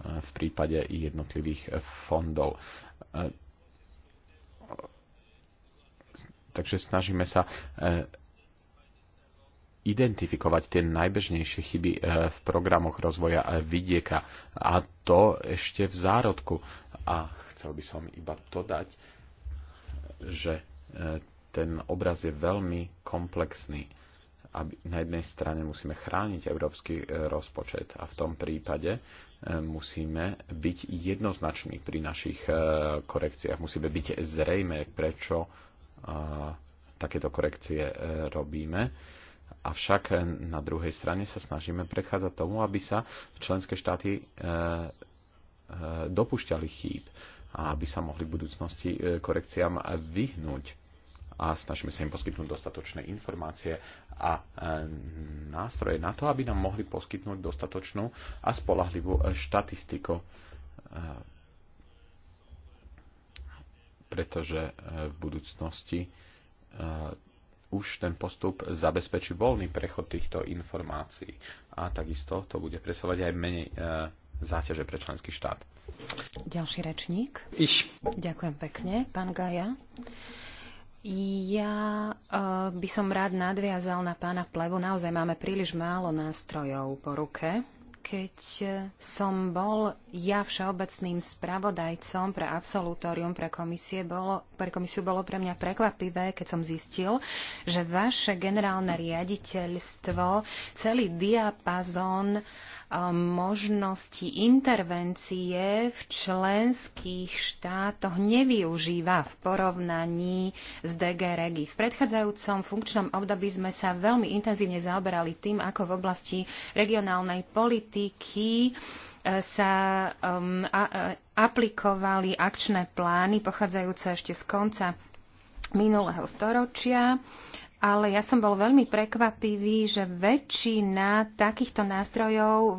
v prípade jednotlivých fondov. Takže snažíme sa identifikovať tie najbežnejšie chyby v programoch rozvoja vidieka. A to ešte v zárodku. A chcel by som iba dodať, že E, ten obraz je veľmi komplexný. Aby na jednej strane musíme chrániť európsky e, rozpočet a v tom prípade e, musíme byť jednoznační pri našich korekciách. Musíme byť zrejme, prečo takéto korekcie robíme. Avšak na druhej strane sa snažíme predchádzať tomu, aby sa členské štáty dopúšťali chýb a aby sa mohli v budúcnosti korekciám vyhnúť a snažíme sa im poskytnúť dostatočné informácie a e, nástroje na to, aby nám mohli poskytnúť dostatočnú a spolahlivú e, štatistiku e, pretože v budúcnosti už ten postup zabezpečí voľný prechod týchto informácií a takisto to bude presovať aj menej záťaže pre členský štát. Ďalší rečník. Iš. Ďakujem pekne, pán Gaja. Ja eh, by som rád nadviazal na pána Plevu. Naozaj máme príliš málo nástrojov po ruke. Keď eh, som bol ja všeobecným spravodajcom pre absolutórium pre, komisie, bolo, pre komisiu, bolo pre mňa prekvapivé, keď som zistil, že vaše generálne riaditeľstvo celý diapazon možnosti intervencie v členských štátoch nevyužíva v porovnaní s DG Regi. V predchádzajúcom funkčnom období sme sa veľmi intenzívne zaoberali tým, ako v oblasti regionálnej politiky e, sa um, a, a, e, aplikovali akčné plány pochádzajúce ešte z konca minulého storočia ale ja som bol veľmi prekvapivý, že väčšina takýchto nástrojov e,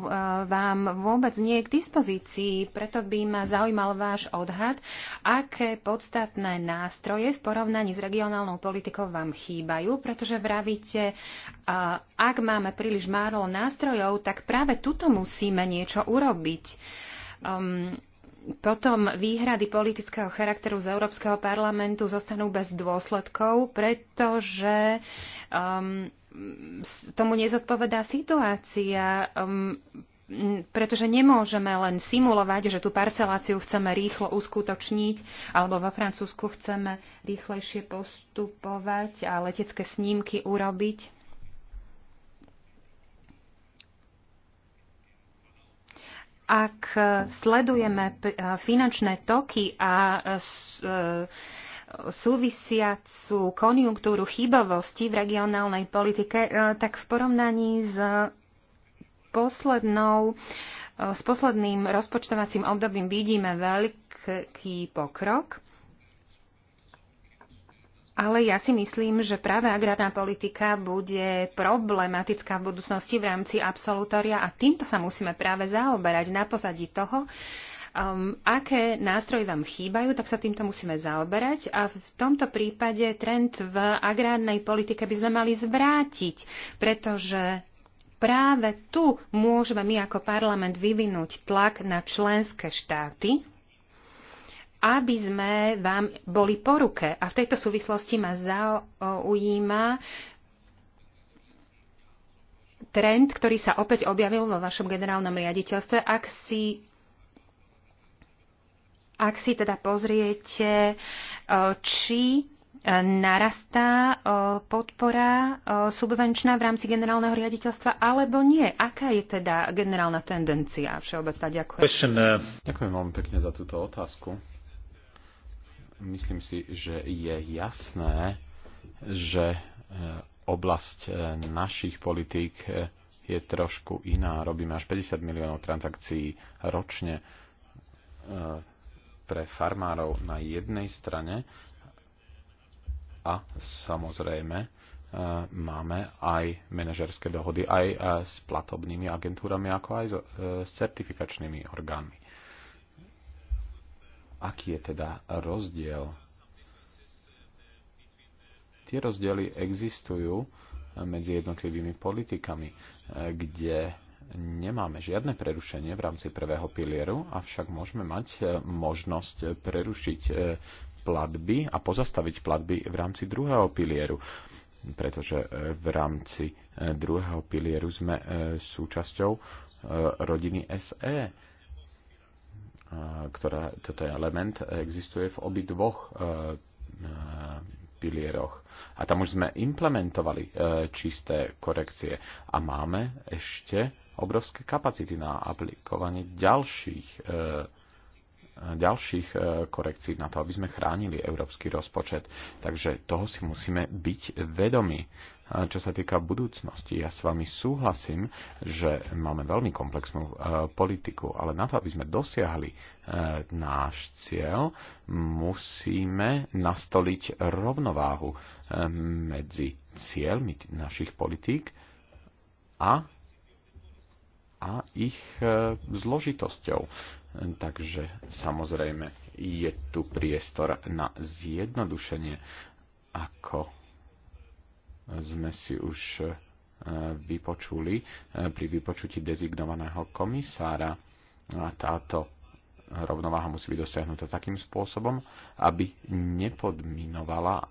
vám vôbec nie je k dispozícii. Preto by ma zaujímal váš odhad, aké podstatné nástroje v porovnaní s regionálnou politikou vám chýbajú, pretože vravíte, e, ak máme príliš málo nástrojov, tak práve tuto musíme niečo urobiť. Um, potom výhrady politického charakteru z Európskeho parlamentu zostanú bez dôsledkov, pretože um, tomu nezodpovedá situácia. Um, pretože nemôžeme len simulovať, že tú parceláciu chceme rýchlo uskutočniť, alebo vo Francúzsku chceme rýchlejšie postupovať a letecké snímky urobiť. Ak sledujeme finančné toky a e, súvisiacu konjunktúru chybovosti v regionálnej politike, e, tak v porovnaní s poslednou e, s posledným rozpočtovacím obdobím vidíme veľký pokrok. Ale ja si myslím, že práve agrárna politika bude problematická v budúcnosti v rámci absolutória a týmto sa musíme práve zaoberať na pozadí toho, um, aké nástroje vám chýbajú, tak sa týmto musíme zaoberať a v tomto prípade trend v agrárnej politike by sme mali zvrátiť, pretože práve tu môžeme my ako parlament vyvinúť tlak na členské štáty, aby sme vám boli po ruke. A v tejto súvislosti ma zaujíma trend, ktorý sa opäť objavil vo vašom generálnom riaditeľstve. Ak si ak si teda pozriete, e, či e, narastá e, podpora subvenčná v rámci generálneho riaditeľstva alebo nie? Aká je teda generálna tendencia všeobecná? Ďakujem. Ďakujem veľmi pekne za túto otázku. Myslím si, že je jasné, že e, oblasť e, našich politík e, je trošku iná. Robíme až 50 miliónov transakcií ročne pre farmárov na jednej strane a samozrejme máme aj manažerské dohody aj s platobnými agentúrami, ako aj s certifikačnými orgánmi. Aký je teda rozdiel? Tie rozdiely existujú medzi jednotlivými politikami, eh, kde nemáme žiadne prerušenie v rámci prvého pilieru, avšak môžeme mať eh, možnosť prerušiť eh, platby a pozastaviť platby v rámci druhého pilieru pretože v rámci druhého pilieru sme súčasťou rodiny SE ktorá, toto element e, existuje v obi dvoch e, e, pilieroch. A tam už sme implementovali čisté korekcie a máme ešte obrovské kapacity na aplikovanie ďalších ďalších e, korekcií na to, aby sme chránili európsky rozpočet. Takže toho si musíme byť vedomi. E, čo sa týka budúcnosti, ja s vami súhlasím, že máme veľmi komplexnú e, politiku, ale na to, aby sme dosiahli náš cieľ, musíme nastoliť rovnováhu medzi cieľmi našich politík a a ich e, zložitosťou. Takže samozrejme je tu priestor na zjednodušenie, ako sme si už e, vypočuli e, pri vypočutí dezignovaného komisára. A táto rovnováha musí byť dosiahnutá takým spôsobom, aby nepodminovala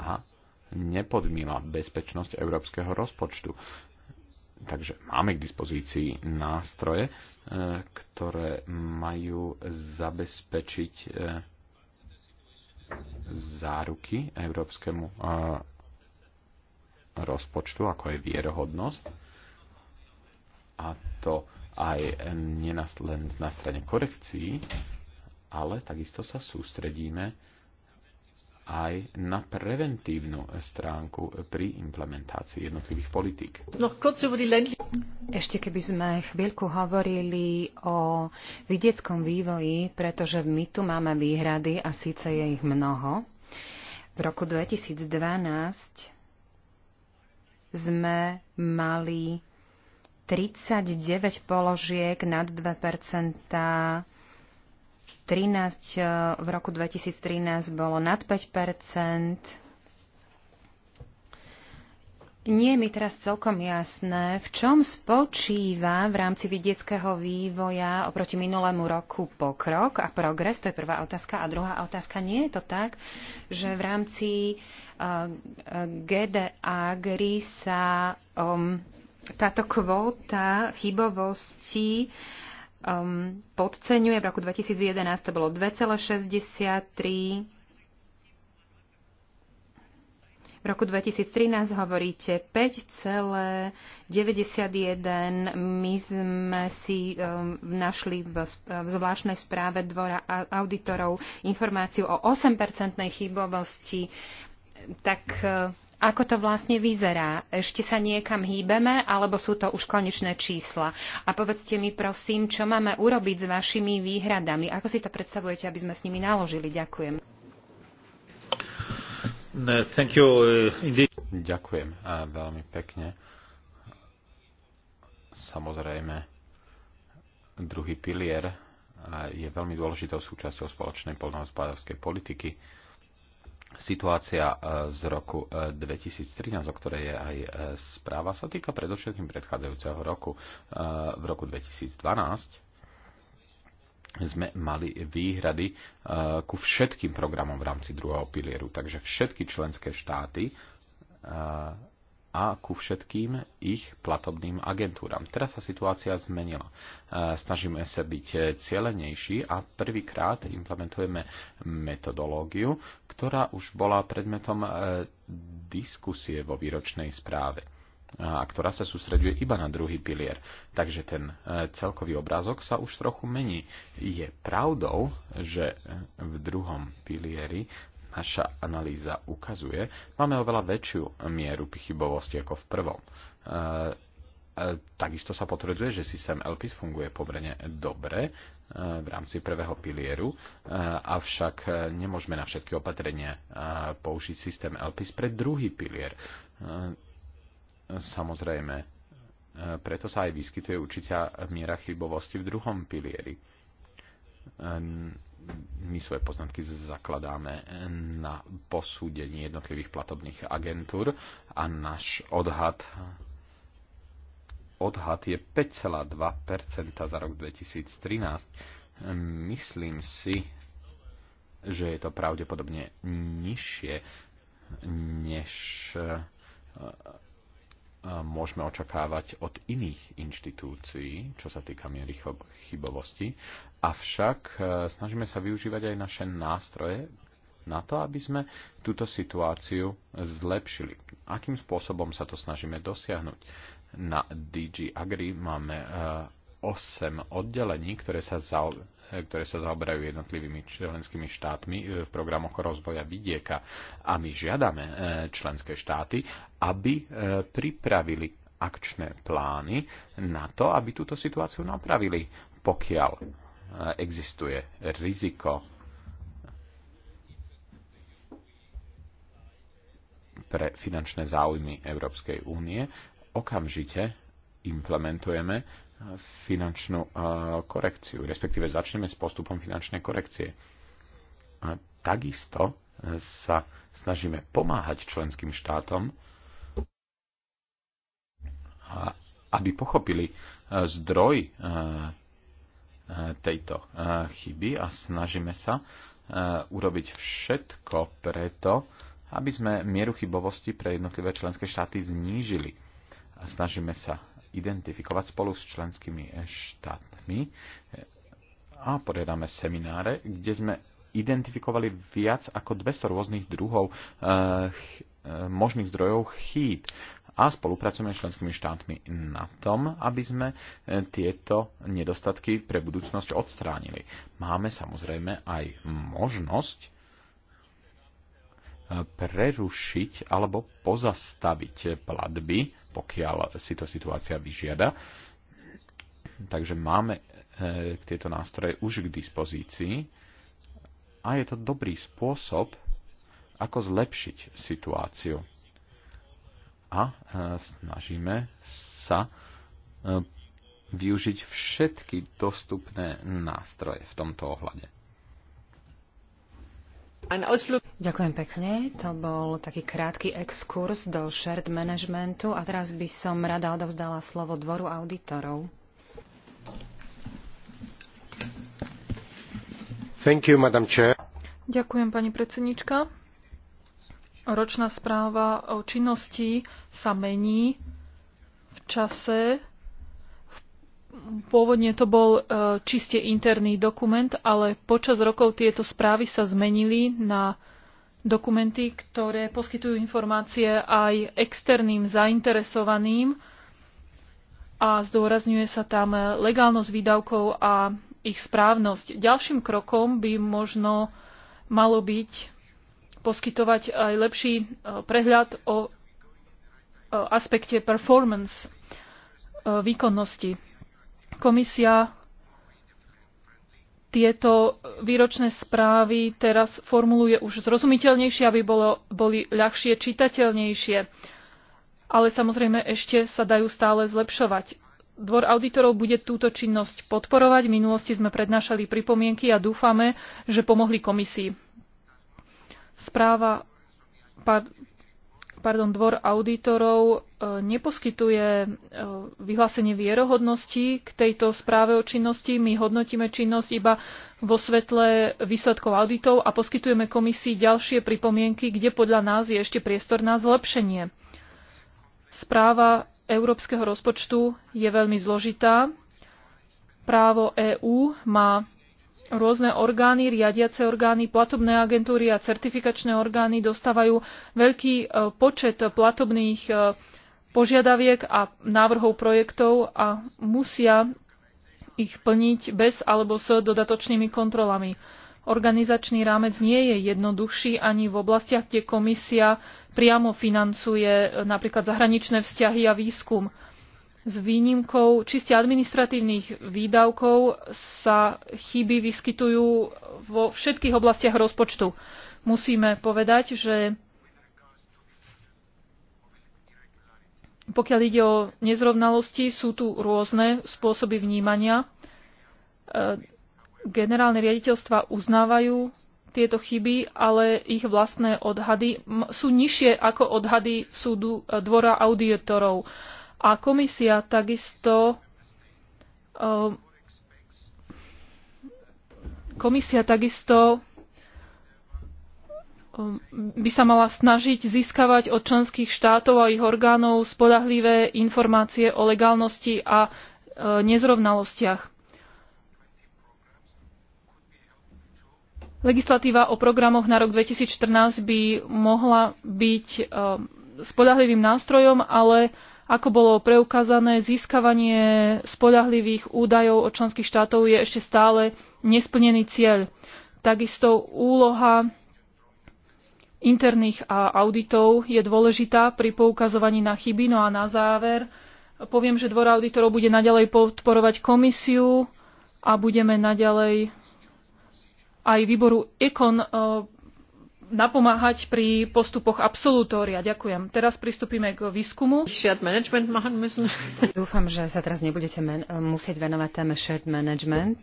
a nepodmila bezpečnosť európskeho rozpočtu. Takže máme k dispozícii nástroje, e, ktoré majú zabezpečiť e, záruky európskemu e, rozpočtu, ako je vierohodnosť. A to aj nie na, len na strane korekcií, ale takisto sa sústredíme aj na preventívnu stránku pri implementácii jednotlivých politík. Ešte keby sme chvíľku hovorili o vidieckom vývoji, pretože my tu máme výhrady a síce je ich mnoho. V roku 2012 sme mali 39 položiek nad 2 13, eh, v roku 2013 bolo nad 5 Nie je mi teraz celkom jasné, v čom spočíva v rámci vidieckého vývoja oproti minulému roku pokrok a progres, to je prvá otázka. A druhá otázka, nie je to tak, že v rámci uh, eh, GDA GRI sa um, táto kvóta chybovosti uh, um, podceňuje. V roku 2011 to bolo 2,63. V roku 2013 hovoríte 5,91. My sme si um, našli v, v zvláštnej správe Dvora auditorov informáciu o 8-percentnej chybovosti. Tak uh, ako to vlastne vyzerá. Ešte sa niekam hýbeme, alebo sú to už konečné čísla? A povedzte mi prosím, čo máme urobiť s vašimi výhradami? Ako si to predstavujete, aby sme s nimi naložili? Ďakujem. thank you, uh, Ďakujem a veľmi pekne. Samozrejme, druhý pilier je veľmi dôležitou súčasťou spoločnej poľnohospodárskej politiky Situácia e, z roku 2013, e, o ktorej je aj e, správa, sa týka predovšetkým predchádzajúceho roku. V roku 2012 sme mali výhrady ku všetkým programom v rámci druhého pilieru. Takže všetky členské štáty a ku všetkým ich platobným agentúram. Teraz sa situácia zmenila. E, snažíme sa byť e, cielenejší a prvýkrát implementujeme metodológiu, ktorá už bola predmetom e, diskusie vo výročnej správe a ktorá sa sústreduje iba na druhý pilier. Takže ten celkový obrázok sa už trochu mení. Je pravdou, že v druhom pilieri naša analýza ukazuje, máme oveľa väčšiu mieru chybovosti ako v prvom. E, e, takisto sa potvrdzuje, že systém LPIS funguje pomerne dobre e, v rámci prvého pilieru, avšak nemôžeme na všetky opatrenia použiť systém LPIS pre druhý pilier. Samozrejme, preto sa aj vyskytuje určitá miera chybovosti v druhom pilieri my svoje poznatky zakladáme na posúdení jednotlivých platobných agentúr a náš odhad odhad je 5,2% za rok 2013. Myslím si, že je to pravdepodobne nižšie než môžeme očakávať od iných inštitúcií, čo sa týka miery chybovosti. Avšak e, snažíme sa využívať aj naše nástroje na to, aby sme túto situáciu zlepšili. Akým spôsobom sa to snažíme dosiahnuť? Na DG Agri máme 8 e, oddelení, ktoré sa ktoré sa zaoberajú jednotlivými členskými štátmi e, v programoch rozvoja vidieka. A my žiadame e, členské štáty, aby e, pripravili akčné plány na to, aby túto situáciu napravili, pokiaľ existuje riziko pre finančné záujmy Európskej únie, okamžite implementujeme finančnú korekciu, respektíve začneme s postupom finančnej korekcie. A takisto e, sa snažíme pomáhať členským štátom, aby pochopili e, zdroj e, tejto chyby a snažíme sa urobiť všetko preto, aby sme mieru chybovosti pre jednotlivé členské štáty znížili. Snažíme sa identifikovať spolu s členskými štátmi a poriadame semináre, kde sme identifikovali viac ako 200 rôznych druhov e, možných zdrojov chýb a spolupracujeme s členskými štátmi na tom, aby sme eh, tieto nedostatky pre budúcnosť odstránili. Máme samozrejme aj možnosť prerušiť alebo pozastaviť platby pokiaľ si to situácia vyžiada. Takže máme e, tieto nástroje už k dispozícii a je to dobrý spôsob, ako zlepšiť situáciu. A e, snažíme sa e, využiť všetky dostupné nástroje v tomto ohľade. Ďakujem pekne. To bol taký krátky exkurs do shared managementu a teraz by som rada odovzdala slovo dvoru auditorov. Thank you, Madam Chair. Ďakujem, pani predsednička. Ročná správa o činnosti sa mení v čase Pôvodne to bol e, čiste interný dokument, ale počas rokov tieto správy sa zmenili na dokumenty, ktoré poskytujú informácie aj externým zainteresovaným a zdôrazňuje sa tam legálnosť výdavkov a ich správnosť. Ďalším krokom by možno malo byť poskytovať aj lepší e, prehľad o e, aspekte performance výkonnosti Komisia tieto výročné správy teraz formuluje už zrozumiteľnejšie, aby bolo, boli ľahšie čitateľnejšie. Ale samozrejme ešte sa dajú stále zlepšovať. Dvor auditorov bude túto činnosť podporovať. V minulosti sme prednášali pripomienky a dúfame, že pomohli komisii. Správa pardon, dvor auditorov e, neposkytuje e, vyhlásenie vierohodnosti k tejto správe o činnosti. My hodnotíme činnosť iba vo svetle výsledkov auditov a poskytujeme komisii ďalšie pripomienky, kde podľa nás je ešte priestor na zlepšenie. Správa európskeho rozpočtu je veľmi zložitá. Právo EÚ má rôzne orgány, riadiace orgány, platobné agentúry a certifikačné orgány dostávajú veľký e, počet platobných e, požiadaviek a návrhov projektov a musia ich plniť bez alebo s dodatočnými kontrolami. Organizačný rámec nie je jednoduchší ani v oblastiach, kde komisia priamo financuje e, napríklad zahraničné vzťahy a výskum. S výnimkou čiste administratívnych výdavkov sa chyby vyskytujú vo všetkých oblastiach rozpočtu. Musíme povedať, že pokiaľ ide o nezrovnalosti, sú tu rôzne spôsoby vnímania. E, generálne riaditeľstva uznávajú tieto chyby, ale ich vlastné odhady sú nižšie ako odhady súdu e, dvora auditorov. A komisia takisto ehm, komisia takisto ehm, by sa mala snažiť získavať od členských štátov a ich orgánov spodahlivé informácie o legálnosti a e, nezrovnalostiach. Legislatíva o programoch na rok 2014 by mohla byť ehm, spodahlivým nástrojom, ale ako bolo preukázané, získavanie spoľahlivých údajov od členských štátov je ešte stále nesplnený cieľ. Takisto úloha interných auditov je dôležitá pri poukazovaní na chyby. No a na záver poviem, že Dvor auditorov bude naďalej podporovať komisiu a budeme naďalej aj výboru EKON eh, napomáhať pri postupoch absolutória. Ďakujem. Teraz pristúpime k výskumu. Dúfam, že sa teraz nebudete musieť venovať téme shared management.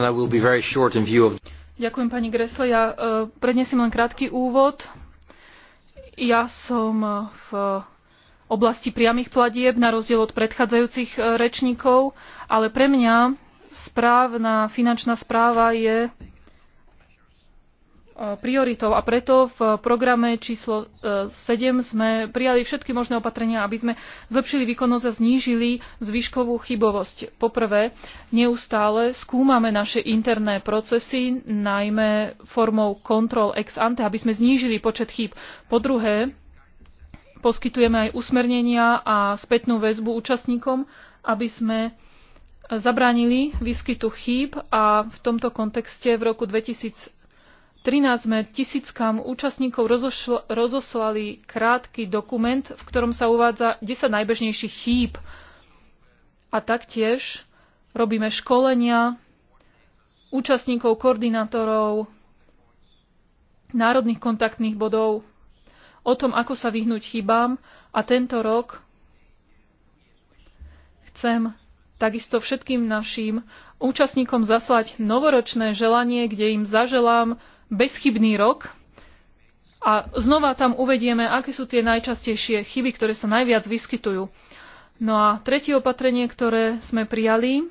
Of... Ďakujem pani Gresle. Ja uh, e, prednesím len krátky úvod. Ja som e, v oblasti priamých platieb na rozdiel od predchádzajúcich e, rečníkov, ale pre mňa správna finančná správa je E, prioritou a preto v programe číslo 7 e, sme prijali všetky možné opatrenia, aby sme zlepšili výkonnosť a znížili zvyškovú chybovosť. Poprvé, neustále skúmame naše interné procesy, najmä formou kontrol ex ante, aby sme znížili počet chýb. Po druhé, poskytujeme aj usmernenia a spätnú väzbu účastníkom, aby sme zabránili výskytu chýb a v tomto kontexte v roku 2000 13 sme tisíckam účastníkov rozošl- rozoslali krátky dokument, v ktorom sa uvádza 10 najbežnejších chýb. A taktiež robíme školenia účastníkov, koordinátorov, národných kontaktných bodov o tom, ako sa vyhnúť chybám. A tento rok chcem takisto všetkým našim účastníkom zaslať novoročné želanie, kde im zaželám bezchybný rok a znova tam uvedieme, aké sú tie najčastejšie chyby, ktoré sa najviac vyskytujú. No a tretie opatrenie, ktoré sme prijali,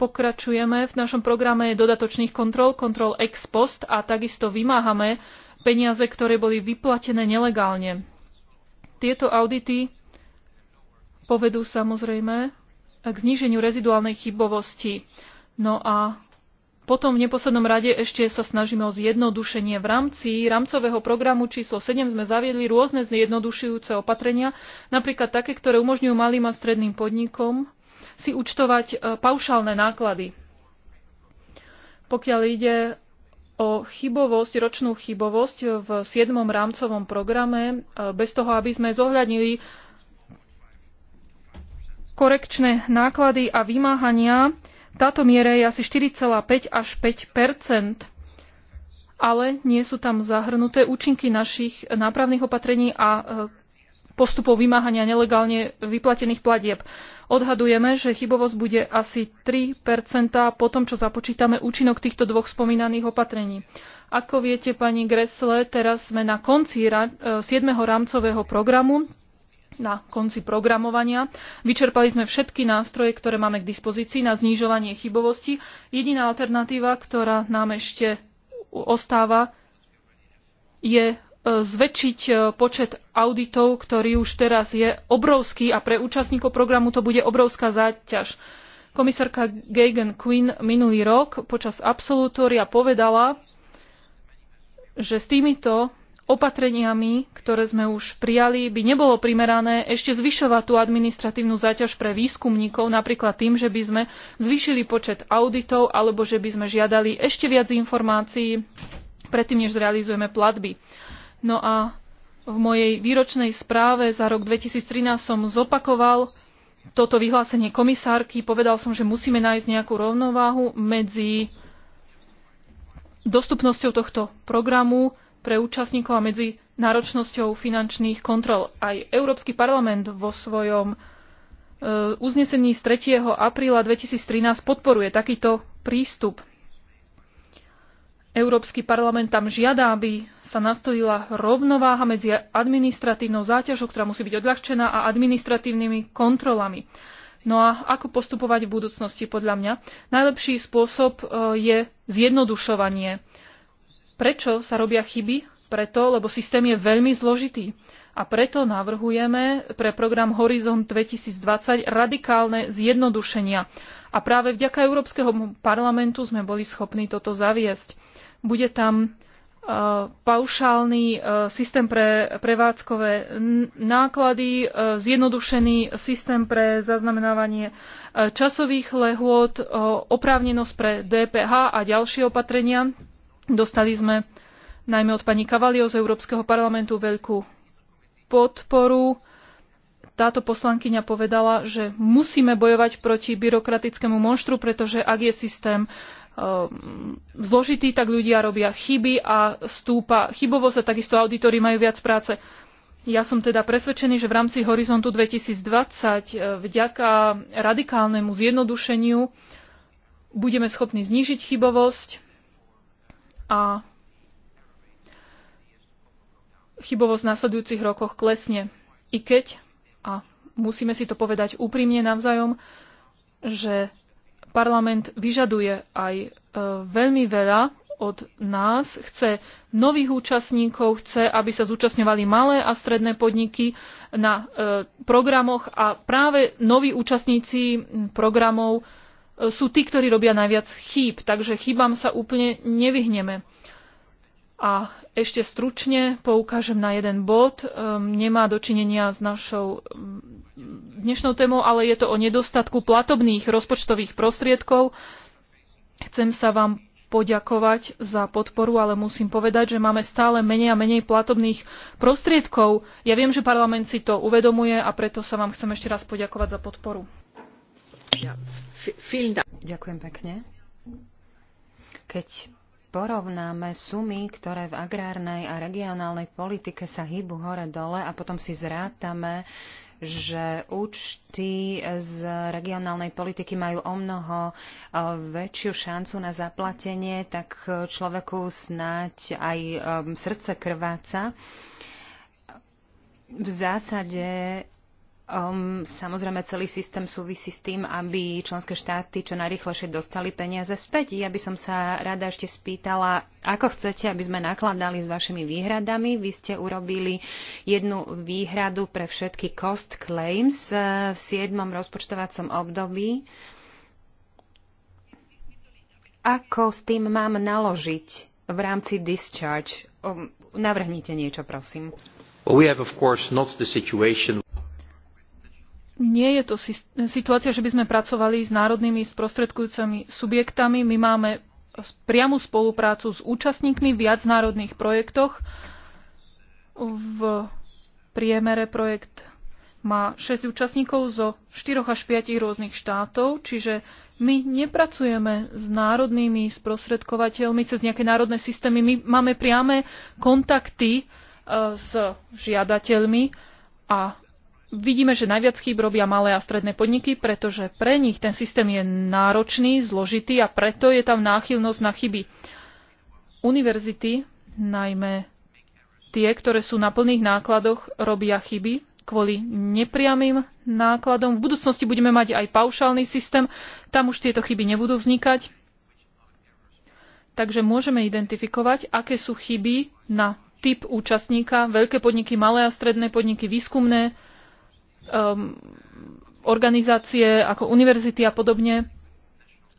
pokračujeme v našom programe dodatočných kontrol, kontrol ex post a takisto vymáhame peniaze, ktoré boli vyplatené nelegálne. Tieto audity povedú samozrejme k zníženiu reziduálnej chybovosti. No a potom v neposlednom rade ešte sa snažíme o zjednodušenie. V rámci rámcového programu číslo 7 sme zaviedli rôzne zjednodušujúce opatrenia, napríklad také, ktoré umožňujú malým a stredným podnikom si účtovať e, paušálne náklady. Pokiaľ ide o chybovosť, ročnú chybovosť v 7. rámcovom programe, e, bez toho, aby sme zohľadnili korekčné náklady a vymáhania, táto miera je asi 4,5 až 5 ale nie sú tam zahrnuté účinky našich nápravných opatrení a e, postupov vymáhania nelegálne vyplatených platieb. Odhadujeme, že chybovosť bude asi 3 po tom, čo započítame účinok týchto dvoch spomínaných opatrení. Ako viete, pani Gressle, teraz sme na konci 7. E, rámcového programu na konci programovania. Vyčerpali sme všetky nástroje, ktoré máme k dispozícii na znižovanie chybovosti. Jediná alternatíva, ktorá nám ešte ostáva, je e, zväčšiť e, počet auditov, ktorý už teraz je obrovský a pre účastníkov programu to bude obrovská záťaž. Komisárka Gagan Quinn minulý rok počas absolutória povedala, že s týmito opatreniami, ktoré sme už prijali, by nebolo primerané ešte zvyšovať tú administratívnu záťaž pre výskumníkov, napríklad tým, že by sme zvýšili počet auditov alebo že by sme žiadali ešte viac informácií predtým, než zrealizujeme platby. No a v mojej výročnej správe za rok 2013 som zopakoval toto vyhlásenie komisárky. Povedal som, že musíme nájsť nejakú rovnováhu medzi dostupnosťou tohto programu pre účastníkov a medzi náročnosťou finančných kontrol. Aj Európsky parlament vo svojom e, uznesení z 3. apríla 2013 podporuje takýto prístup. Európsky parlament tam žiada, aby sa nastolila rovnováha medzi administratívnou záťažou, ktorá musí byť odľahčená, a administratívnymi kontrolami. No a ako postupovať v budúcnosti podľa mňa? Najlepší spôsob e, je zjednodušovanie. Prečo sa robia chyby? Preto, lebo systém je veľmi zložitý. A preto navrhujeme pre program Horizon 2020 radikálne zjednodušenia. A práve vďaka Európskeho parlamentu sme boli schopní toto zaviesť. Bude tam e, paušálny e, systém pre prevádzkové náklady, e, zjednodušený systém pre zaznamenávanie časových lehôd, oprávnenosť pre DPH a ďalšie opatrenia, Dostali sme najmä od pani Kavalio z Európskeho parlamentu veľkú podporu. Táto poslankyňa povedala, že musíme bojovať proti byrokratickému monštru, pretože ak je systém ehm, zložitý, tak ľudia robia chyby a stúpa chybovosť a takisto auditori majú viac práce. Ja som teda presvedčený, že v rámci Horizontu 2020 e, vďaka radikálnemu zjednodušeniu budeme schopní znížiť chybovosť a chybovosť v nasledujúcich rokoch klesne. I keď, a musíme si to povedať úprimne navzájom, že parlament vyžaduje aj e, veľmi veľa od nás, chce nových účastníkov, chce, aby sa zúčastňovali malé a stredné podniky na e, programoch a práve noví účastníci programov sú tí, ktorí robia najviac chýb, takže chýbam sa úplne nevyhneme. A ešte stručne poukážem na jeden bod. Ehm, nemá dočinenia s našou mm, dnešnou témou, ale je to o nedostatku platobných rozpočtových prostriedkov. Chcem sa vám poďakovať za podporu, ale musím povedať, že máme stále menej a menej platobných prostriedkov. Ja viem, že parlament si to uvedomuje a preto sa vám chcem ešte raz poďakovať za podporu. Ďakujem pekne. Keď porovnáme sumy, ktoré v agrárnej a regionálnej politike sa hýbu hore-dole a potom si zrátame, že účty z regionálnej politiky majú o mnoho e, väčšiu šancu na zaplatenie, tak človeku snáď aj e, srdce krváca. V zásade Um, samozrejme, celý systém súvisí s tým, aby členské štáty čo najrychlejšie dostali peniaze späť. Ja by som sa rada ešte spýtala, ako chcete, aby sme nakladali s vašimi výhradami. Vy ste urobili jednu výhradu pre všetky cost claims eh, v 7. rozpočtovacom období. Ako s tým mám naložiť v rámci discharge? Um, navrhnite niečo, prosím. Well, we have, of course, not the situation nie je to situácia, že by sme pracovali s národnými sprostredkujúcimi subjektami. My máme priamu spoluprácu s účastníkmi v viacnárodných projektoch. V priemere projekt má 6 účastníkov zo 4 až 5 rôznych štátov, čiže my nepracujeme s národnými sprostredkovateľmi cez nejaké národné systémy. My máme priame kontakty eh, s žiadateľmi a Vidíme, že najviac chýb robia malé a stredné podniky, pretože pre nich ten systém je náročný, zložitý a preto je tam náchylnosť na chyby. Univerzity, najmä tie, ktoré sú na plných nákladoch, robia chyby kvôli nepriamým nákladom. V budúcnosti budeme mať aj paušálny systém, tam už tieto chyby nebudú vznikať. Takže môžeme identifikovať, aké sú chyby na typ účastníka, veľké podniky, malé a stredné podniky, výskumné um, organizácie ako univerzity a podobne.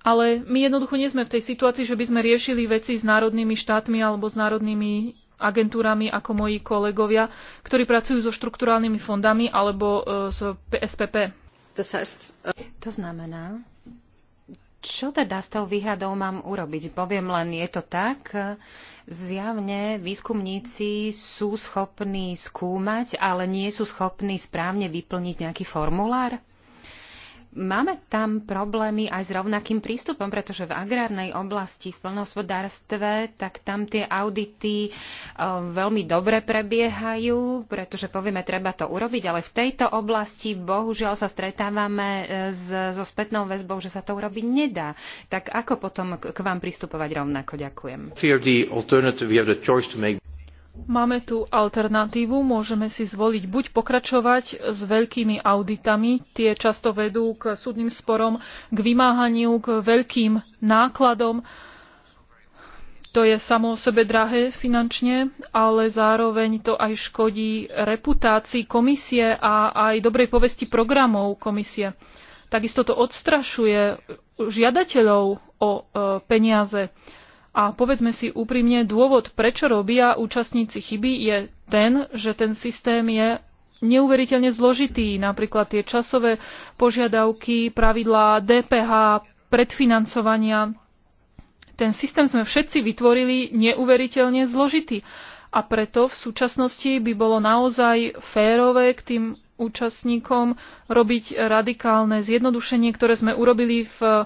Ale my jednoducho nie sme v tej situácii, že by sme riešili veci s národnými štátmi alebo s národnými agentúrami ako moji kolegovia, ktorí pracujú so štrukturálnymi fondami alebo uh, s PSPP. To znamená, čo teda s tou výhradou mám urobiť? Poviem len, je to tak, Zjavne výskumníci sú schopní skúmať, ale nie sú schopní správne vyplniť nejaký formulár? máme tam problémy aj s rovnakým prístupom, pretože v agrárnej oblasti, v plnohospodárstve, tak tam tie audity e, veľmi dobre prebiehajú, pretože povieme, treba to urobiť, ale v tejto oblasti bohužiaľ sa stretávame e, so spätnou väzbou, že sa to urobiť nedá. Tak ako potom k vám pristupovať rovnako? Ďakujem. Máme tu alternatívu, môžeme si zvoliť buď pokračovať s veľkými auditami, tie často vedú k súdnym sporom, k vymáhaniu, k veľkým nákladom. To je samo o sebe drahé finančne, ale zároveň to aj škodí reputácii komisie a aj dobrej povesti programov komisie. Takisto to odstrašuje žiadateľov o e, peniaze. A povedzme si úprimne, dôvod, prečo robia účastníci chyby, je ten, že ten systém je neuveriteľne zložitý. Napríklad tie časové požiadavky, pravidlá DPH, predfinancovania. Ten systém sme všetci vytvorili neuveriteľne zložitý. A preto v súčasnosti by bolo naozaj férové k tým účastníkom robiť radikálne zjednodušenie, ktoré sme urobili v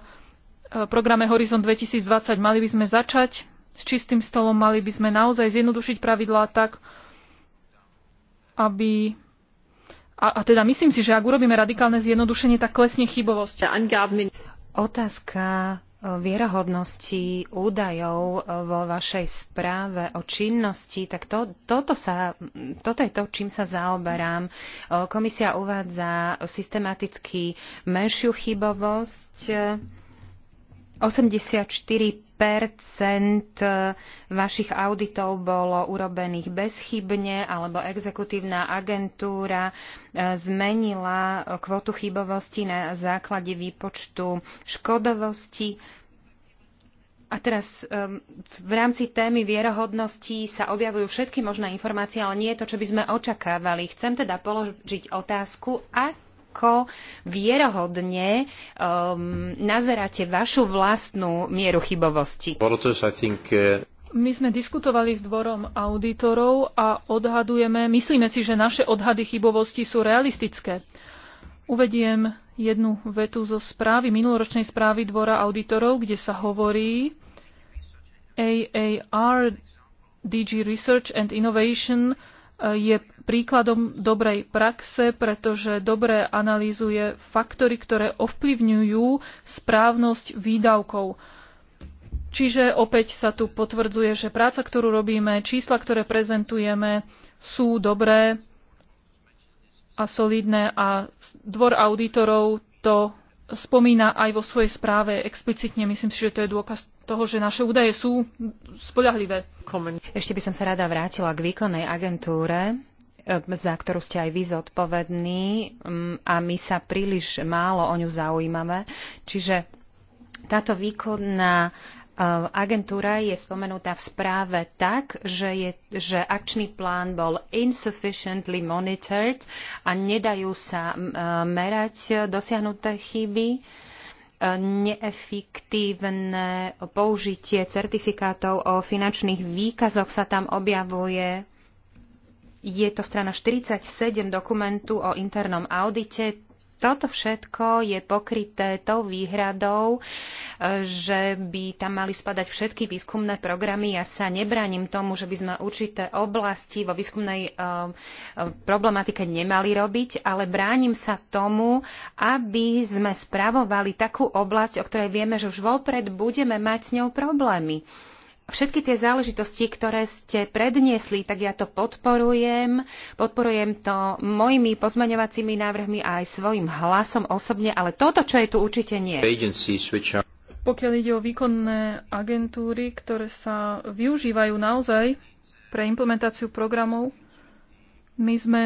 Eh, programe Horizon 2020. Mali by sme začať s čistým stolom, mali by sme naozaj zjednodušiť pravidlá tak, aby a, a teda myslím si, že ak urobíme radikálne zjednodušenie, tak klesne chybovosť. Otázka eh, vierohodnosti, údajov eh, vo vašej správe o činnosti, tak to, toto, sa, toto je to, čím sa zaoberám. Komisia uvádza systematicky menšiu chybovosť 84 vašich auditov bolo urobených bezchybne, alebo exekutívna agentúra eh, zmenila kvotu chybovosti na základe výpočtu škodovosti. A teraz eh, v rámci témy vierohodnosti sa objavujú všetky možné informácie, ale nie je to, čo by sme očakávali. Chcem teda položiť otázku, ak ako vierohodne um, nazeráte vašu vlastnú mieru chybovosti. Uh, My sme diskutovali s dvorom auditorov a odhadujeme, myslíme si, že naše odhady chybovosti sú realistické. Uvediem jednu vetu zo správy, minuloročnej správy dvora auditorov, kde sa hovorí AAR DG Research and Innovation uh, je príkladom dobrej praxe, pretože dobre analýzuje faktory, ktoré ovplyvňujú správnosť výdavkov. Čiže opäť sa tu potvrdzuje, že práca, ktorú robíme, čísla, ktoré prezentujeme, sú dobré a solidné a dvor auditorov to spomína aj vo svojej správe explicitne. Myslím si, že to je dôkaz toho, že naše údaje sú spolahlivé. Ešte by som sa rada vrátila k výkonnej agentúre za ktorú ste aj vy zodpovední mm, a my sa príliš málo o ňu zaujímame. Čiže táto výkonná e, agentúra je spomenutá v správe tak, že, je, že akčný plán bol insufficiently monitored a nedajú sa e, merať dosiahnuté chyby e, neefektívne použitie certifikátov o finančných výkazoch sa tam objavuje je to strana 47 dokumentu o internom audite. Toto všetko je pokryté tou výhradou, e, že by tam mali spadať všetky výskumné programy. Ja sa nebránim tomu, že by sme určité oblasti vo výskumnej e, e, problematike nemali robiť, ale bránim sa tomu, aby sme spravovali takú oblasť, o ktorej vieme, že už vopred budeme mať s ňou problémy všetky tie záležitosti, ktoré ste predniesli, tak ja to podporujem. Podporujem to mojimi pozmaňovacími návrhmi a aj svojim hlasom osobne, ale toto, čo je tu určite nie. Pokiaľ ide o výkonné agentúry, ktoré sa využívajú naozaj pre implementáciu programov, my sme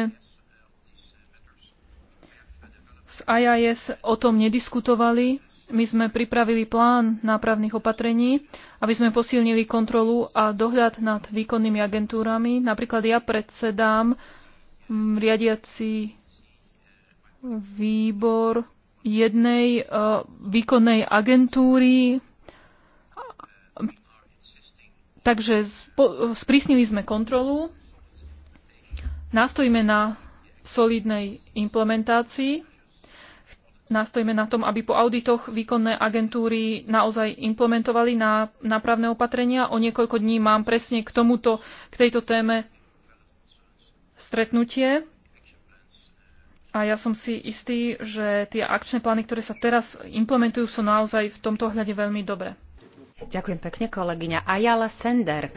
s IIS o tom nediskutovali, my sme pripravili plán nápravných opatrení, aby sme posilnili kontrolu a dohľad nad výkonnými agentúrami. Napríklad ja predsedám mm, riadiaci výbor jednej uh, výkonnej agentúry. Takže spo, sprísnili sme kontrolu, nastojíme na solidnej implementácii nastojíme na tom, aby po auditoch výkonné agentúry naozaj implementovali na nápravné opatrenia. O niekoľko dní mám presne k tomuto, k tejto téme stretnutie. A ja som si istý, že tie akčné plány, ktoré sa teraz implementujú, sú naozaj v tomto ohľade veľmi dobré. Ďakujem pekne, kolegyňa Ayala Sender.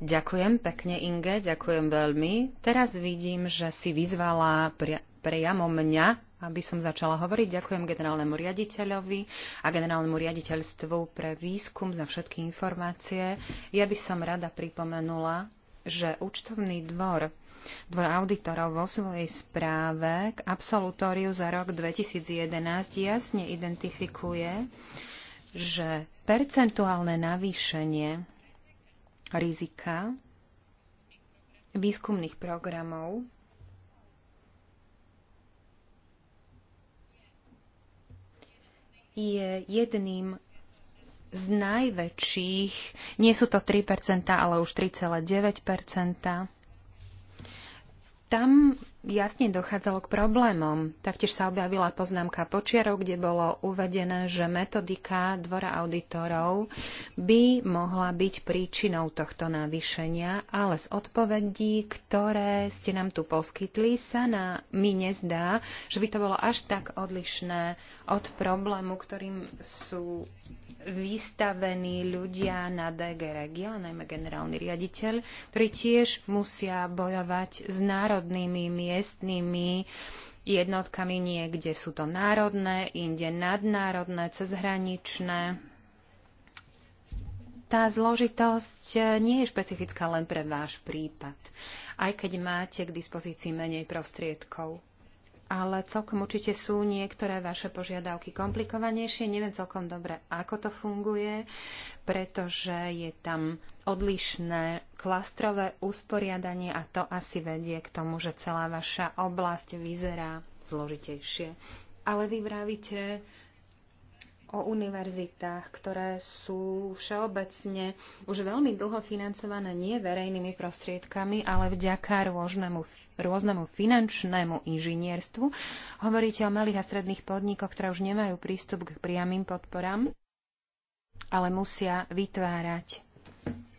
Ďakujem pekne, Inge, ďakujem veľmi. Teraz vidím, že si vyzvala priamo mňa aby som začala hovoriť. Ďakujem generálnemu riaditeľovi a generálnemu riaditeľstvu pre výskum za všetky informácie. Ja by som rada pripomenula, že účtovný dvor Dvor auditorov vo svojej správe k absolutóriu za rok 2011 jasne identifikuje, že percentuálne navýšenie rizika výskumných programov je jedným z najväčších, nie sú to 3%, ale už 3,9%. Tam jasne dochádzalo k problémom. Taktiež sa objavila poznámka počiarov, kde bolo uvedené, že metodika dvora auditorov by mohla byť príčinou tohto navýšenia, ale z odpovedí, ktoré ste nám tu poskytli, sa na, mi nezdá, že by to bolo až tak odlišné od problému, ktorým sú vystavení ľudia na DG Regio, najmä generálny riaditeľ, ktorí tiež musia bojovať s národnými miestnymi jednotkami, niekde sú to národné, inde nadnárodné, cezhraničné. Tá zložitosť e, nie je špecifická len pre váš prípad, aj keď máte k dispozícii menej prostriedkov ale celkom určite sú niektoré vaše požiadavky komplikovanejšie. Neviem celkom dobre, ako to funguje, pretože je tam odlišné klastrové usporiadanie a to asi vedie k tomu, že celá vaša oblasť vyzerá zložitejšie. Ale vy vravíte, o univerzitách, ktoré sú všeobecne už veľmi dlho financované nie verejnými prostriedkami, ale vďaka rôznemu, rôznemu finančnému inžinierstvu. Hovoríte o malých a stredných podnikoch, ktoré už nemajú prístup k priamým podporám, ale musia vytvárať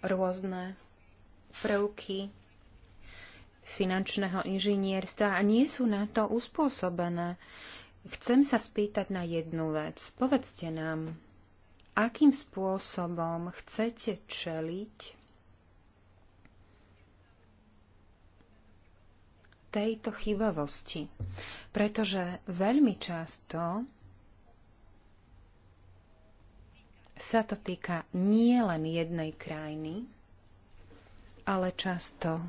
rôzne prvky finančného inžinierstva a nie sú na to uspôsobené. Chcem sa spýtať na jednu vec. Povedzte nám, akým spôsobom chcete čeliť tejto chybavosti. Pretože veľmi často sa to týka nie len jednej krajiny, ale často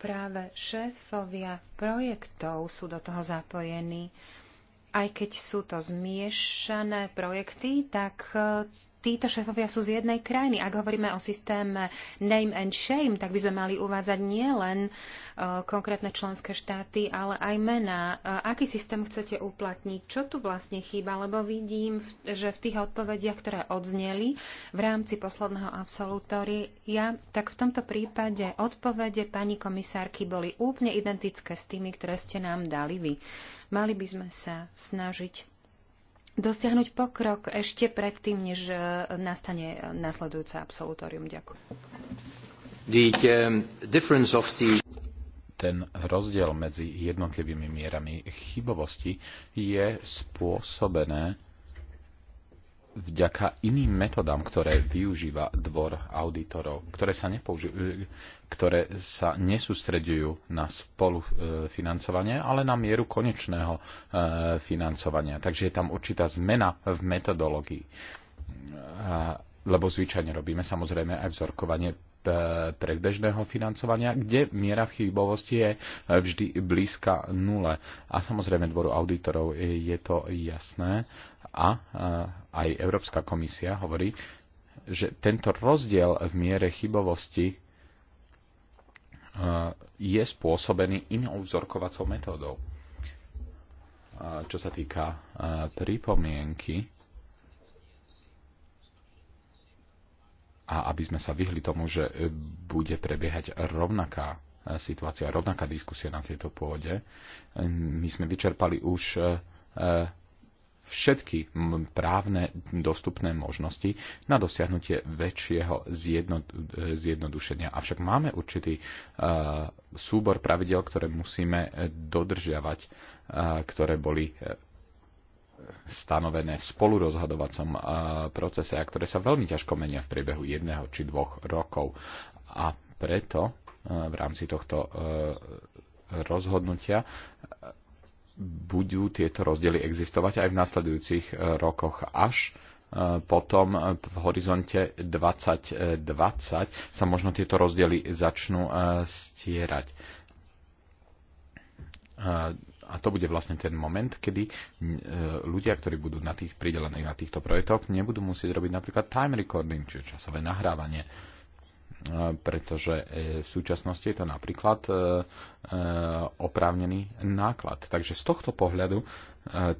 práve šéfovia projektov sú do toho zapojení. Aj keď sú to zmiešané projekty, tak títo šéfovia sú z jednej krajiny. Ak hovoríme o systéme name and shame, tak by sme mali uvádzať nielen e, konkrétne členské štáty, ale aj mená. E, aký systém chcete uplatniť? Čo tu vlastne chýba? Lebo vidím, že v tých odpovediach, ktoré odzneli v rámci posledného absolutória, tak v tomto prípade odpovede pani komisárky boli úplne identické s tými, ktoré ste nám dali vy. Mali by sme sa snažiť dosiahnuť pokrok ešte predtým, než e, nastane e, nasledujúce absolutórium. Ďakujem. Um, Ten rozdiel medzi jednotlivými mierami chybovosti je spôsobené vďaka iným metodám, ktoré využíva dvor auditorov, ktoré sa, ktoré sa nesústredujú na spolufinancovanie, e, ale na mieru konečného e, financovania. Takže je tam určitá zmena v metodológii. E, lebo zvyčajne robíme samozrejme aj vzorkovanie predbežného financovania, kde miera chybovosti je vždy blízka nule. A samozrejme dvoru auditorov je to jasné a eh, aj Európska komisia hovorí, že tento rozdiel v miere chybovosti eh, je spôsobený inou vzorkovacou metódou. Eh, čo sa týka pripomienky, a aby sme sa vyhli tomu, že bude prebiehať rovnaká situácia, rovnaká diskusia na tejto pôde, my sme vyčerpali už všetky právne dostupné možnosti na dosiahnutie väčšieho e, zjednodušenia. Avšak máme určitý e, súbor pravidel, ktoré musíme e, dodržiavať, ktoré boli stanovené v spolurozhodovacom procese a ktoré sa veľmi ťažko menia v priebehu jedného či dvoch rokov. A preto v rámci tohto rozhodnutia budú tieto rozdiely existovať aj v nasledujúcich e, rokoch, až e, potom e, v horizonte 2020 sa možno tieto rozdiely začnú stierať. A to bude vlastne ten moment, kedy ľudia, ktorí budú na tých pridelených na týchto projektoch, nebudú musieť robiť napríklad time recording, čiže časové nahrávanie pretože e, v súčasnosti je to napríklad e, e, oprávnený náklad. Takže z tohto pohľadu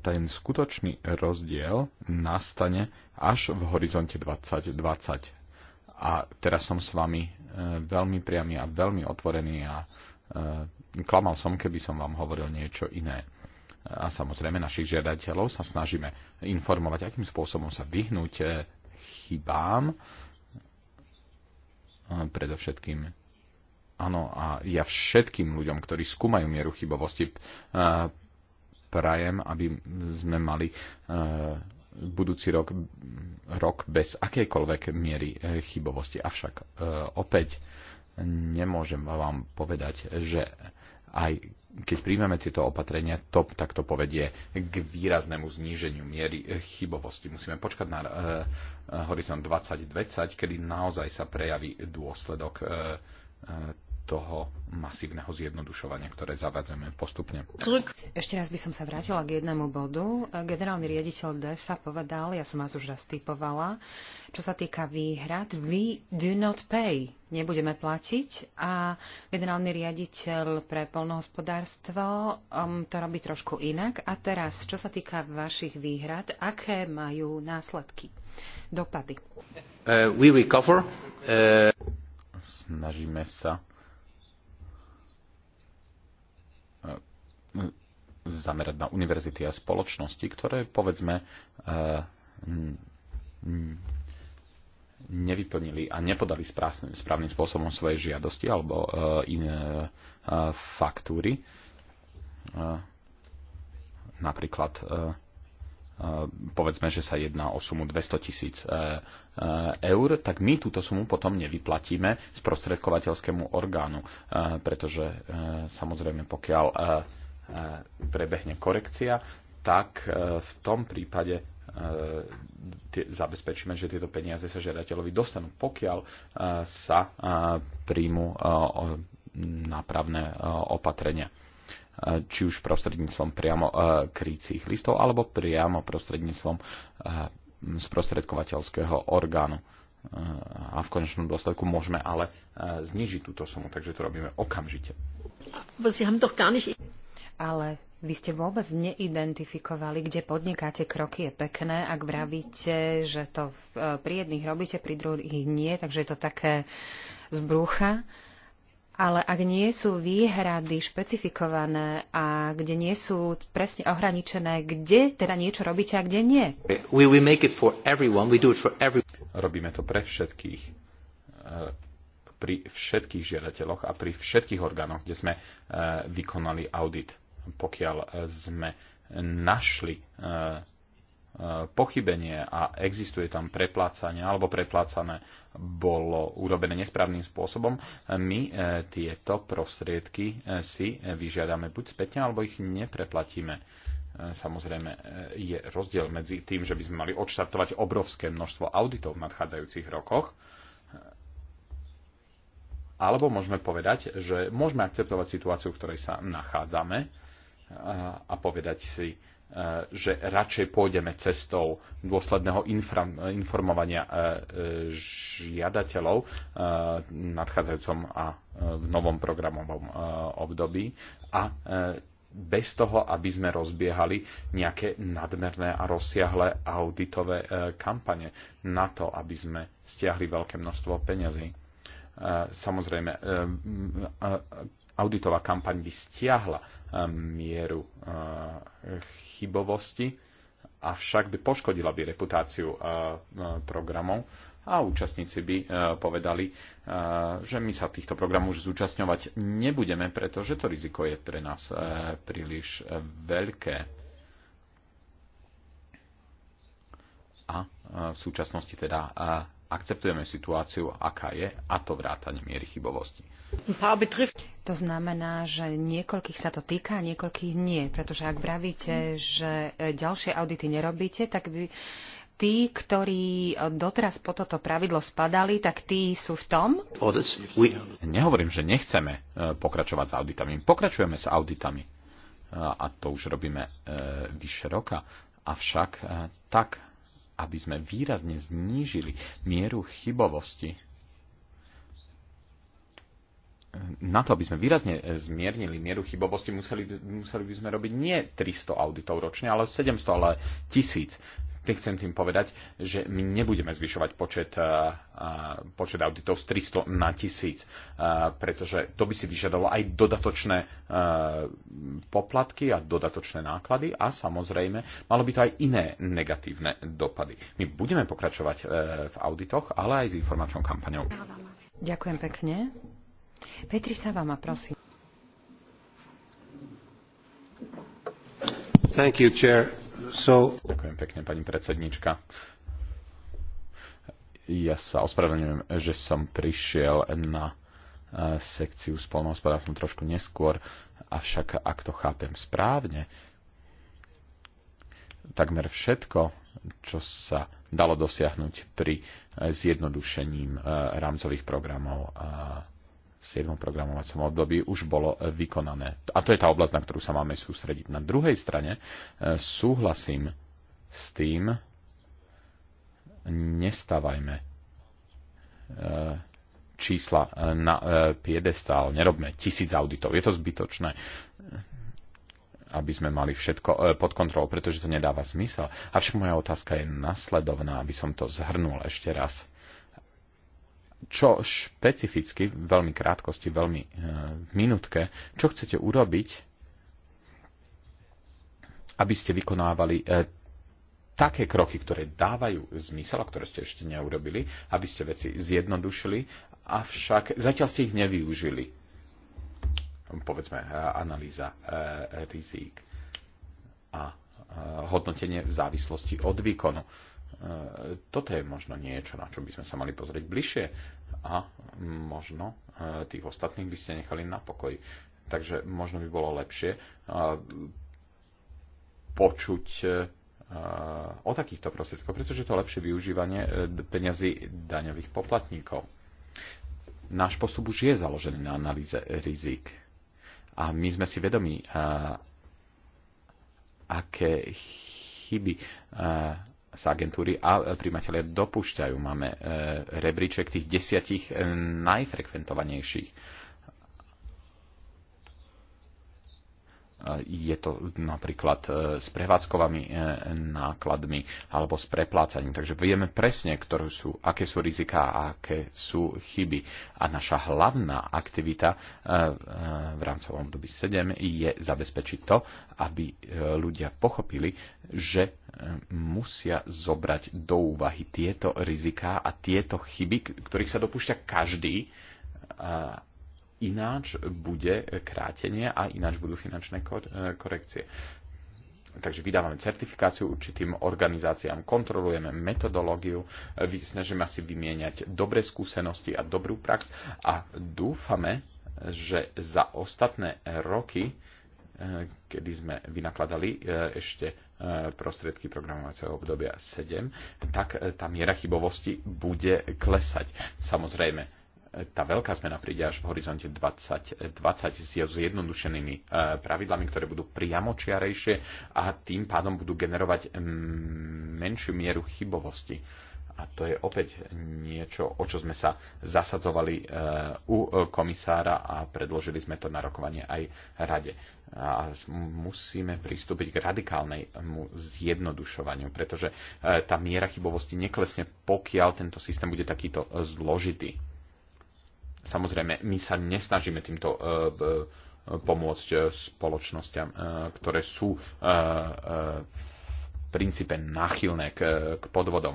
ten skutočný rozdiel nastane až v horizonte 2020. A teraz som s vami veľmi priamy a veľmi otvorený a klamal som, keby som vám hovoril niečo iné. A samozrejme našich žiadateľov sa snažíme informovať, akým spôsobom sa vyhnúť chybám, predovšetkým. Áno, a ja všetkým ľuďom, ktorí skúmajú mieru chybovosti, e, prajem, aby sme mali e, budúci rok, rok bez akejkoľvek miery e, chybovosti. Avšak opäť nemôžem vám povedať, že aj keď príjmeme tieto opatrenia, to, tak to povedie k výraznému zníženiu miery e, chybovosti. Musíme počkať na e, e horizont 2020, kedy naozaj sa prejaví dôsledok e, e, toho masívneho zjednodušovania, ktoré zavádzame postupne. Ešte raz by som sa vrátila k jednému bodu. Generálny riaditeľ DEFA povedal, ja som vás už raz typovala, čo sa týka výhrad, we do not pay, nebudeme platiť a generálny riaditeľ pre polnohospodárstvo um, to robí trošku inak. A teraz, čo sa týka vašich výhrad, aké majú následky, dopady? Uh, we recover. Uh... Snažíme sa zamerať na univerzity a spoločnosti, ktoré povedzme eh, nevyplnili a nepodali správnym, správnym spôsobom svoje žiadosti alebo eh, iné eh, faktúry. Napríklad povedzme, že sa jedná o sumu 200 tisíc eur, tak my túto sumu potom nevyplatíme sprostredkovateľskému orgánu, pretože samozrejme pokiaľ E, prebehne korekcia, tak e, v tom prípade e, zabezpečíme, že tieto peniaze sa žiadateľovi dostanú, pokiaľ sa príjmu nápravné opatrenia či už prostredníctvom priamo krícich listov alebo priamo prostredníctvom sprostredkovateľského orgánu. A v konečnom dôsledku môžeme ale znižiť túto sumu, takže to robíme okamžite ale vy ste vôbec neidentifikovali, kde podnikáte kroky. Je pekné, ak vravíte, že to e, pri jedných robíte, pri druhých nie, takže je to také zbrucha. Ale ak nie sú výhrady špecifikované a kde nie sú presne ohraničené, kde teda niečo robíte a kde nie? Robíme to pre všetkých e, pri všetkých žiadateľoch a pri všetkých orgánoch, kde sme e, vykonali audit pokiaľ e, sme našli e, e, pochybenie a existuje tam preplácanie alebo preplácané bolo urobené nesprávnym spôsobom, my tieto prostriedky si vyžiadame buď spätne alebo ich nepreplatíme. Samozrejme je rozdiel medzi tým, že by sme mali odštartovať obrovské množstvo auditov v nadchádzajúcich rokoch, alebo môžeme povedať, že môžeme akceptovať situáciu, v ktorej sa nachádzame, a povedať si, e, že radšej pôjdeme cestou dôsledného informovania e, e, žiadateľov v nadchádzajúcom a v novom programovom období a bez toho, aby sme rozbiehali nejaké nadmerné a rozsiahle auditové kampane na to, aby sme stiahli veľké množstvo peňazí. Samozrejme, auditová kampaň by stiahla eh, mieru eh, chybovosti, avšak by poškodila by reputáciu eh, programov a účastníci by povedali, že my sa týchto programov už zúčastňovať nebudeme, pretože to riziko je pre nás príliš veľké. A v súčasnosti teda akceptujeme situáciu, aká je, a to vrátanie miery chybovosti. To znamená, že niekoľkých sa to týka, niekoľkých nie. Pretože ak vravíte, že e, ďalšie audity nerobíte, tak by tí, ktorí e, doteraz po toto pravidlo spadali, tak tí sú v tom? Nehovorím, že nechceme e, pokračovať s auditami. Pokračujeme s auditami. A to už robíme vyše roka. Avšak tak, aby sme výrazne znížili mieru chybovosti na to, aby sme výrazne eh, zmiernili mieru chybovosti, museli, museli by sme robiť nie 300 auditov ročne, ale 700, ale 1000. Tým chcem tým povedať, že my nebudeme zvyšovať počet, eh, eh, počet auditov z 300 na 1000, pretože to by si vyžadalo aj dodatočné poplatky a dodatočné náklady a samozrejme malo by to aj iné negatívne dopady. My budeme pokračovať v auditoch, ale aj s informačnou kampaňou. Ďakujem pekne. Petri a prosím. Thank you, chair. So... Ďakujem pekne, pani predsednička. Ja sa ospravedlňujem, že som prišiel na e, sekciu s polnohospodárstvom trošku neskôr, avšak ak to chápem správne, takmer všetko, čo sa dalo dosiahnuť pri e, zjednodušením e, rámcových programov 7. programovacom období už bolo vykonané. A to je tá oblasť, na ktorú sa máme sústrediť. Na druhej strane e, súhlasím s tým, nestávajme e, čísla e, na piedestál, nerobme tisíc auditov. Je to zbytočné aby sme mali všetko pod kontrolou, pretože to nedáva zmysel. Avšak moja otázka je nasledovná, aby som to zhrnul ešte raz čo špecificky, veľmi krátkosti, veľmi e, v minútke, čo chcete urobiť, aby ste vykonávali e, také kroky, ktoré dávajú zmysel a ktoré ste ešte neurobili, aby ste veci zjednodušili, avšak zatiaľ ste ich nevyužili. Povedzme, e, analýza rizík a hodnotenie v závislosti od výkonu E, toto je možno niečo, na čo by sme sa mali pozrieť bližšie a možno e, tých ostatných by ste nechali na pokoji. Takže možno by bolo lepšie e, počuť o takýchto prostriedkoch, pretože to je lepšie využívanie peňazí daňových poplatníkov. Náš postup už je založený na analýze rizik. A my sme si vedomi, aké chyby sa agentúry a príjmatelia dopúšťajú. Máme e, rebríček tých desiatich e, najfrekventovanejších je to napríklad e, s prevádzkovými e, nákladmi alebo s preplácaním. Takže vieme presne, ktoré sú, aké sú riziká a aké sú chyby. A naša hlavná aktivita e, v rámcovom období 7 je zabezpečiť to, aby ľudia pochopili, že musia zobrať do úvahy tieto riziká a tieto chyby, ktorých sa dopúšťa každý ináč bude krátenie a ináč budú finančné e, korekcie. Takže vydávame certifikáciu určitým organizáciám, kontrolujeme metodológiu, e, snažíme si vymieňať dobré skúsenosti a dobrú prax a dúfame, že za ostatné roky, e, kedy sme vynakladali ešte prostriedky programovacieho obdobia 7, tak tá miera chybovosti bude klesať. Samozrejme, tá veľká zmena príde až v horizonte 2020 20 s zjednodušenými e, pravidlami, ktoré budú priamočiarejšie a tým pádom budú generovať mm, menšiu mieru chybovosti. A to je opäť niečo, o čo sme sa zasadzovali e, u komisára a predložili sme to na rokovanie aj rade. A musíme pristúpiť k radikálnemu zjednodušovaniu, pretože e, tá miera chybovosti neklesne, pokiaľ tento systém bude takýto zložitý Samozrejme, my sa nesnažíme týmto e, e, pomôcť e, spoločnosťam, ktoré sú v princípe náchylné k podvodom.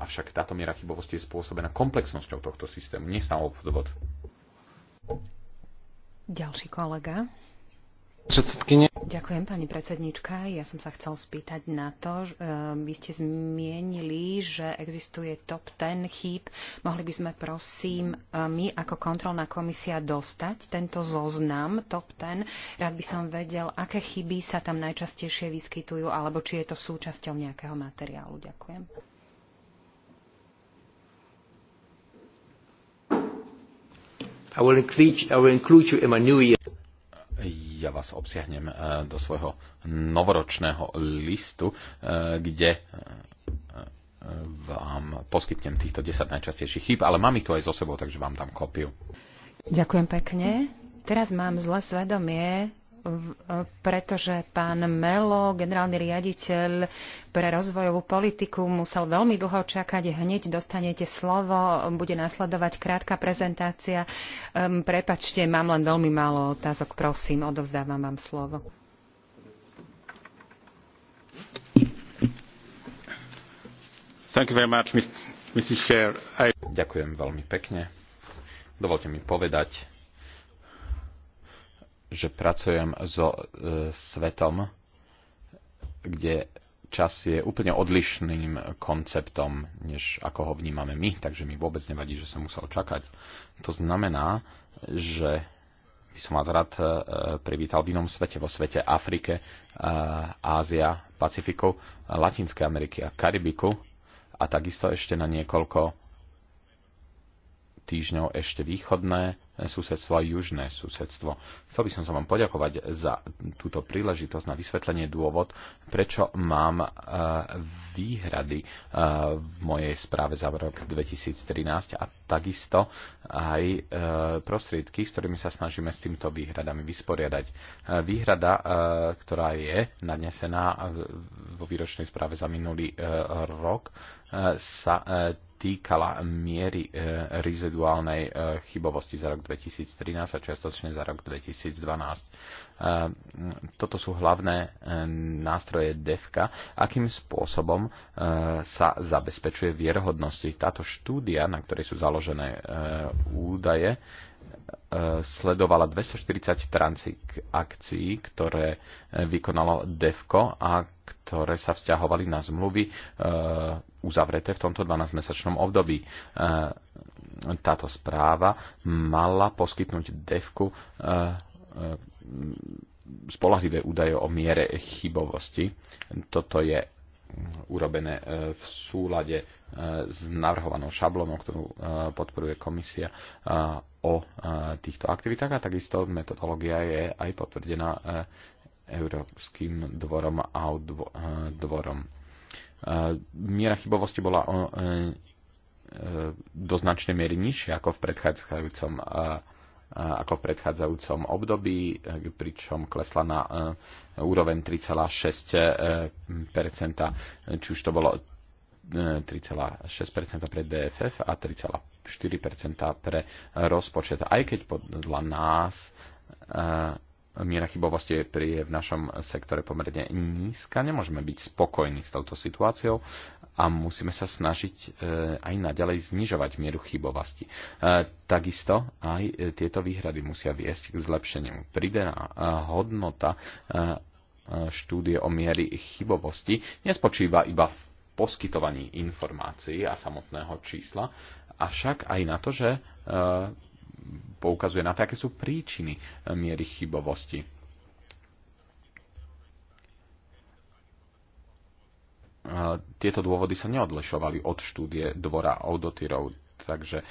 Avšak táto miera chybovosti je spôsobená komplexnosťou tohto systému, nie samou podvod. Ďalší kolega. Ďakujem, pani predsednička. Ja som sa chcel spýtať na to, že e, vy ste zmienili, že existuje top 10 chýb. Mohli by sme prosím e, my ako kontrolná komisia dostať tento zoznam top 10. Rád by som vedel, aké chyby sa tam najčastejšie vyskytujú, alebo či je to súčasťou nejakého materiálu. Ďakujem. I will include, I will include you in my new year ja vás obsiahnem e, do svojho novoročného listu, e, kde e, vám poskytnem týchto 10 najčastejších chýb, ale mám ich tu aj so sebou, takže vám tam kopiu. Ďakujem pekne. Teraz mám zlé svedomie, pretože pán Melo, generálny riaditeľ pre rozvojovú politiku, musel veľmi dlho čakať. Hneď dostanete slovo, bude následovať krátka prezentácia. Prepačte, mám len veľmi málo otázok, prosím, odovzdávam vám slovo. Thank you very much, Chair. I... Ďakujem veľmi pekne. Dovolte mi povedať, že pracujem so e, svetom, kde čas je úplne odlišným konceptom, než ako ho vnímame my, takže mi vôbec nevadí, že som musel čakať. To znamená, že by som vás rád e, privítal v inom svete, vo svete Afrike, e, Ázia, Pacifiku, Latinskej Ameriky a Karibiku a takisto ešte na niekoľko týždňov ešte východné eh, susedstvo a južné susedstvo. Chcel by som sa vám poďakovať za túto príležitosť na vysvetlenie dôvod, prečo mám eh, výhrady eh, v mojej správe za rok 2013 a takisto aj prostriedky, s ktorými sa snažíme s týmto výhradami vysporiadať. Výhrada, ktorá je nadnesená vo výročnej správe za minulý rok, sa týkala miery e, reziduálnej e, chybovosti za rok 2013 a čiastočne za rok 2012. E, toto sú hlavné nástroje DEFKA, akým spôsobom sa zabezpečuje vierhodnosti. Táto štúdia, na ktorej sú založené údaje, sledovala 240 transakcií, ktoré vykonalo DEFCO a ktoré sa vzťahovali na zmluvy uzavreté v tomto 12-mesačnom období. E, táto správa mala poskytnúť DEVKu e, e, spolahlivé údaje o miere chybovosti. Toto je urobené v súlade s navrhovanou šablónou, ktorú podporuje komisia o týchto aktivitách a takisto metodológia je aj potvrdená Európskym dvorom a dvorom miera chybovosti bola o, e, e, do značnej miery nižšia ako v predchádzajúcom ako v predchádzajúcom období, e, pričom klesla na úroveň 3,6%, či už to bolo 3,6% pre DFF a 3,4% pre rozpočet. Aj keď podľa nás miera chybovosti je pri, v našom sektore pomerne nízka. Nemôžeme byť spokojní s touto situáciou a musíme sa snažiť e, aj naďalej znižovať mieru chybovosti. E, takisto aj e, tieto výhrady musia viesť k zlepšeniu. Pridená hodnota štúdie o miery chybovosti nespočíva iba v poskytovaní informácií a samotného čísla, avšak aj na to, že poukazuje na to, aké sú príčiny eh, miery chybovosti. Eh, tieto dôvody sa neodlišovali od štúdie dvora auditírov, takže eh,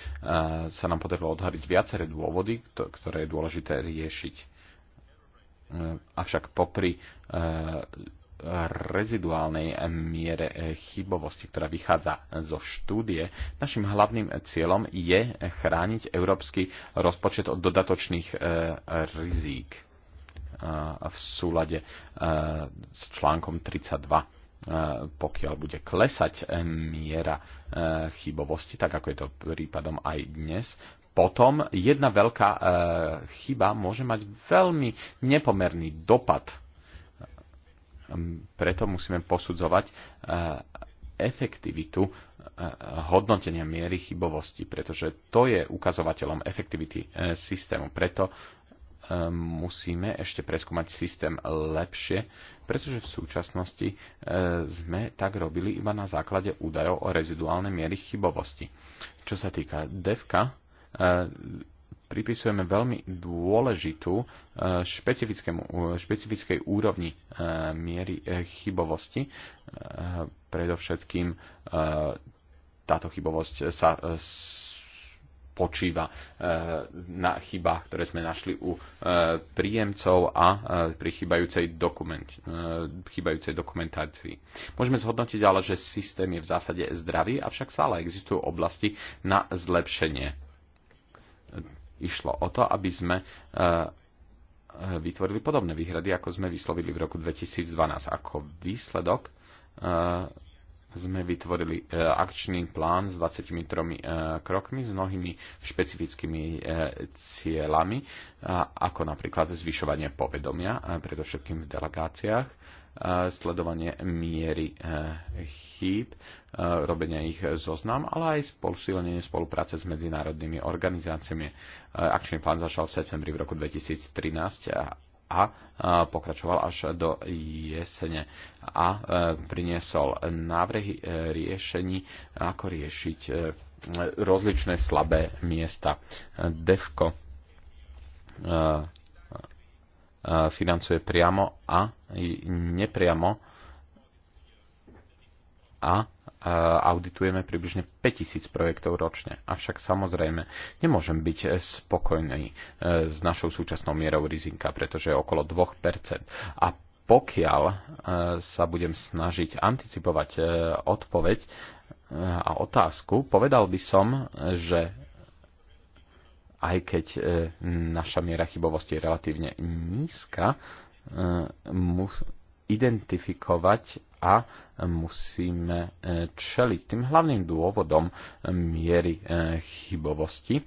sa nám podarilo odhaliť viaceré dôvody, ktoré je dôležité riešiť. Avšak popri reziduálnej miere eh, chybovosti, ktorá vychádza zo štúdie, našim hlavným cieľom je chrániť európsky rozpočet od dodatočných eh, rizík eh, v súlade s článkom 32 pokiaľ bude klesať miera chybovosti, tak ako je to prípadom aj dnes, potom jedna veľká chyba môže mať veľmi nepomerný dopad Hm, preto musíme posudzovať eh, efektivitu eh, hodnotenia miery chybovosti, pretože to je ukazovateľom efektivity eh, systému. Preto musíme ešte preskúmať systém lepšie, pretože v súčasnosti sme tak robili iba na základe údajov o reziduálnej miery chybovosti. Čo sa týka DEVKA, pripisujeme veľmi dôležitú e, e, špecifickej úrovni e, miery chybovosti. Predovšetkým táto chybovosť sa počíva na chybách, ktoré sme našli u príjemcov a pri chybajúcej, dokument, chybajúcej dokumentácii. Môžeme zhodnotiť ale, že systém je v zásade zdravý, avšak stále existujú oblasti na zlepšenie Išlo o to, aby sme e, e, vytvorili podobné výhrady, ako sme vyslovili v roku 2012. Ako výsledok e, sme vytvorili akčný plán s 23 krokmi, s mnohými špecifickými cieľami, ako napríklad zvyšovanie povedomia, predovšetkým v delegáciách, sledovanie miery e, chýb, e, robenia ich zoznam, ale aj posilnenie spolupráce s medzinárodnými organizáciami. E, akčný plán začal v septembri v roku 2013 a pokračoval až do jesene a priniesol návrhy riešení, ako riešiť rozličné slabé miesta. DEFCO financuje priamo a nepriamo a auditujeme približne 5000 projektov ročne. Avšak samozrejme nemôžem byť spokojný e, s našou súčasnou mierou rizika, pretože je okolo 2%. A pokiaľ e, sa budem snažiť anticipovať e, odpoveď a otázku, povedal by som, že aj keď e, naša miera chybovosti je relatívne nízka, e, identifikovať a musíme e, čeliť tým hlavným dôvodom miery chybovosti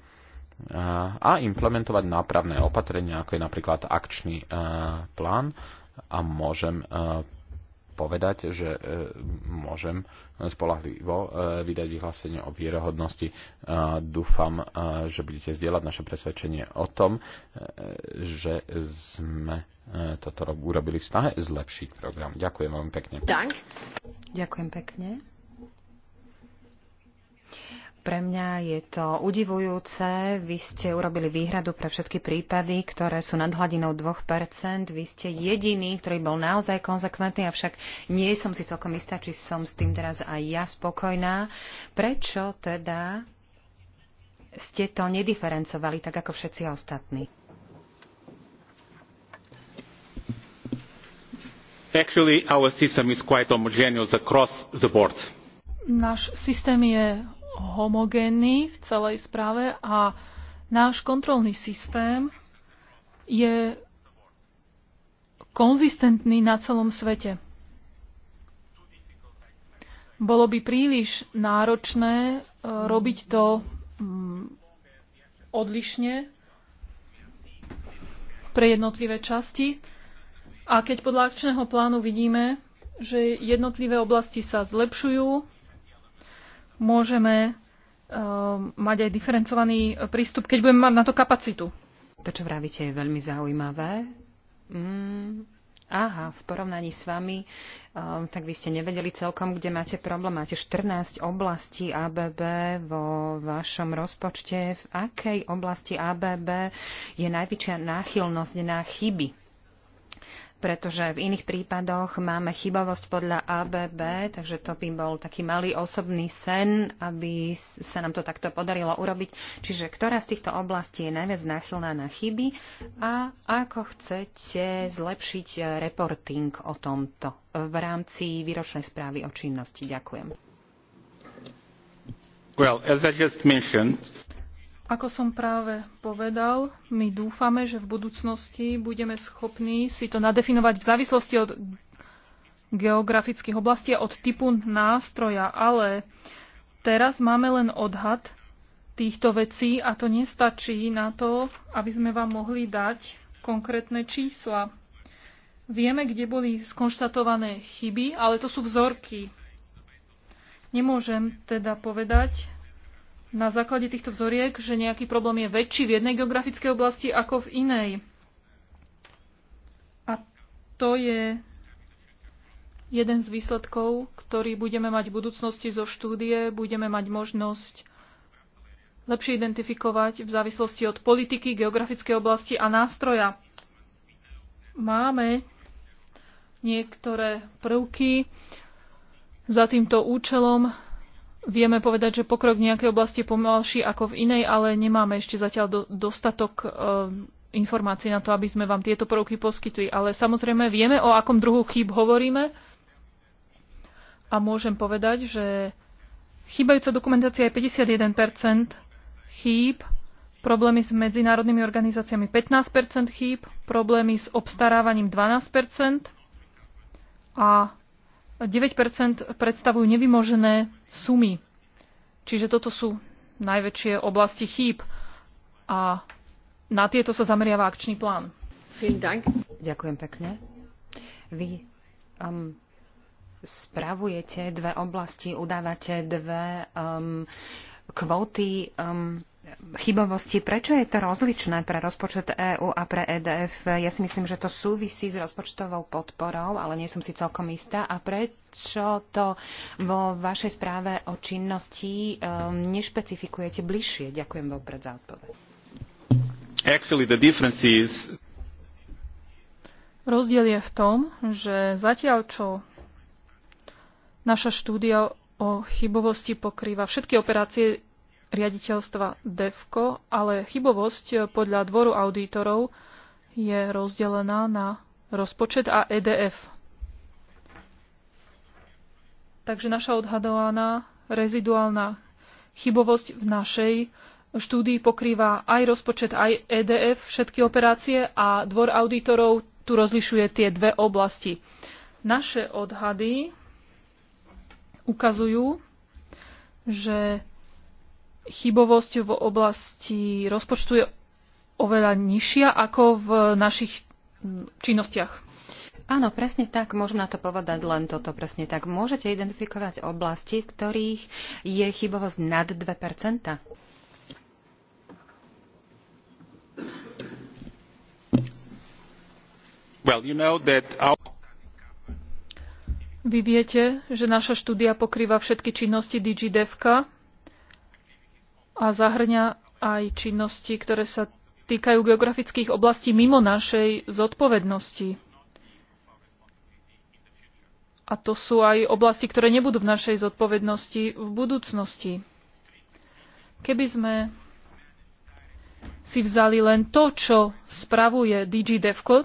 a implementovať nápravné opatrenia, ako je napríklad akčný plán a môžem povedať, že e, môžem spolahlivo e, vydať vyhlásenie o vierohodnosti. E, dúfam, že budete zdieľať naše presvedčenie o tom, že sme toto urobili v snahe zlepšiť program. Ďakujem veľmi pekne. Dank. Ďakujem pekne. Pre mňa je to udivujúce. Vy ste urobili výhradu pre všetky prípady, ktoré sú nad hladinou 2%. Vy ste jediný, ktorý bol naozaj konzekventný, avšak nie som si celkom istá, či som s tým teraz aj ja spokojná. Prečo teda ste to nediferencovali tak ako všetci ostatní? Actually, our system is quite homogeneous across the board. Náš systém je homogénny v celej správe a náš kontrolný systém je konzistentný na celom svete. Bolo by príliš náročné e, robiť to mm, odlišne pre jednotlivé časti. A keď podľa akčného plánu vidíme, že jednotlivé oblasti sa zlepšujú, môžeme eh, mať aj diferencovaný eh, prístup, keď budeme mať na to kapacitu. To, čo vravíte, je veľmi zaujímavé. Mm, aha, v porovnaní s vami, um, tak vy ste nevedeli celkom, kde máte problém. Máte 14 oblastí ABB vo vašom rozpočte. V akej oblasti ABB je najväčšia náchylnosť na chyby? pretože v iných prípadoch máme chybovosť podľa ABB, takže to by bol taký malý osobný sen, aby sa nám to takto podarilo urobiť. Čiže ktorá z týchto oblastí je najviac náchylná na chyby a ako chcete zlepšiť e, reporting o tomto e, v rámci výročnej správy o činnosti. Ďakujem. Well, as I just mentioned... Ako som práve povedal, my dúfame, že v budúcnosti budeme schopní si to nadefinovať v závislosti od geografických oblastí a od typu nástroja, ale teraz máme len odhad týchto vecí a to nestačí na to, aby sme vám mohli dať konkrétne čísla. Vieme, kde boli skonštatované chyby, ale to sú vzorky. Nemôžem teda povedať, na základe týchto vzoriek, že nejaký problém je väčší v jednej geografickej oblasti ako v inej. A to je jeden z výsledkov, ktorý budeme mať v budúcnosti zo štúdie. Budeme mať možnosť lepšie identifikovať v závislosti od politiky, geografickej oblasti a nástroja. Máme niektoré prvky za týmto účelom vieme povedať, že pokrok v nejakej oblasti je pomalší ako v inej, ale nemáme ešte zatiaľ do, dostatok e, informácií na to, aby sme vám tieto prvky poskytli. Ale samozrejme vieme, o akom druhu chýb hovoríme a môžem povedať, že chýbajúca dokumentácia je 51 chýb, problémy s medzinárodnými organizáciami 15 chýb, problémy s obstarávaním 12 a 9 predstavujú nevymožené sumy. Čiže toto sú najväčšie oblasti chýb a na tieto sa zameriava akčný plán. Ďakujem pekne. Vy um, spravujete dve oblasti, udávate dve um, kvóty um, chybovosti. Prečo je to rozličné pre rozpočet EÚ a pre EDF? Ja si myslím, že to súvisí s rozpočtovou podporou, ale nie som si celkom istá. A prečo to vo vašej správe o činnosti um, nešpecifikujete bližšie? Ďakujem vopred za odpoveď. Actually, the difference is... Rozdiel je v tom, že zatiaľ čo naša štúdia o chybovosti pokrýva všetky operácie riaditeľstva DEVKO, ale chybovosť eh, podľa dvoru auditorov je rozdelená na rozpočet a EDF. Takže naša odhadovaná reziduálna chybovosť v našej štúdii pokrýva aj rozpočet, aj EDF, všetky operácie a dvor auditorov tu rozlišuje tie dve oblasti. Naše odhady ukazujú, že chybovosť v oblasti rozpočtu je oveľa nižšia ako v našich činnostiach. Áno, presne tak. Môžem na to povedať len toto. Presne tak. Môžete identifikovať oblasti, v ktorých je chybovosť nad 2 Well, you know that our... Vy viete, že naša štúdia pokrýva všetky činnosti DigiDevka, a zahrňa aj činnosti, ktoré sa týkajú geografických oblastí mimo našej zodpovednosti. A to sú aj oblasti, ktoré nebudú v našej zodpovednosti v budúcnosti. Keby sme si vzali len to, čo spravuje DG DevCo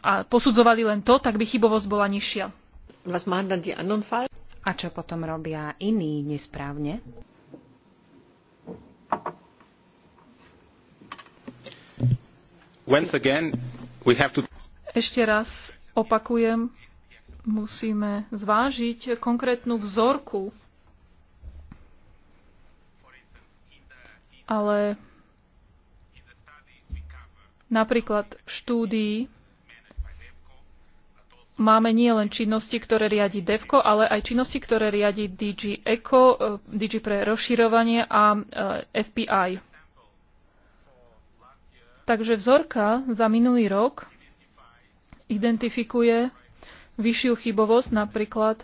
a posudzovali len to, tak by chybovosť bola nižšia. A čo potom robia iní nesprávne? Ešte raz opakujem, musíme zvážiť konkrétnu vzorku, ale napríklad v štúdii máme nielen činnosti, ktoré riadi DEVKO, ale aj činnosti, ktoré riadi DG ECO, eh, DG pre rozširovanie a eh, FBI. Takže vzorka za minulý rok identifikuje vyššiu chybovosť napríklad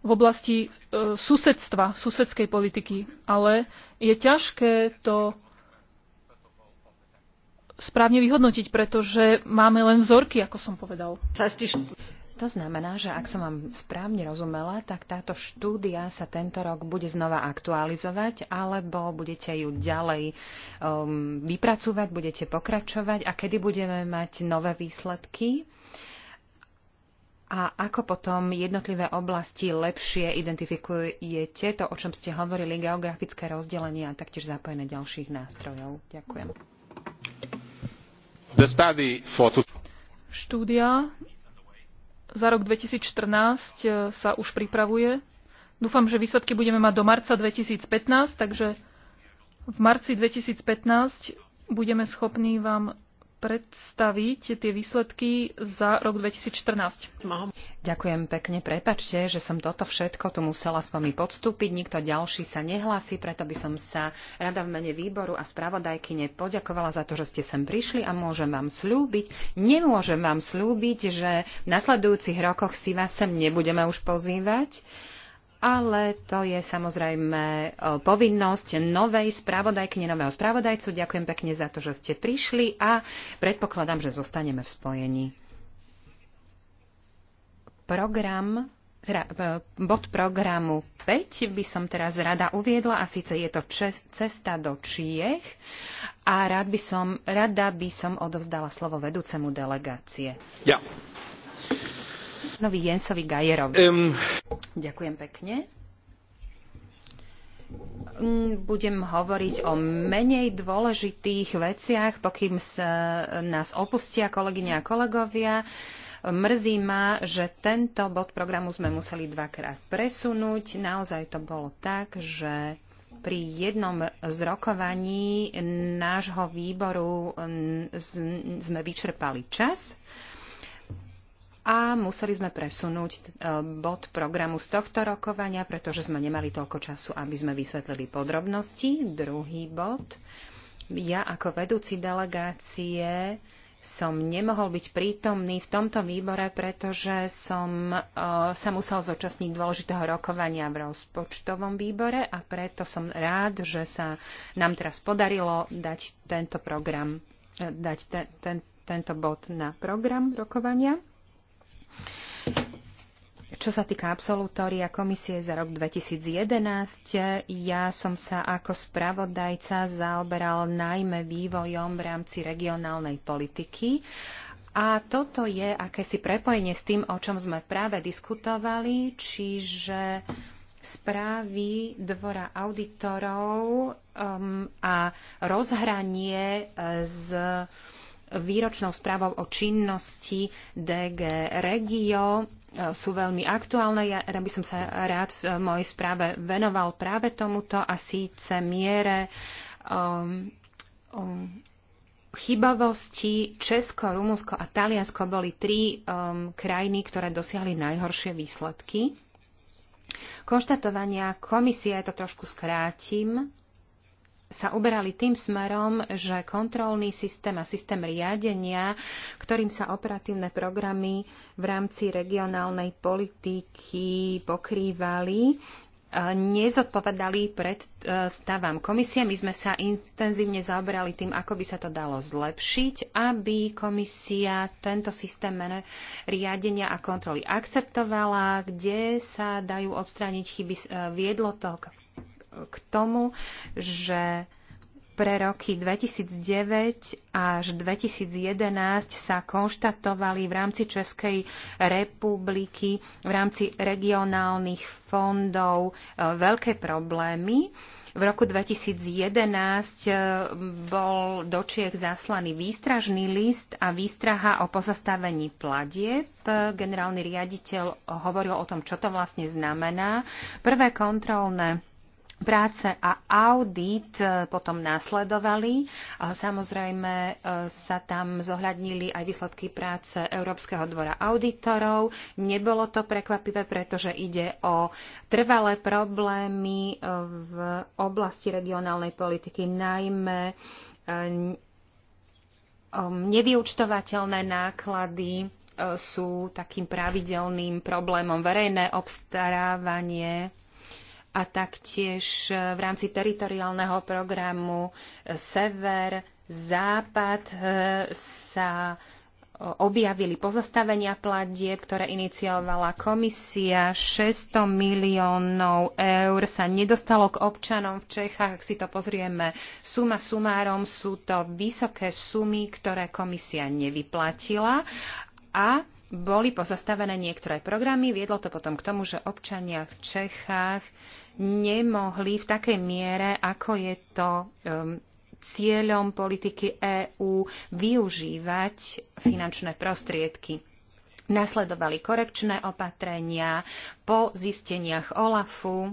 v oblasti e, susedstva, susedskej politiky, ale je ťažké to správne vyhodnotiť, pretože máme len vzorky, ako som povedal. To znamená, že ak som vám správne rozumela, tak táto štúdia sa tento rok bude znova aktualizovať, alebo budete ju ďalej um, vypracovať, budete pokračovať a kedy budeme mať nové výsledky? A ako potom jednotlivé oblasti lepšie identifikujete to, o čom ste hovorili, geografické rozdelenie a taktiež zapojené ďalších nástrojov? Ďakujem. Štúdia za rok 2014 e, sa už pripravuje. Dúfam, že výsledky budeme mať do marca 2015, takže v marci 2015 budeme schopní vám predstaviť tie výsledky za rok 2014. Ďakujem pekne, prepačte, že som toto všetko tu musela s vami podstúpiť, nikto ďalší sa nehlási, preto by som sa rada v mene výboru a spravodajkyne poďakovala za to, že ste sem prišli a môžem vám slúbiť, nemôžem vám slúbiť, že v nasledujúcich rokoch si vás sem nebudeme už pozývať, ale to je samozrejme povinnosť novej spravodajky, nového spravodajcu. Ďakujem pekne za to, že ste prišli a predpokladám, že zostaneme v spojení. Program, teda, e, bod programu 5 by som teraz rada uviedla a síce je to cesta do Čiech a rád by som, rada by som odovzdala slovo vedúcemu delegácie. Ja pánovi Jensovi Gajerovi. Um. Ďakujem pekne. Mm, budem hovoriť o menej dôležitých veciach, pokým sa e, nás opustia kolegyne a kolegovia. Mrzí ma, že tento bod programu sme museli dvakrát presunúť. Naozaj to bolo tak, že pri jednom z rokovaní nášho výboru mm, sme vyčerpali čas a museli sme presunúť e, bod programu z tohto rokovania, pretože sme nemali toľko času, aby sme vysvetlili podrobnosti. Druhý bod. Ja ako vedúci delegácie som nemohol byť prítomný v tomto výbore, pretože som uh, sa musel zúčastniť dôležitého rokovania v rozpočtovom výbore a preto som rád, že sa nám teraz podarilo dať tento program, e, dať te, ten, tento bod na program rokovania. Čo sa týka absolutória komisie za rok 2011, ja som sa ako spravodajca zaoberal najmä vývojom v rámci regionálnej politiky. A toto je akési prepojenie s tým, o čom sme práve diskutovali, čiže správy dvora auditorov um, a rozhranie e, z uh, výročnou správou o činnosti DG Regio e, sú veľmi aktuálne. Ja by som sa rád v mojej správe venoval práve tomuto a síce miere um, um, chybavosti Česko, Rumunsko a Taliansko boli tri um, krajiny, ktoré dosiahli najhoršie výsledky. Konštatovania komisie, to trošku skrátim, sa uberali tým smerom, že kontrolný systém a systém riadenia, ktorým sa operatívne programy v rámci regionálnej politiky pokrývali, e, nezodpovedali pred e, stavám komisie. My sme sa intenzívne zaoberali tým, ako by sa to dalo zlepšiť, aby komisia tento systém riadenia a kontroly akceptovala, kde sa dajú odstrániť chyby. E, viedlo to k k tomu, že pre roky 2009 až 2011 sa konštatovali v rámci Českej republiky, v rámci regionálnych fondov e, veľké problémy. V roku 2011 e, bol do Čiech zaslaný výstražný list a výstraha o pozastavení pladieb. Generálny riaditeľ hovoril o tom, čo to vlastne znamená. Prvé kontrolné Práce a audit e, potom následovali. Samozrejme e, sa tam zohľadnili aj výsledky práce Európskeho dvora auditorov. Nebolo to prekvapivé, pretože ide o trvalé problémy e, v oblasti regionálnej politiky, najmä nevyučtovateľné náklady sú takým pravidelným problémom verejné obstarávanie a taktiež e, v rámci teritoriálneho programu e, Sever, Západ e, sa objavili pozastavenia platieb, ktoré iniciovala komisia. 600 miliónov eur sa nedostalo k občanom v Čechách. Ak si to pozrieme suma sumárom, sú to vysoké sumy, ktoré komisia nevyplatila a boli pozastavené niektoré programy. Viedlo to potom k tomu, že občania v Čechách nemohli v takej miere, ako je to um, cieľom politiky EÚ, využívať finančné prostriedky. Nasledovali korekčné opatrenia po zisteniach OLAFu.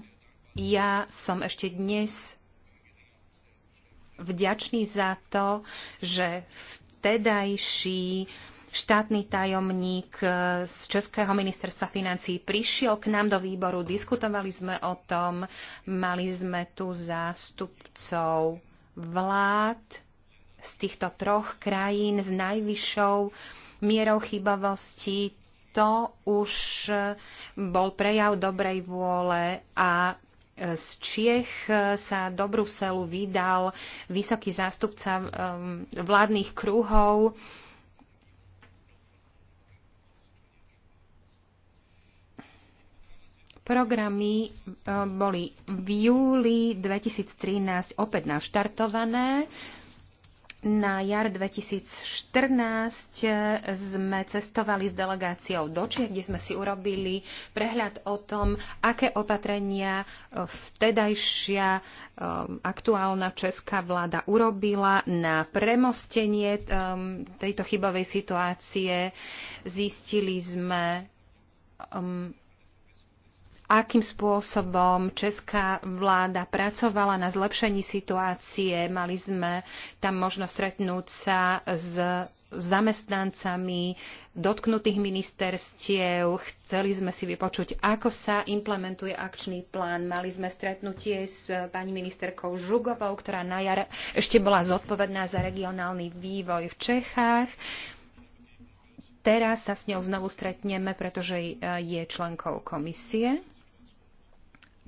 Ja som ešte dnes vďačný za to, že vtedajší uh, štátny tajomník e, z Českého ministerstva financí prišiel k nám do výboru, diskutovali sme o tom, mali sme tu zástupcov vlád z týchto troch krajín s najvyššou mierou chybovosti. To už e, bol prejav dobrej vôle a e, z Čiech sa do Bruselu vydal vysoký zástupca vládnych kruhov Programy e, boli v júli 2013 opäť naštartované. Na jar 2014 e, sme cestovali s delegáciou do Čiech, kde sme si urobili prehľad o tom, aké opatrenia e, vtedajšia aktuálna česká vláda urobila na premostenie tejto chybovej situácie. Zistili sme akým spôsobom česká vláda pracovala na zlepšení situácie. Mali sme tam možnosť stretnúť sa s zamestnancami dotknutých ministerstiev. Chceli sme si vypočuť, ako sa implementuje akčný plán. Mali sme stretnutie s pani ministerkou Žugovou, ktorá na jar ešte bola zodpovedná za regionálny vývoj v Čechách. Teraz sa s ňou znovu stretneme, pretože je členkou komisie.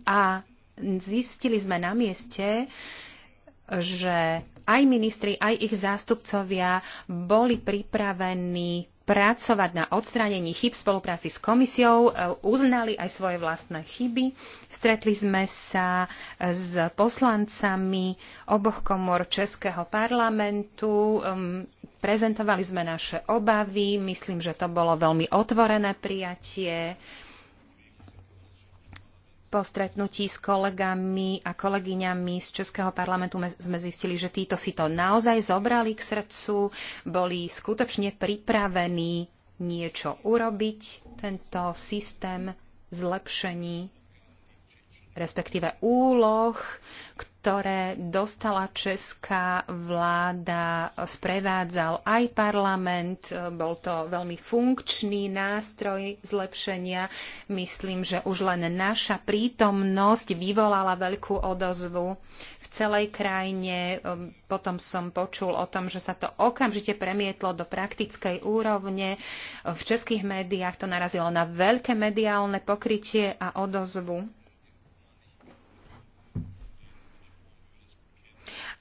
A zistili sme na mieste, že aj ministri, aj ich zástupcovia boli pripravení pracovať na odstránení chyb v spolupráci s komisiou, e, uznali aj svoje vlastné chyby. Stretli sme sa e, s poslancami oboch komor Českého parlamentu, prezentovali sme naše obavy, myslím, že to bolo veľmi otvorené prijatie po stretnutí s kolegami a kolegyňami z Českého parlamentu sme zistili, že títo si to naozaj zobrali k srdcu, boli skutočne pripravení niečo urobiť, tento systém zlepšení, respektíve úloh, ktoré dostala česká vláda, sprevádzal aj parlament. Bol to veľmi funkčný nástroj zlepšenia. Myslím, že už len naša prítomnosť vyvolala veľkú odozvu v celej krajine. Ehm, potom som počul o tom, že sa to okamžite premietlo do praktickej úrovne. V českých médiách to narazilo na veľké mediálne pokrytie a odozvu.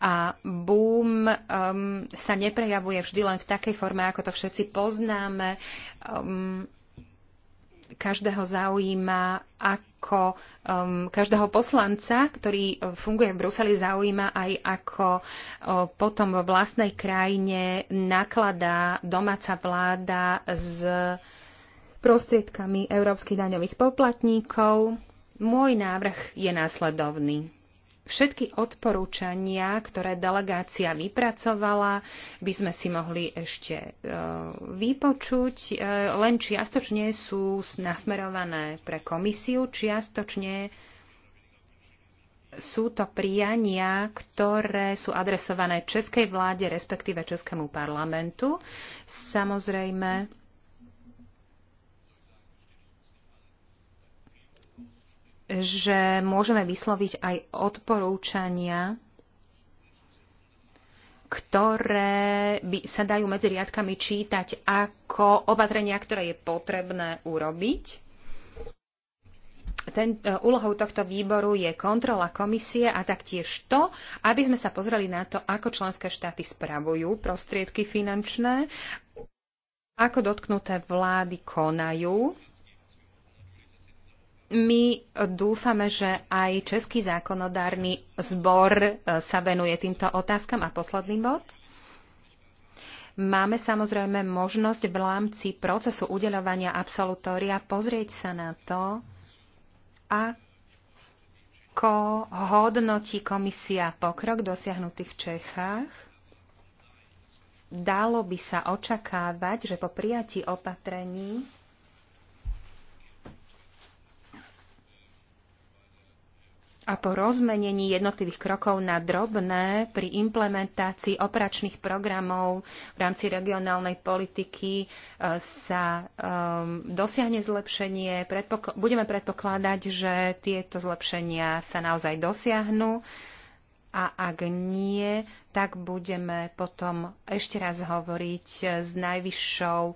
a boom um, sa neprejavuje vždy len v takej forme, ako to všetci poznáme. Um, každého zaujíma, ako um, každého poslanca, ktorý uh, funguje v Bruseli, zaujíma aj ako um, potom vo vlastnej krajine nakladá domáca vláda s prostriedkami európskych daňových poplatníkov. Môj návrh je následovný všetky odporúčania, ktoré delegácia vypracovala, by sme si mohli ešte e, vypočuť. E, len čiastočne sú nasmerované pre komisiu, čiastočne sú to priania, ktoré sú adresované českej vláde, respektíve českému parlamentu. Samozrejme, že môžeme vysloviť aj odporúčania, ktoré by sa dajú medzi riadkami čítať ako opatrenia, ktoré je potrebné urobiť. Ten, uh, úlohou tohto výboru je kontrola komisie a taktiež to, aby sme sa pozreli na to, ako členské štáty spravujú prostriedky finančné, ako dotknuté vlády konajú my dúfame, že aj Český zákonodárny zbor e, sa venuje týmto otázkam. A posledný bod. Máme samozrejme možnosť v rámci procesu udeľovania absolutória pozrieť sa na to, ako hodnotí komisia pokrok dosiahnutý v Čechách. Dalo by sa očakávať, že po prijatí opatrení a po rozmenení jednotlivých krokov na drobné pri implementácii operačných programov v rámci regionálnej politiky e, sa um, dosiahne zlepšenie. Predpok- budeme predpokladať, že tieto zlepšenia sa naozaj dosiahnu. Uh, a ak nie, tak budeme potom ešte raz hovoriť s najvyššou e,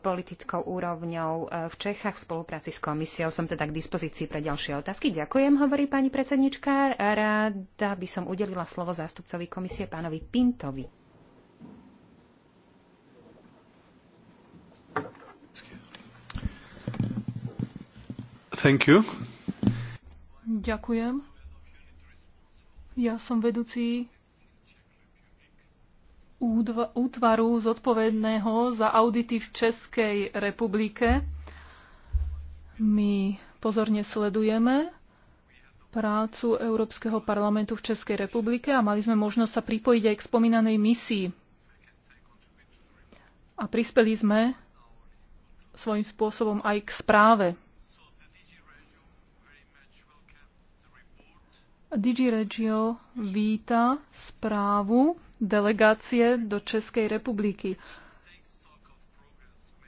politickou úrovňou e, v Čechách v spolupráci s komisiou. Som teda k dispozícii pre ďalšie otázky. Ďakujem, hovorí pani predsednička. Rada by som udelila slovo zástupcovi komisie pánovi Pintovi. Thank you. Ďakujem. Ja som vedúci útvaru zodpovedného za audity v Českej republike. My pozorne sledujeme prácu Európskeho parlamentu v Českej republike a mali sme možnosť sa pripojiť aj k spomínanej misii. A prispeli sme svojím spôsobom aj k správe. DigiRegio víta správu delegácie do Českej republiky.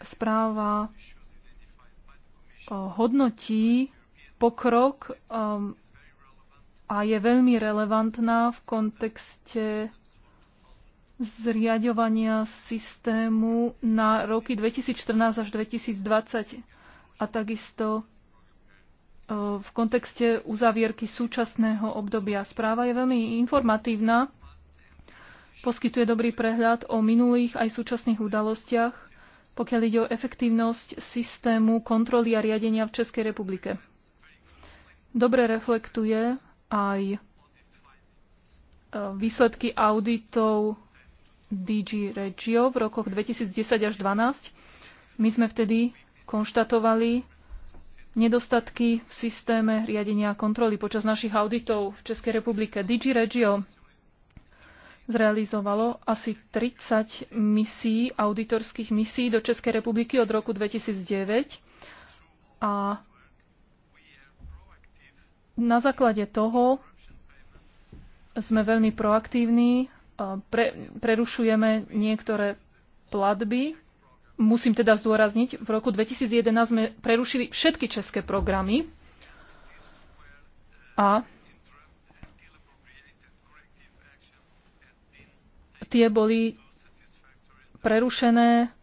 Správa eh, hodnotí pokrok eh, a je veľmi relevantná v kontexte zriadovania systému na roky 2014 až 2020 a takisto v kontexte uzavierky súčasného obdobia. Správa je veľmi informatívna, poskytuje dobrý prehľad o minulých aj súčasných udalostiach, pokiaľ ide o efektívnosť systému kontroly a riadenia v Českej republike. Dobre reflektuje aj e, výsledky auditov DG Regio v rokoch 2010 až 2012. My sme vtedy konštatovali, nedostatky v systéme riadenia a kontroly. Počas našich auditov v Českej republike DigiRegio zrealizovalo asi 30 misií, auditorských misií do Českej republiky od roku 2009 a na základe toho sme veľmi proaktívni, pre, prerušujeme niektoré platby Musím teda zdôrazniť, v roku 2011 sme prerušili všetky české programy a tie boli prerušené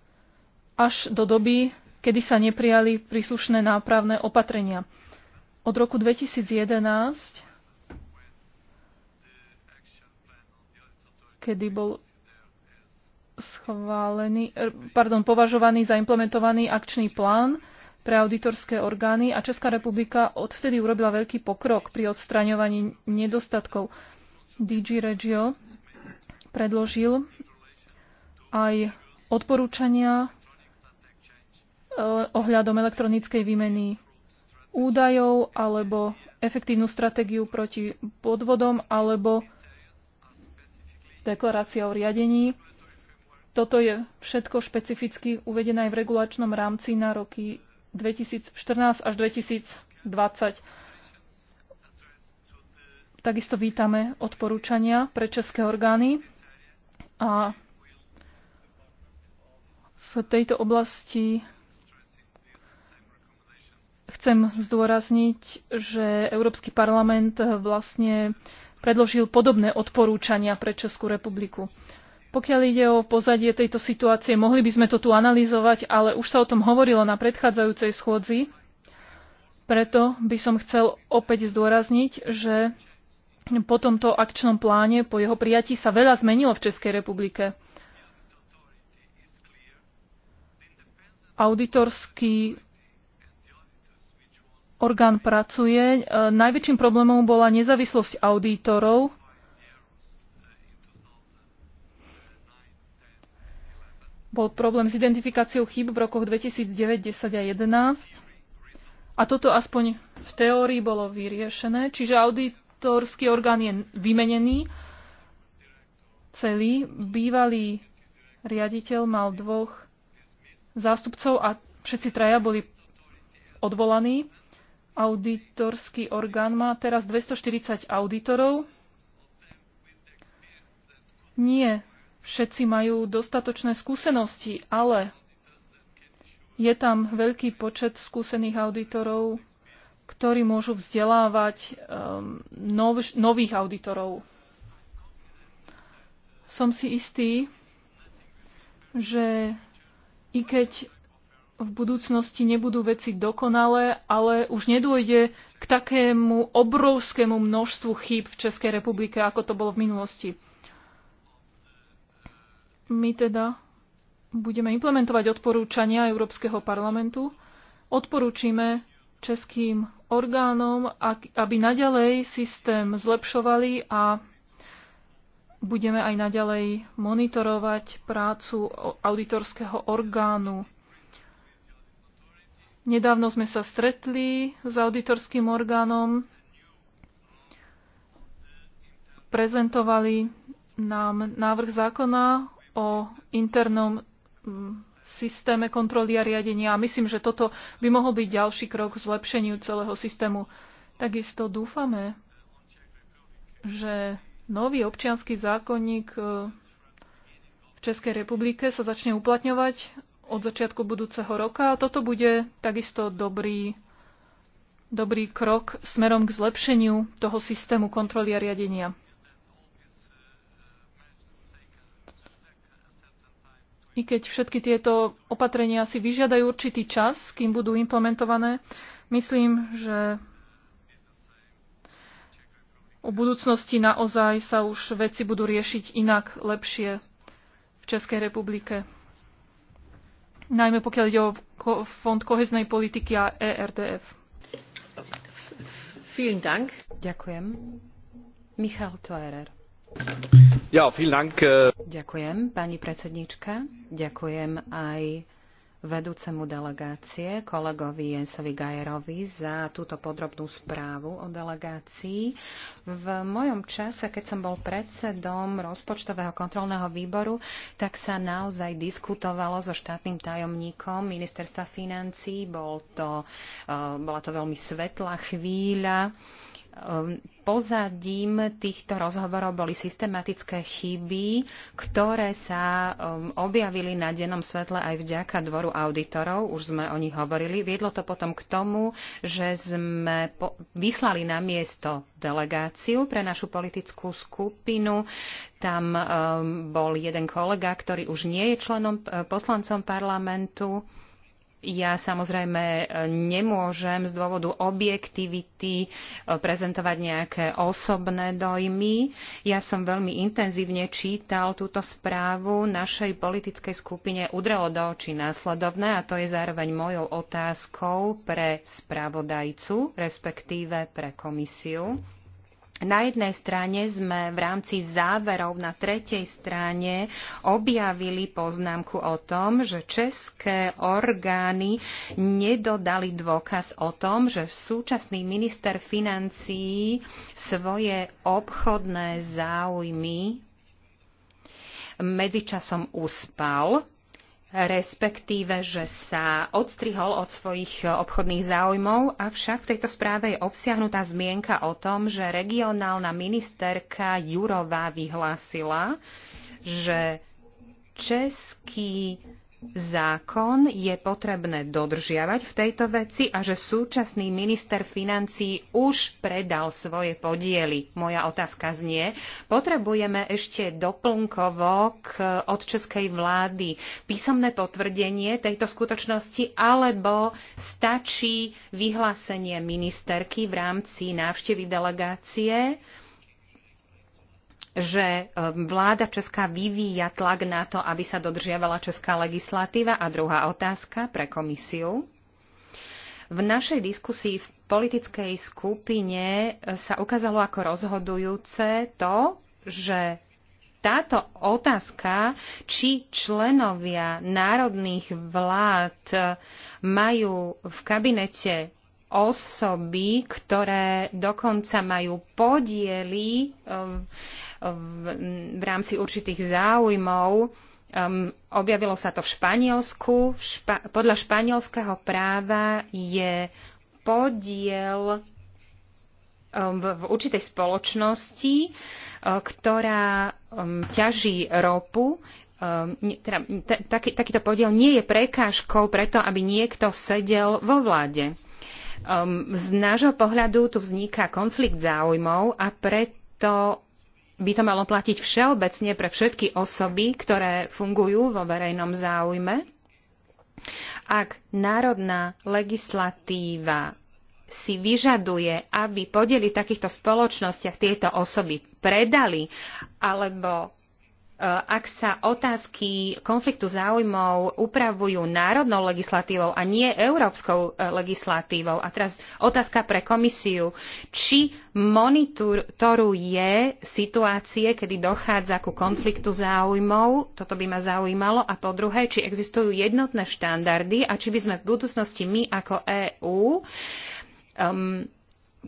až do doby, kedy sa neprijali príslušné nápravné opatrenia. Od roku 2011, kedy bol schválený, er, pardon, považovaný za implementovaný akčný plán pre auditorské orgány a Česká republika odvtedy urobila veľký pokrok pri odstraňovaní nedostatkov. DG Regio predložil aj odporúčania e, ohľadom elektronickej výmeny údajov alebo efektívnu stratégiu proti podvodom alebo deklarácia o riadení toto je všetko špecificky uvedené aj v regulačnom rámci na roky 2014 až 2020. Takisto vítame odporúčania pre české orgány a v tejto oblasti chcem zdôrazniť, že Európsky parlament vlastne predložil podobné odporúčania pre Českú republiku. Pokiaľ ide o pozadie tejto situácie, mohli by sme to tu analyzovať, ale už sa o tom hovorilo na predchádzajúcej schôdzi. Preto by som chcel opäť zdôrazniť, že po tomto akčnom pláne, po jeho prijatí sa veľa zmenilo v Českej republike. Auditorský orgán pracuje. Najväčším problémom bola nezávislosť auditorov, bol problém s identifikáciou chýb v rokoch 2009, 10 a 11. A toto aspoň v teórii bolo vyriešené, čiže auditorský orgán je vymenený. Celý bývalý riaditeľ mal dvoch zástupcov a všetci traja boli odvolaní. Auditorský orgán má teraz 240 auditorov. Nie všetci majú dostatočné skúsenosti, ale je tam veľký počet skúsených auditorov, ktorí môžu vzdelávať um, nov, nových auditorov. Som si istý, že i keď v budúcnosti nebudú veci dokonalé, ale už nedôjde k takému obrovskému množstvu chýb v Českej republike, ako to bolo v minulosti. My teda budeme implementovať odporúčania Európskeho parlamentu. Odporúčime českým orgánom, aby naďalej systém zlepšovali a budeme aj naďalej monitorovať prácu auditorského orgánu. Nedávno sme sa stretli s auditorským orgánom, prezentovali nám návrh zákona o internom mm, systéme kontroly a riadenia. A myslím, že toto by mohol byť ďalší krok k zlepšeniu celého systému. Takisto dúfame, že nový občianský zákonník e, v Českej republike sa začne uplatňovať od začiatku budúceho roka a toto bude takisto dobrý, dobrý krok smerom k zlepšeniu toho systému kontroly a riadenia. i keď všetky tieto opatrenia si vyžiadajú určitý čas, kým budú implementované, myslím, že o budúcnosti naozaj sa už veci budú riešiť inak, lepšie v Českej republike. Najmä pokiaľ ide o Fond koheznej politiky a ERDF. Vielen Dank. Ďakujem. Michal Toerer. Äh, Ďakujem, pani predsednička. Ďakujem aj vedúcemu delegácie, kolegovi Jensovi Gajerovi, za túto podrobnú správu o delegácii. V mojom čase, keď som bol predsedom rozpočtového kontrolného výboru, tak sa naozaj diskutovalo so štátnym tajomníkom ministerstva financí. Bol to, eh, bola to veľmi svetlá chvíľa Ehm, pozadím týchto rozhovorov boli systematické chyby, ktoré sa ehm, objavili na dennom svetle aj vďaka dvoru auditorov, už sme o nich hovorili. Viedlo to potom k tomu, že sme vyslali na miesto delegáciu pre našu politickú skupinu. Tam ehm, bol jeden kolega, ktorý už nie je členom e, poslancom parlamentu ja samozrejme e, nemôžem z dôvodu objektivity e, prezentovať nejaké osobné dojmy. Ja som veľmi intenzívne čítal túto správu. Našej politickej skupine udrelo do očí následovné a to je zároveň mojou otázkou pre spravodajcu, respektíve pre komisiu. Na jednej strane sme v rámci záverov na tretej strane objavili poznámku o tom, že české orgány nedodali dôkaz o tom, že súčasný minister financií svoje obchodné záujmy medzičasom uspal respektíve, že sa odstrihol od svojich obchodných záujmov, avšak v tejto správe je obsiahnutá zmienka o tom, že regionálna ministerka Jurová vyhlásila, že český zákon je potrebné dodržiavať v tejto veci a že súčasný minister financí už predal svoje podiely. Moja otázka znie, potrebujeme ešte doplnkovo k, od českej vlády písomné potvrdenie tejto skutočnosti alebo stačí vyhlásenie ministerky v rámci návštevy delegácie že e, vláda Česká vyvíja tlak na to, aby sa dodržiavala česká legislatíva? A druhá otázka pre komisiu. V našej diskusii v politickej skupine e, sa ukázalo ako rozhodujúce to, že táto otázka, či členovia národných vlád e, majú v kabinete osoby, ktoré dokonca majú podiely v, v rámci určitých záujmov. Um, objavilo sa to v Španielsku. Špa- podľa španielského práva je podiel um, v, v určitej spoločnosti, um, ktorá um, ťaží ropu, teda, taký, takýto podiel nie je prekážkou preto, aby niekto sedel vo vláde. Um, z nášho pohľadu tu vzniká konflikt záujmov a preto by to malo platiť všeobecne pre všetky osoby, ktoré fungujú vo verejnom záujme. Ak národná legislatíva si vyžaduje, aby podeli v takýchto spoločnostiach tieto osoby predali alebo Eh, ak sa otázky konfliktu záujmov upravujú národnou legislatívou a nie európskou eh, legislatívou. A teraz otázka pre komisiu. Či monitoruje situácie, kedy dochádza ku konfliktu záujmov? Toto by ma zaujímalo. A po druhé, či existujú jednotné štandardy a či by sme v budúcnosti my ako EÚ um,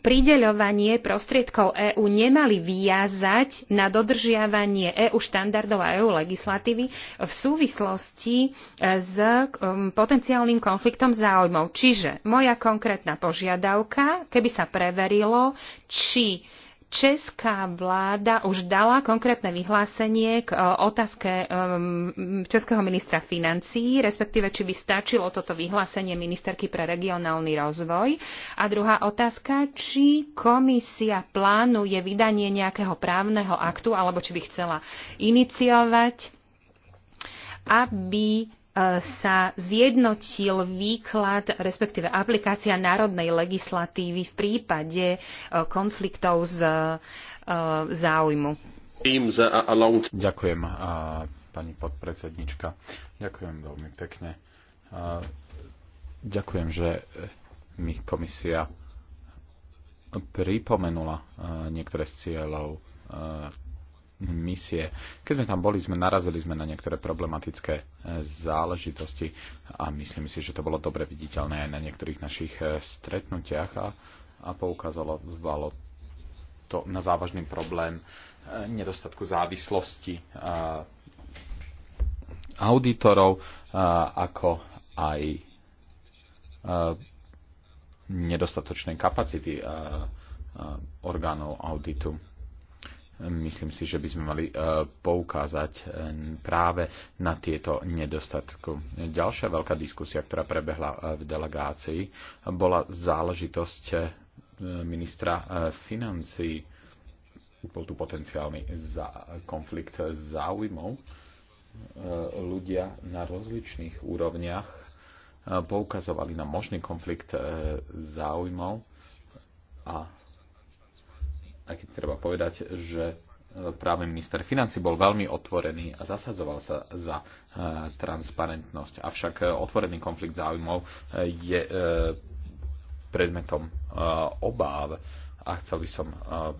prideľovanie prostriedkov EÚ nemali viazať na dodržiavanie EÚ štandardov a EÚ legislatívy v súvislosti e, s um, potenciálnym konfliktom záujmov. Čiže moja konkrétna požiadavka, keby sa preverilo, či Česká vláda už dala konkrétne vyhlásenie k e, otázke e, českého ministra financí, respektíve či by stačilo toto vyhlásenie ministerky pre regionálny rozvoj. A druhá otázka, či komisia plánuje vydanie nejakého právneho aktu, alebo či by chcela iniciovať, aby sa zjednotil výklad, respektíve aplikácia národnej legislatívy v prípade e, konfliktov z e, záujmu. Ďakujem, pani podpredsednička. Ďakujem veľmi pekne. Ďakujem, že mi komisia pripomenula e, niektoré z cieľov misie. Keď sme tam boli, sme narazili sme na niektoré problematické e, záležitosti a myslím si, že to bolo dobre viditeľné aj na niektorých našich e, stretnutiach a, a poukazovalo to na závažný problém e, nedostatku závislosti auditorov, ako aj nedostatočnej kapacity orgánov auditu Myslím si, že by sme mali e, poukázať e, práve na tieto nedostatky. Ďalšia veľká diskusia, ktorá prebehla e, v delegácii, bola záležitosť ministra financí. Bol tu potenciálny konflikt záujmov. Ľudia na rozličných úrovniach poukazovali na možný konflikt záujmov a aj keď treba povedať, že e, práve minister financí bol veľmi otvorený a zasadzoval sa za e, transparentnosť. Avšak e, otvorený konflikt záujmov je predmetom obáv a chcel by som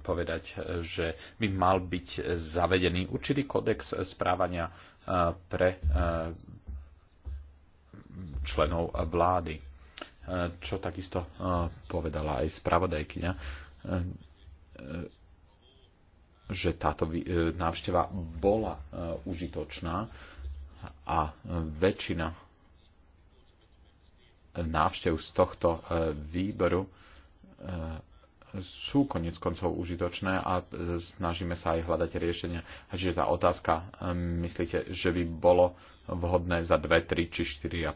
povedať, že by mal byť zavedený určitý kodex správania pre členov vlády, čo takisto povedala aj spravodajkyňa E, že táto e, návšteva bola e, užitočná a väčšina návštev z tohto výboru sú konec koncov užitočné a snažíme sa aj hľadať riešenia. A čiže tá otázka, myslíte, že by bolo vhodné za 2, 3, či 4 a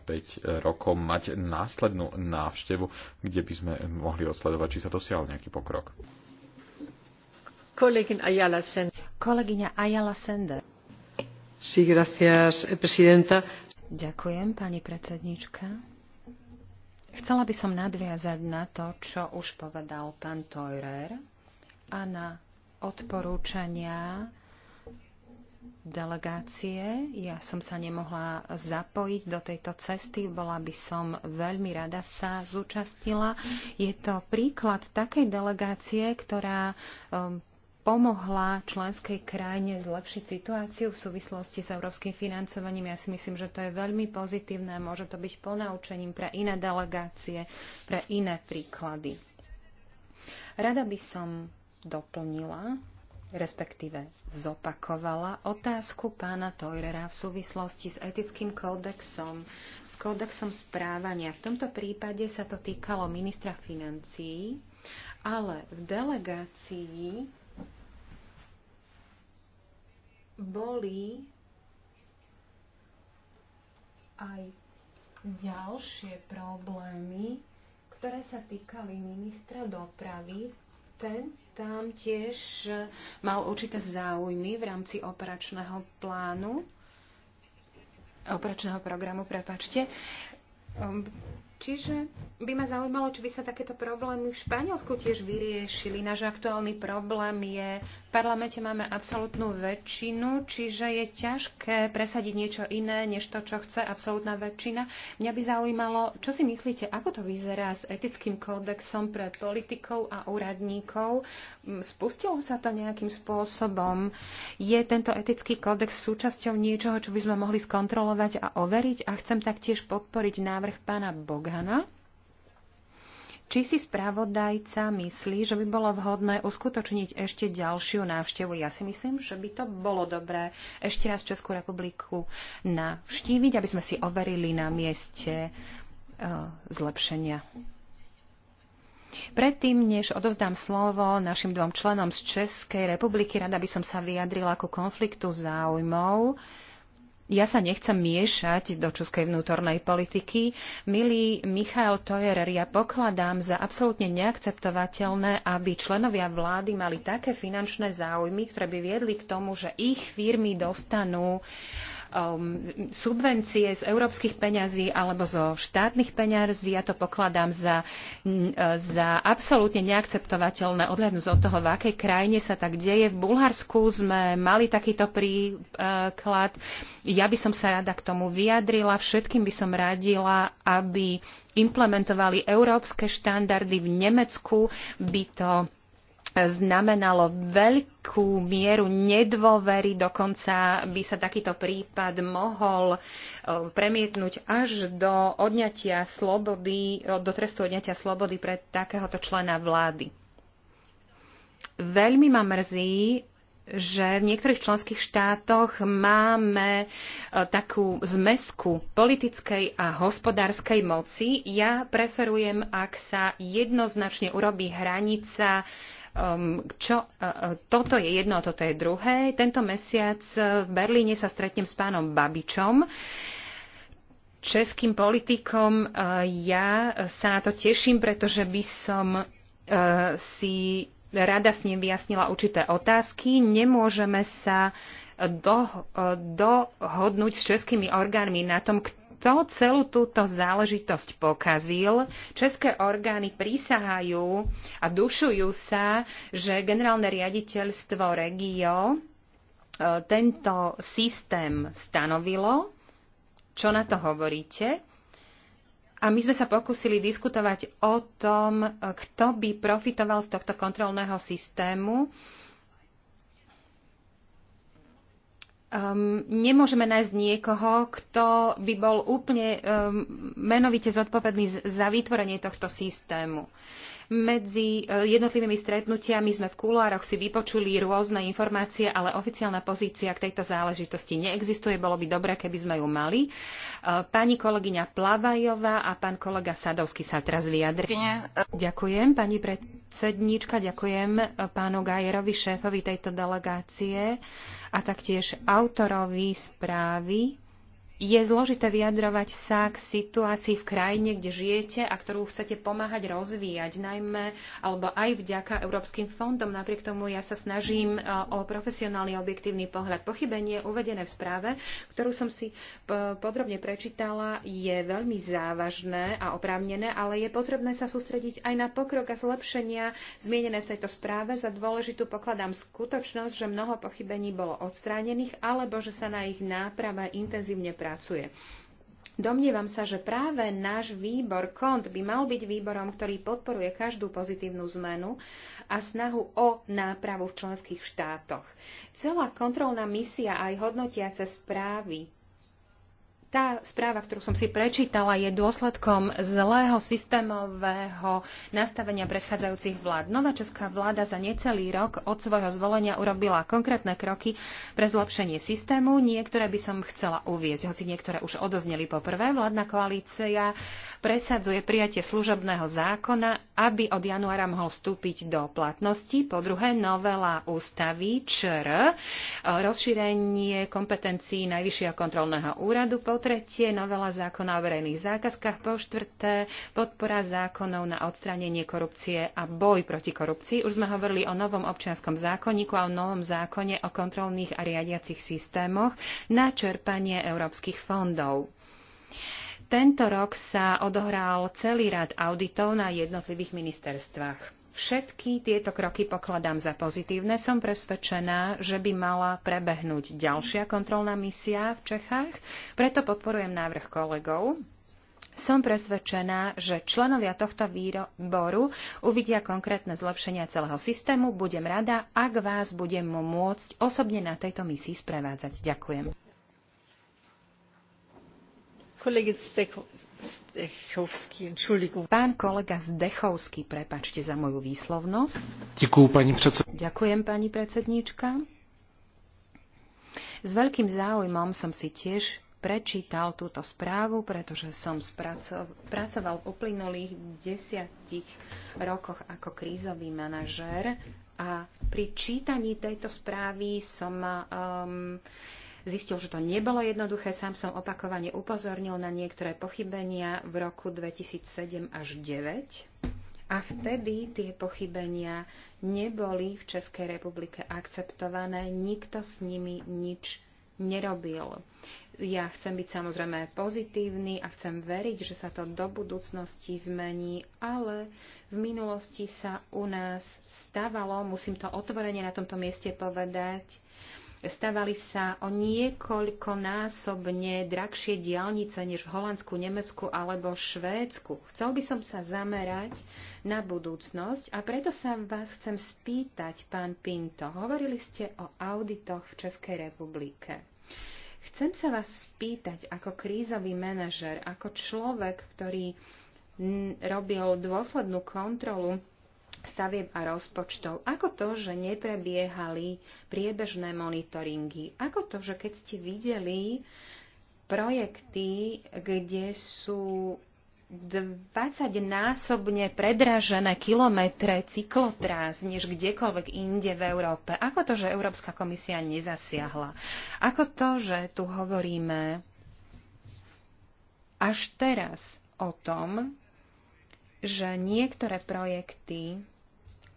5 rokov mať následnú návštevu, kde by sme mohli odsledovať, či sa dosiahol nejaký pokrok? Eh, Ďakujem, pani Chcela by som nadviazať na to, čo už povedal pán theurer a na odporúčania delegácie. Ja som sa nemohla zapojiť do tejto cesty, bola by som veľmi rada sa zúčastnila. Je to príklad takej delegácie, ktorá um, pomohla členskej krajine zlepšiť situáciu v súvislosti s európskym financovaním. Ja si myslím, že to je veľmi pozitívne a môže to byť ponaučením pre iné delegácie, pre iné príklady. Rada by som doplnila, respektíve zopakovala otázku pána Tojrera v súvislosti s etickým kódexom, s kódexom správania. V tomto prípade sa to týkalo ministra financií, ale v delegácii boli aj ďalšie problémy, ktoré sa týkali ministra dopravy. Ten tam tiež e, mal určité záujmy v rámci operačného plánu, operačného programu, prepačte. Ehm, Čiže by ma zaujímalo, či by sa takéto problémy v Španielsku tiež vyriešili. Náš aktuálny problém je, v parlamente máme absolútnu väčšinu, čiže je ťažké presadiť niečo iné, než to, čo chce absolútna väčšina. Mňa by zaujímalo, čo si myslíte, ako to vyzerá s etickým kódexom pre politikov a úradníkov. Mm, spustilo sa to nejakým spôsobom? Je tento etický kódex súčasťou niečoho, čo by sme mohli skontrolovať a overiť? A chcem taktiež podporiť návrh pána Boga Dugana. Či si správodajca myslí, že by bolo vhodné uskutočniť ešte ďalšiu návštevu? Ja si myslím, že by to bolo dobré ešte raz Českú republiku navštíviť, aby sme si overili na mieste e, zlepšenia. Predtým, než odovzdám slovo našim dvom členom z Českej republiky, rada by som sa vyjadrila ku konfliktu záujmov. Uh, ja sa nechcem miešať do českej vnútornej politiky. Milý Michal Tojerer, ja pokladám za absolútne neakceptovateľné, aby členovia vlády mali také finančné záujmy, ktoré by viedli k tomu, že ich firmy dostanú uh, um, subvencie z európskych peňazí alebo zo štátnych peňazí. Ja to pokladám za, e, za absolútne neakceptovateľné, odhľadnúť od toho, v akej krajine sa tak deje. V Bulharsku sme mali takýto príklad. Ja by som sa rada k tomu vyjadrila. Všetkým by som radila, aby implementovali európske štandardy. V Nemecku by to znamenalo veľkú mieru nedôvery, dokonca by sa takýto prípad mohol e, premietnúť až do odňatia slobody, do trestu odňatia slobody pre takéhoto člena vlády. Veľmi ma mrzí, že v niektorých členských štátoch máme e, takú zmesku politickej a hospodárskej moci. Ja preferujem, ak sa jednoznačne urobí hranica Um, čo, uh, uh, toto je jedno, toto je druhé. Tento mesiac v Berlíne sa stretnem s pánom Babičom, českým politikom. Uh, ja sa na to teším, pretože by som si rada s ním vyjasnila určité otázky. Nemôžeme sa dohodnúť s českými orgánmi na tom, kto to celú túto záležitosť pokazil. České orgány prísahajú a dušujú sa, že generálne riaditeľstvo Regio e, tento systém stanovilo. Čo na to hovoríte? A my sme sa pokúsili diskutovať o tom, e, kto by profitoval z tohto kontrolného systému um, nemôžeme nájsť niekoho, kto by bol úplne um, menovite zodpovedný za vytvorenie tohto systému. Medzi eh, jednotlivými stretnutiami sme v kuloároch si vypočuli rôzne informácie, ale oficiálna pozícia k tejto záležitosti neexistuje. Bolo by dobré, keby sme ju mali. Eh, pani kolegyňa Plavajová a pán kolega Sadovský sa teraz vyjadri. Ďakujem, pani predsednička. ďakujem eh, pánu Gajerovi, šéfovi tejto delegácie a taktiež autorovi správy je zložité vyjadrovať sa k situácii v krajine, kde žijete a ktorú chcete pomáhať rozvíjať, najmä alebo aj vďaka Európskym fondom. Napriek tomu ja sa snažím e, o profesionálny objektívny pohľad. Pochybenie uvedené v správe, ktorú som si e, podrobne prečítala, je veľmi závažné a oprávnené, ale je potrebné sa sústrediť aj na pokrok a zlepšenia zmienené v tejto správe. Za dôležitú pokladám skutočnosť, že mnoho pochybení bolo odstránených alebo že sa na ich náprava intenzívne pracuje pracuje. Domnievam sa, že práve náš výbor KONT by mal byť výborom, ktorý podporuje každú pozitívnu zmenu a snahu o nápravu v členských štátoch. Celá kontrolná misia aj hodnotiace správy tá správa, ktorú som si prečítala, je dôsledkom zlého systémového nastavenia predchádzajúcich vlád. Nová česká vláda za necelý rok od svojho zvolenia urobila konkrétne kroky pre zlepšenie systému. Niektoré by som chcela uvieť, hoci niektoré už odozneli poprvé. Vládna koalícia presadzuje prijatie služobného zákona, aby od januára mohol vstúpiť do platnosti. Po druhé, novela ústavy ČR, rozšírenie kompetencií Najvyššieho kontrolného úradu. Po tretie, novela zákona o verejných zákazkách. Po štvrté, podpora zákonov na odstránenie korupcie a boj proti korupcii. Už sme hovorili o novom občianskom zákonníku a o novom zákone o kontrolných a riadiacich systémoch na čerpanie európskych fondov. Tento rok sa odohral celý rad auditov na jednotlivých ministerstvách. Všetky tieto kroky pokladám za pozitívne. Som presvedčená, že by mala prebehnúť ďalšia kontrolná misia v Čechách, preto podporujem návrh kolegov. Som presvedčená, že členovia tohto výboru uvidia konkrétne zlepšenia celého systému. Budem rada, ak vás budem môcť osobne na tejto misii sprevádzať. Ďakujem. Pán kolega Zdechovský, prepačte za moju výslovnosť. Ďakujem, pani predsedníčka. S veľkým záujmom som si tiež prečítal túto správu, pretože som pracoval v uplynulých desiatich rokoch ako krízový manažér a pri čítaní tejto správy som um, Zistil, že to nebolo jednoduché, sám som opakovane upozornil na niektoré pochybenia v roku 2007 až 2009. A vtedy tie pochybenia neboli v Českej republike akceptované, nikto s nimi nič nerobil. Ja chcem byť samozrejme pozitívny a chcem veriť, že sa to do budúcnosti zmení, ale v minulosti sa u nás stávalo, musím to otvorene na tomto mieste povedať, Stávali sa o niekoľkonásobne drahšie diálnice než v Holandsku, Nemecku alebo Švédsku. Chcel by som sa zamerať na budúcnosť a preto sa vás chcem spýtať, pán Pinto. Hovorili ste o auditoch v Českej republike. Chcem sa vás spýtať ako krízový manažer, ako človek, ktorý robil dôslednú kontrolu stavieb a rozpočtov? Ako to, že neprebiehali priebežné monitoringy? Ako to, že keď ste videli projekty, kde sú 20-násobne predražené kilometre cyklotrás než kdekoľvek inde v Európe. Ako to, že Európska komisia nezasiahla? Ako to, že tu hovoríme až teraz o tom, že niektoré projekty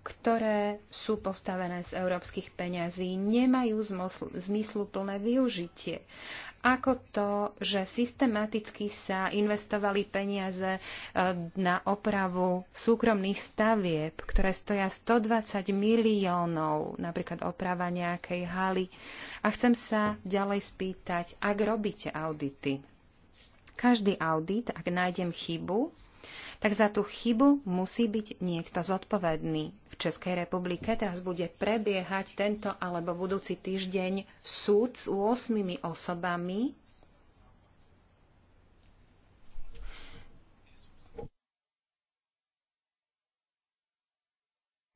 ktoré sú postavené z európskych peňazí, nemajú zmysluplné využitie. Ako to, že systematicky sa investovali peniaze e, na opravu súkromných stavieb, ktoré stoja 120 miliónov, napríklad oprava nejakej haly. A chcem sa ďalej spýtať, ak robíte audity. Každý audit, ak nájdem chybu, tak za tú chybu musí byť niekto zodpovedný. V Českej republike teraz bude prebiehať tento alebo budúci týždeň súd s 8 osobami,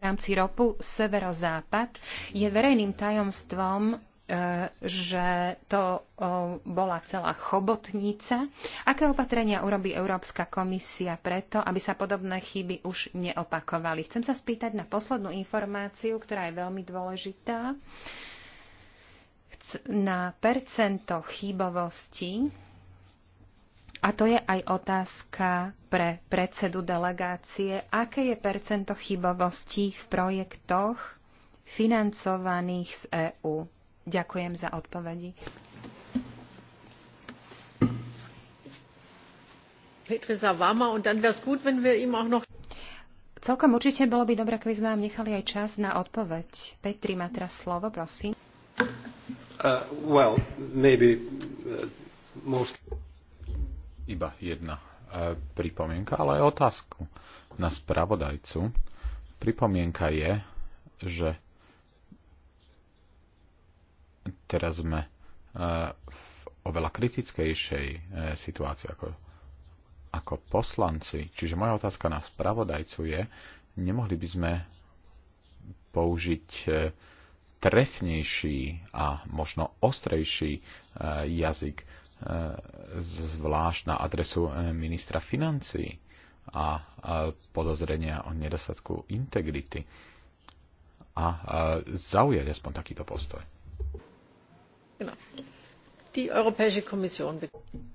V rámci ropu Severozápad je verejným tajomstvom, E, že to bola celá chobotnica. Aké opatrenia urobí Európska komisia preto, aby sa podobné chyby už neopakovali? Chcem sa spýtať na poslednú informáciu, ktorá je veľmi dôležitá. Na percento chybovosti a to je aj otázka pre predsedu delegácie, aké je percento chybovosti v projektoch financovaných z EÚ. Ďakujem za odpovedi. Petri und dann gut, wenn wir ihm auch noch Celkom určite bolo by dobré, keby sme vám nechali aj čas na odpoveď. Petri má teraz slovo, prosím. Uh, well, maybe, uh, most... Iba jedna uh, pripomienka, ale aj otázku na spravodajcu. Pripomienka je, že teraz sme e, v oveľa kritickejšej e, situácii ako, ako poslanci. Čiže moja otázka na spravodajcu je, nemohli by sme použiť e, trefnejší a možno ostrejší jazyk, zvlášť na adresu ministra financí a podozrenia o nedostatku integrity a zaujať aspoň takýto postoj.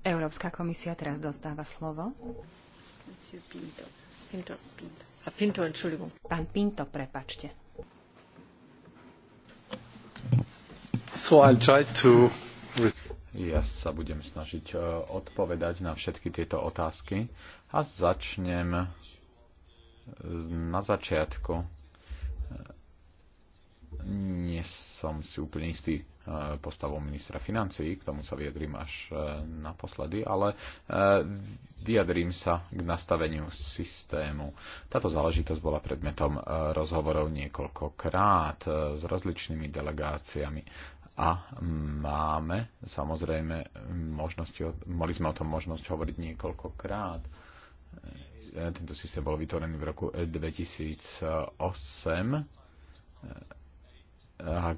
Európska komisia teraz dostáva slovo. Ah, Pán Pinto, prepáčte Ja sa budem snažiť e, odpovedať na všetky tieto otázky a začnem e, na začiatku. E, nie som si úplne istý, E, postavou ministra financií, k tomu sa vyjadrím až e, naposledy, ale e, vyjadrím sa k nastaveniu systému. Táto záležitosť bola predmetom rozhovorov niekoľkokrát s rozličnými delegáciami a máme samozrejme možnosti, mali sme o tom možnosť hovoriť niekoľkokrát. Tento systém bol vytvorený v roku 2008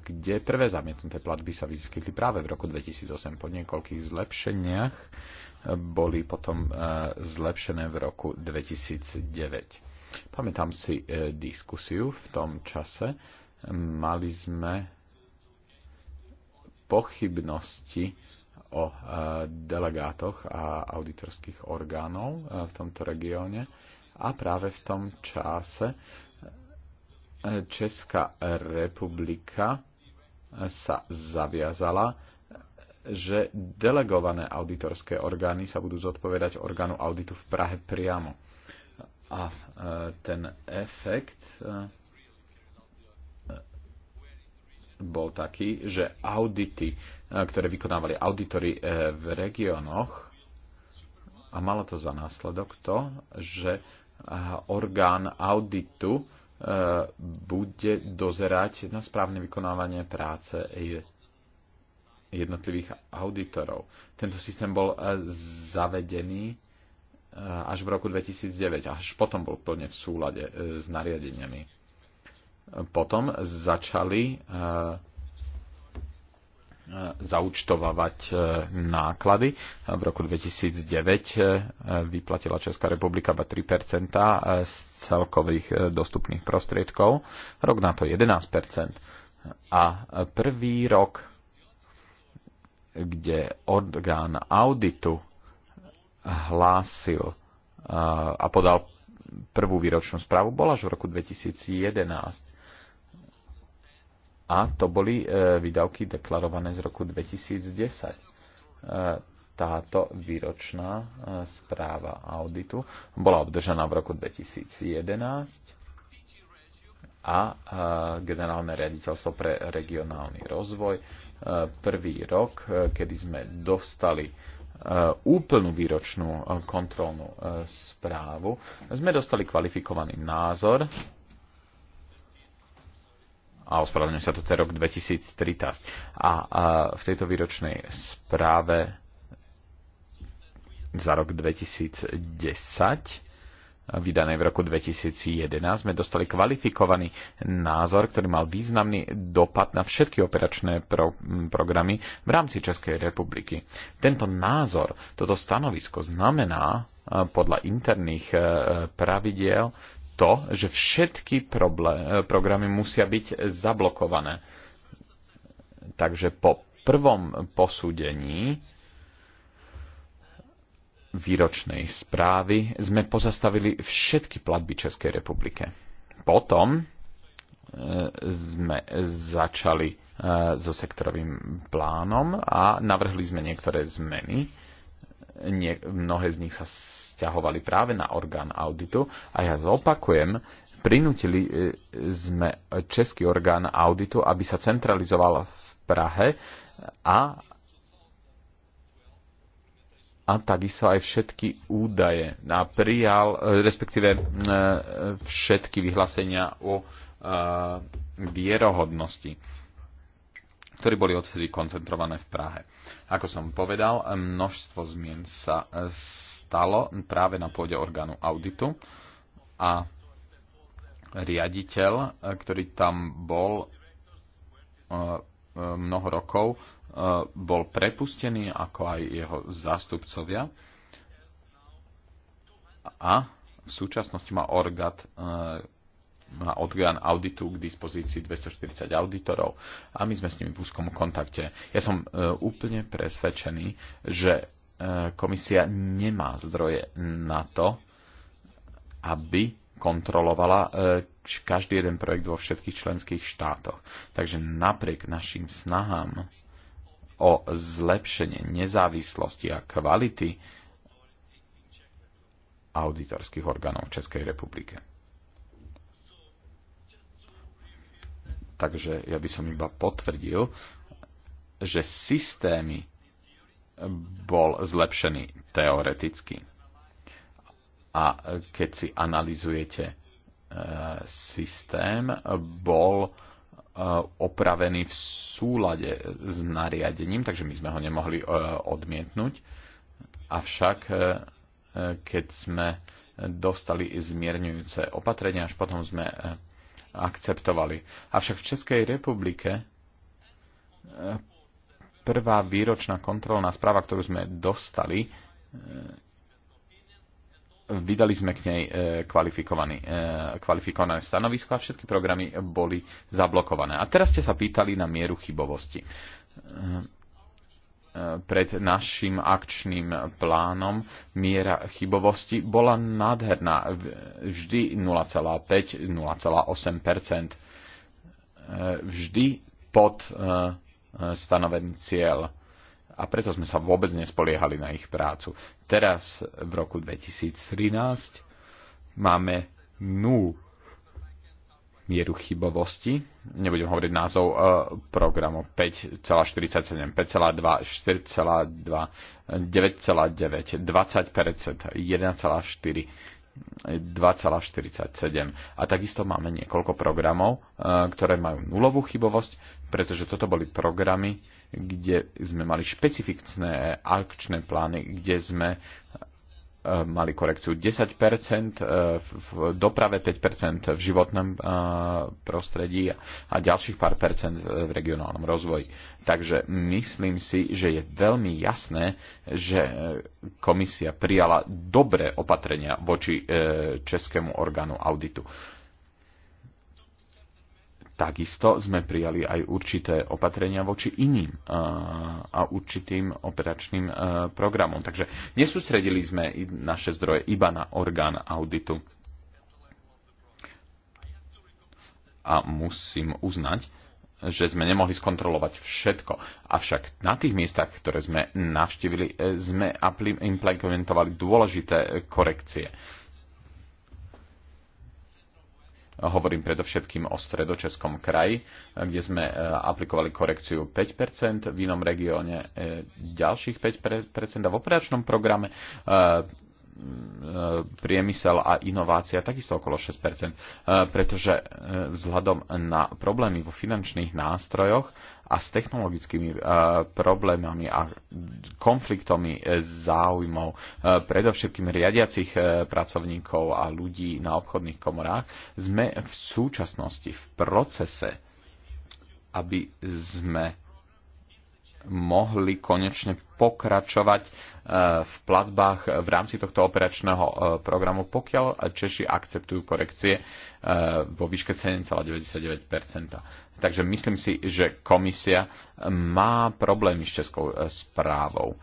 kde prvé zamietnuté platby sa vyskytli práve v roku 2008. Po niekoľkých zlepšeniach boli potom e, zlepšené v roku 2009. Pamätám si e, diskusiu v tom čase. Mali sme pochybnosti o e, delegátoch a auditorských orgánov v tomto regióne a práve v tom čase Česká republika sa zaviazala, že delegované auditorské orgány sa budú zodpovedať orgánu auditu v Prahe priamo. A e, ten efekt e, bol taký, že audity, e, ktoré vykonávali auditory v regiónoch, a malo to za následok to, že orgán auditu E, bude dozerať na správne vykonávanie práce e, jednotlivých auditorov. Tento systém bol e, zavedený až v roku 2009, až potom bol plne v súlade s nariadeniami. Potom začali E, zaučtovávať e, náklady. V roku 2009 e, vyplatila Česká republika iba 3 z celkových dostupných prostriedkov, rok na to 11 A prvý rok, kde orgán auditu hlásil a podal prvú výročnú správu, bola až v roku 2011 a to boli e, výdavky deklarované z roku 2010. E, táto výročná e, správa auditu bola obdržaná v roku 2011 a generálne riaditeľstvo pre regionálny rozvoj prvý rok, kedy sme dostali úplnú výročnú kontrolnú správu, sme dostali kvalifikovaný názor a ospravedlňujem sa, to je rok 2013. A, a v tejto výročnej správe za rok 2010, vydanej v roku 2011, sme dostali kvalifikovaný názor, ktorý mal významný dopad na všetky operačné pro, programy v rámci Českej republiky. Tento názor, toto stanovisko znamená podľa interných e, e, pravidiel, to, že všetky eh, programy musia byť zablokované. Takže po prvom posúdení výročnej správy sme pozastavili všetky platby Českej republike. Potom eh, sme začali eh, so sektorovým plánom a navrhli sme niektoré zmeny nie, mnohé z nich sa stiahovali práve na orgán auditu a ja zopakujem, prinútili e, sme český orgán auditu, aby sa centralizoval v Prahe a, a takisto aj všetky údaje a prijal, e, respektíve e, všetky vyhlásenia o vierohodnosti ktoré boli odvtedy koncentrované v Prahe. Ako som povedal, množstvo zmien sa e, stalo práve na pôde orgánu auditu a riaditeľ, e, ktorý tam bol e, mnoho rokov, bol prepustený ako aj jeho zástupcovia a v súčasnosti má orgát má orgán auditu k dispozícii 240 auditorov a my sme s nimi v úzkom kontakte. Ja som e, úplne presvedčený, že e, komisia nemá zdroje na to, aby kontrolovala e, každý jeden projekt vo všetkých členských štátoch. Takže napriek našim snahám o zlepšenie nezávislosti a kvality auditorských orgánov v Českej republike. Takže ja by som iba potvrdil, že systémy bol zlepšený teoreticky. A keď si analizujete e, systém, bol e, opravený v súlade s nariadením, takže my sme ho nemohli e, odmietnúť. Avšak keď sme dostali zmierňujúce opatrenia, až potom sme akceptovali. Avšak v Českej republike e, prvá výročná kontrolná správa, ktorú sme dostali, e, vydali sme k nej e, kvalifikované, stanovisko a všetky programy boli zablokované. A teraz ste sa pýtali na mieru chybovosti pred našim akčným plánom miera chybovosti bola nádherná, vždy 0,5-0,8 e, vždy pod e, stanovený cieľ. A preto sme sa vôbec nespoliehali na ich prácu. Teraz v roku 2013 máme nul mieru chybovosti, nebudem hovoriť názov e, programu 5,47, 5,2, 4,2, 9,9, 20%, 1,4, 2,47 a takisto máme niekoľko programov, e, ktoré majú nulovú chybovosť, pretože toto boli programy, kde sme mali špecifické akčné plány, kde sme mali korekciu 10%, eh, v doprave 5%, v životnom eh, prostredí a ďalších pár percent eh, v regionálnom rozvoji. Takže myslím si, že je veľmi jasné, že komisia prijala dobré opatrenia voči českému orgánu auditu. Takisto sme prijali aj určité opatrenia voči iným eh, a určitým operačným eh, programom. Takže nesústredili sme naše zdroje iba na orgán auditu. A musím uznať, že sme nemohli skontrolovať všetko. Avšak na tých miestach, ktoré sme navštívili, eh, sme implementovali dôležité korekcie Hovorím predovšetkým o stredočeskom kraji, kde sme e, aplikovali korekciu 5%, v inom regióne e, ďalších 5% a v operačnom programe e, E, priemysel a inovácia takisto okolo 6 e, pretože e, vzhľadom na problémy vo finančných nástrojoch a s technologickými problémami a konfliktami záujmov predovšetkým riadiacich pracovníkov a ľudí na obchodných komorách, sme v súčasnosti v procese, aby sme mohli konečne pokračovať e, v platbách e, v rámci tohto operačného e, programu, pokiaľ Češi akceptujú korekcie vo výške 7,99 Takže myslím si, že komisia má problémy s českou správou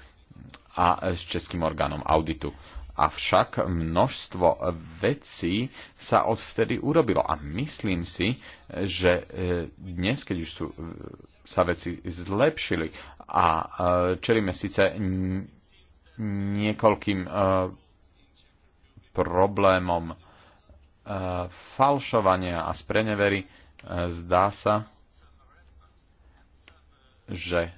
a s českým orgánom auditu. Avšak množstvo vecí sa odvtedy urobilo a myslím si, že e, dnes, keď už sú, e, sa veci zlepšili a e, čelíme síce niekoľkým problémom falšovania a sprenevery, zdá sa, že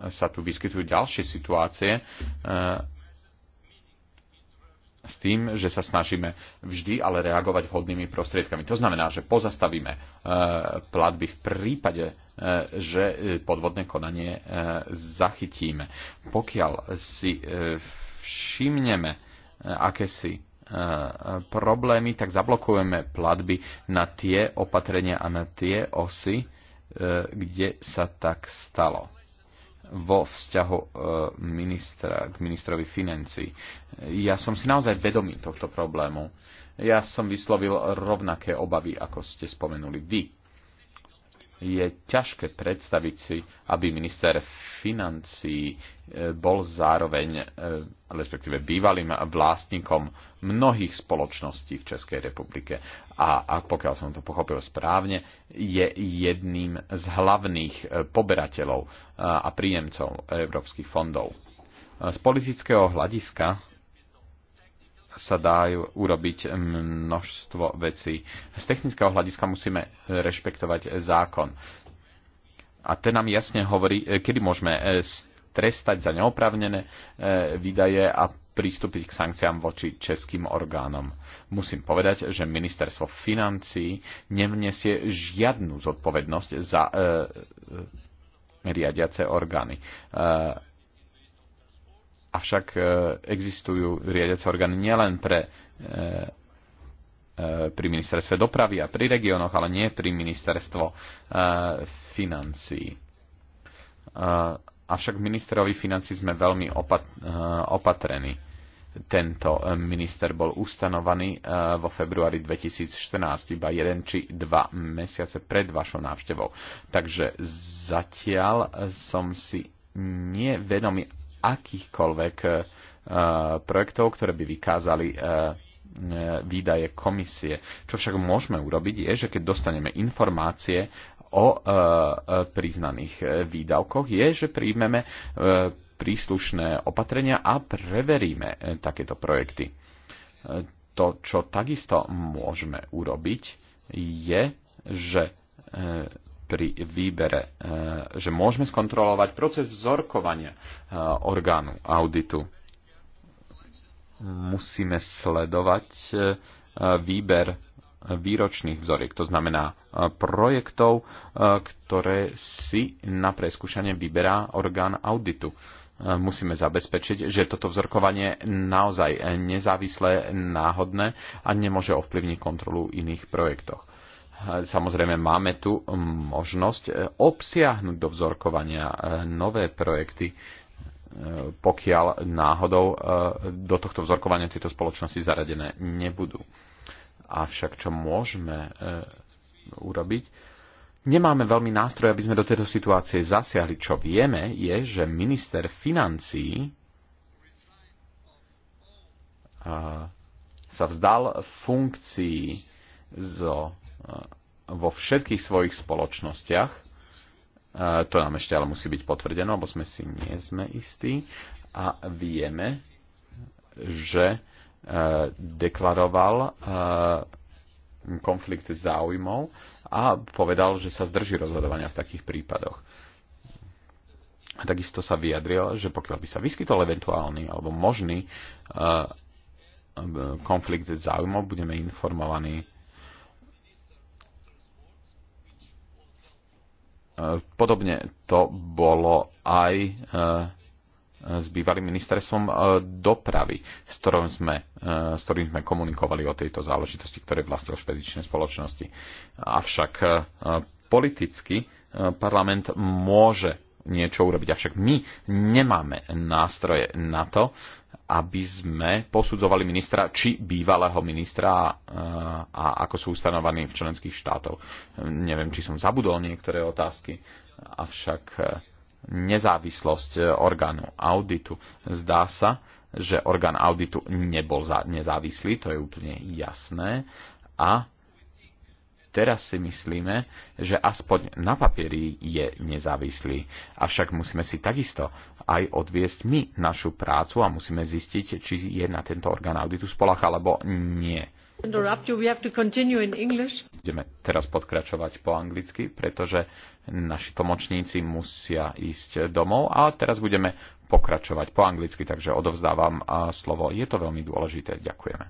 sa tu vyskytujú ďalšie situácie, s tým, že sa snažíme vždy ale reagovať vhodnými prostriedkami. To znamená, že pozastavíme e, platby v prípade, e, že e, podvodné konanie zachytíme. Pokiaľ si všimneme akési problémy, tak zablokujeme platby na tie opatrenia a na tie osy, kde sa tak stalo vo vzťahu e, ministra, k ministrovi financí. Ja som si naozaj vedomý tohto problému. Ja som vyslovil rovnaké obavy, ako ste spomenuli vy je ťažké predstaviť si, aby minister financí e, bol zároveň, e, respektíve bývalým vlastníkom mnohých spoločností v Českej republike. A, a pokiaľ som to pochopil správne, je jedným z hlavných e, poberateľov a príjemcov európskych fondov. Z politického hľadiska sa dajú urobiť množstvo vecí. Z technického hľadiska musíme rešpektovať zákon. A ten nám jasne hovorí, e, kedy môžeme e, trestať za neoprávnené e, výdaje a pristúpiť k sankciám voči českým orgánom. Musím povedať, že ministerstvo financí nevniesie žiadnu zodpovednosť za e, riadiace orgány. E, Avšak e, existujú riadece orgány nielen pre, e, e, pri ministerstve dopravy a pri regiónoch, ale nie pri ministerstvo financí. Avšak ministerovi financí sme veľmi opatrení. Tento minister bol ustanovaný vo februári 2014, iba jeden či dva mesiace pred vašou návštevou. Takže zatiaľ som si nevedomý, akýchkoľvek eh, projektov, ktoré by vykázali eh, eh, výdaje komisie. Čo však môžeme urobiť je, že keď dostaneme informácie o priznaných výdavkoch, je, že príjmeme príslušné opatrenia a preveríme takéto projekty. To, čo takisto môžeme urobiť, je, že pri výbere, eh, že môžeme skontrolovať proces vzorkovania eh, orgánu auditu. Musíme sledovať eh, výber výročných vzoriek, to znamená projektov, ktoré si na preskúšanie vyberá orgán auditu. Musíme zabezpečiť, že toto vzorkovanie naozaj nezávislé, náhodné a nemôže ovplyvniť kontrolu iných projektoch. Samozrejme, máme tu možnosť e, obsiahnuť do vzorkovania e, nové projekty, e, pokiaľ náhodou do tohto vzorkovania tieto spoločnosti zaradené nebudú. Avšak čo môžeme urobiť? Nemáme veľmi nástroj, aby sme do tejto situácie zasiahli. Čo vieme, je, že minister financí sa vzdal funkcií zo vo všetkých svojich spoločnostiach, e, to nám ešte ale musí byť potvrdené, lebo sme si nie sme istí, a vieme, že e, deklaroval e, konflikt záujmov a povedal, že sa zdrží rozhodovania v takých prípadoch. A takisto sa vyjadril, že pokiaľ by sa vyskytol eventuálny alebo možný konflikt záujmov, budeme informovaní Podobne to bolo aj eh, s bývalým ministerstvom eh, dopravy, s ktorým, sme, eh, s ktorým sme komunikovali o tejto záležitosti, ktoré vlastnil špedičné spoločnosti. Avšak politicky parlament môže niečo urobiť. Avšak my nemáme nástroje na to, aby sme posudzovali ministra či bývalého ministra e, a ako sú ustanovaní v členských štátoch. Neviem, či som zabudol niektoré otázky, avšak e, nezávislosť e, orgánu auditu. Zdá sa, že orgán auditu nebol nezávislý, to je úplne jasné. A teraz si myslíme, že aspoň na papieri je nezávislý. Avšak musíme si takisto aj odviesť my našu prácu a musíme zistiť, či je na tento orgán auditu spolach alebo nie. Budeme teraz podkračovať po anglicky, pretože naši tlmočníci musia ísť domov a teraz budeme pokračovať po anglicky, takže odovzdávam slovo. Je to veľmi dôležité. Ďakujeme.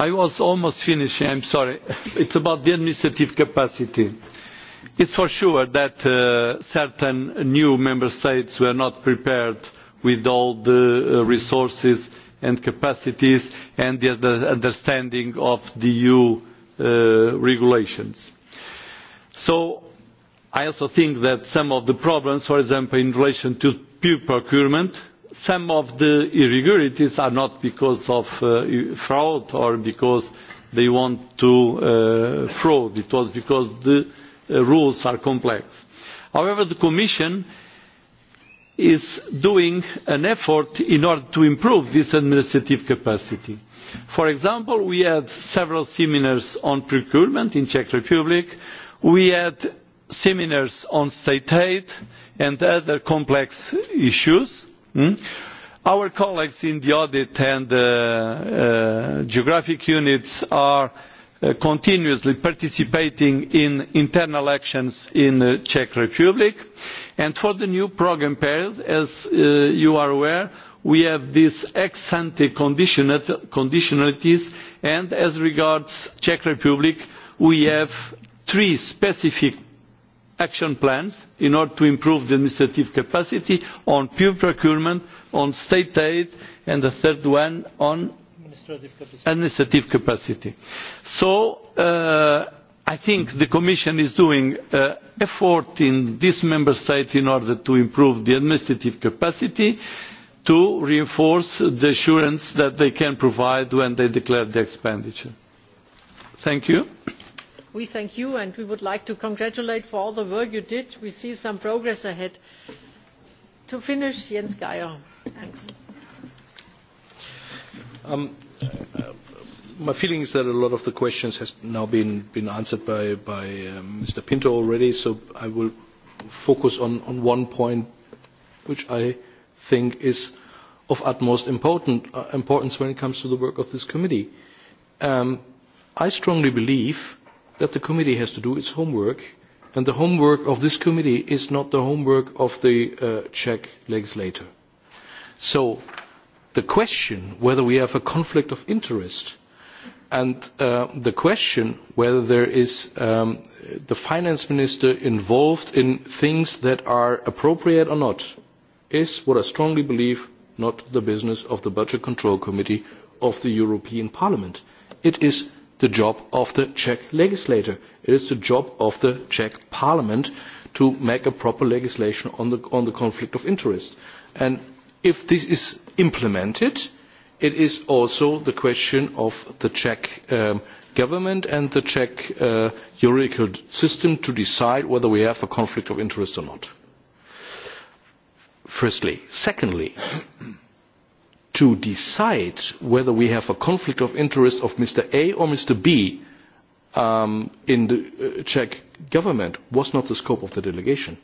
I was almost finishing, I'm sorry. It's about the administrative capacity. It's for sure that uh, certain new member states were not prepared with all the uh, resources and capacities and the understanding of the EU uh, regulations. So I also think that some of the problems, for example, in relation to peer procurement, some of the irregularities are not because of uh, fraud or because they want to uh, fraud. It was because the uh, rules are complex. However, the Commission is doing an effort in order to improve this administrative capacity. For example, we had several seminars on procurement in the Czech Republic. We had seminars on state aid and other complex issues Hmm? Our colleagues in the audit and uh, uh, geographic units are uh, continuously participating in internal actions in the Czech Republic. And for the new programme period, as you are aware, we have these ex ante conditionalities and as regards the Czech Republic, we have three specific action plans in order to improve the administrative capacity on pure procurement on state aid and the third one on administrative capacity. so uh, i think the commission is making an uh, effort in this member state in order to improve the administrative capacity to reinforce the assurance that they can provide when they declare the expenditure. thank you we thank you and we would like to congratulate you for all the work you did. we see some progress ahead. to finish jens geier. Um, uh, my feeling is that a lot of the questions has now been, been answered by, by um, Mr. Pinto already, so I will focus on, on one point which I think is of utmost important, uh, importance when it comes to the work of this committee. Um, I strongly believe that the committee has to do its homework, and the homework of this committee is not the homework of the uh, Czech legislator. So the question whether we have a conflict of interest and uh, the question whether there is um, the finance minister involved in things that are appropriate or not is what I strongly believe not the business of the budget control committee of the European Parliament. It is the job of the Czech legislator. It is the job of the Czech parliament to make a proper legislation on the, on the conflict of interest. And if this is implemented, it is also the question of the Czech um, government and the Czech uh, juridical system to decide whether we have a conflict of interest or not. Firstly. Secondly, to decide whether we have a conflict of interest of Mr. A or Mr. B um, in the uh, Czech government was not the scope of the delegation.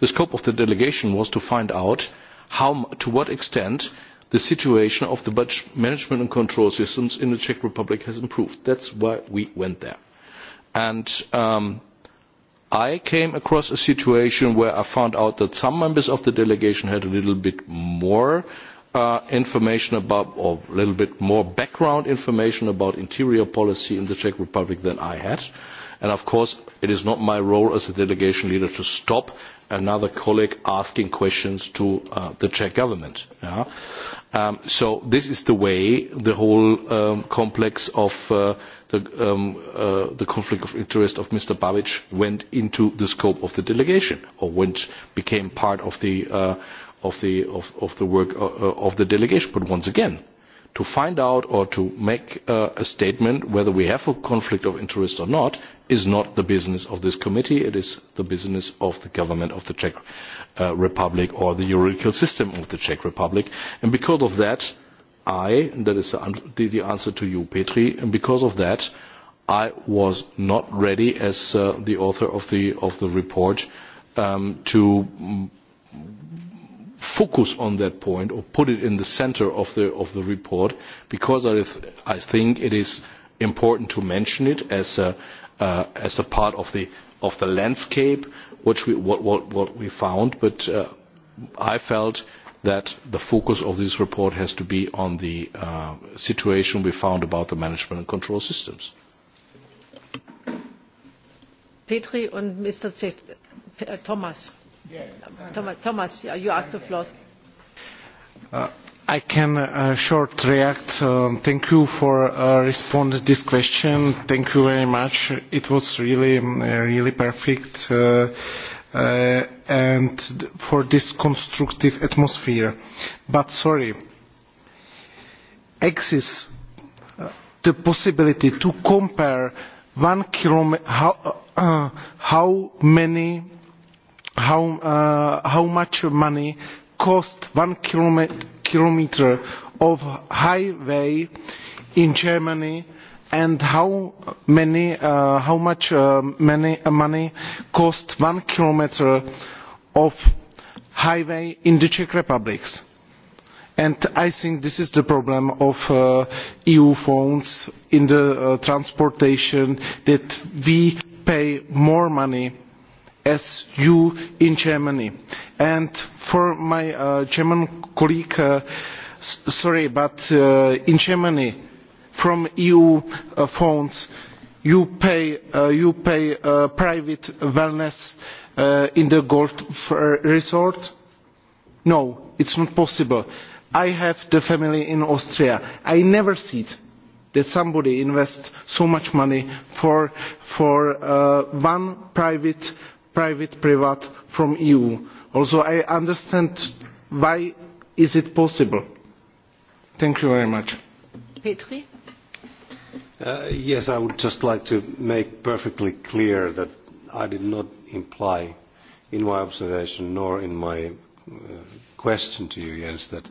The scope of the delegation was to find out how, to what extent the situation of the budget management and control systems in the Czech Republic has improved. That is why we went there. And um, I came across a situation where I found out that some members of the delegation had a little bit more uh, uh, information about, or a little bit more background information about interior policy in the Czech Republic than I had. And of course, it is not my role as a delegation leader to stop another colleague asking questions to uh, the Czech government. Um, so this is the way the whole um, complex of uh, the, um, uh, the, conflict of interest of Mr. Babic went into the scope of the delegation or went, became part of the of the, of, of the work uh, uh, of the delegation. But once again, to find out or to make uh, a statement whether we have a conflict of interest or not is not the business of this committee. It is the business of the government of the Czech uh, Republic or the juridical system of the Czech Republic. And because of that, I, and that is the, the answer to you, Petri, and because of that, I was not ready as uh, the author of the, of the report um, to focus on that point or put it in the centre of the, of the report because I, th I think it is important to mention it as a, uh, as a part of the, of the landscape which we, what, what, what we found. But uh, I felt that the focus of this report has to be on the uh, situation we found about the management and control systems. Petri und Mr. Thomas. Thomas, you asked the floor. Uh, I can uh, short react. Um, thank you for uh, responding to this question. Thank you very much. It was really, um, uh, really perfect. Uh, uh, and for this constructive atmosphere. But sorry, exists uh, the possibility to compare one kilometer, how, uh, how many how, uh, how much money cost one kilometre of highway in Germany and how many uh, how much uh, many, uh, money cost one kilometre of highway in the Czech Republic. And I think this is the problem of uh, EU funds in the uh, transportation that we pay more money as you in Germany. And for my uh, German colleague, uh, sorry, but uh, in Germany, from EU uh, funds, you pay, uh, you pay uh, private wellness uh, in the gold resort? No, it's not possible. I have the family in Austria. I never see it that somebody invests so much money for, for uh, one private private privat from the eu. also i understand why is it possible. thank you very much. Petri? Uh, yes, I would just like to make perfectly clear that I did not imply in my observation nor in my uh, question to you, Jens, that,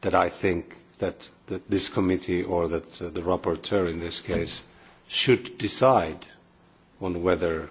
that I think that, that this committee or that uh, the rapporteur in this case should decide on whether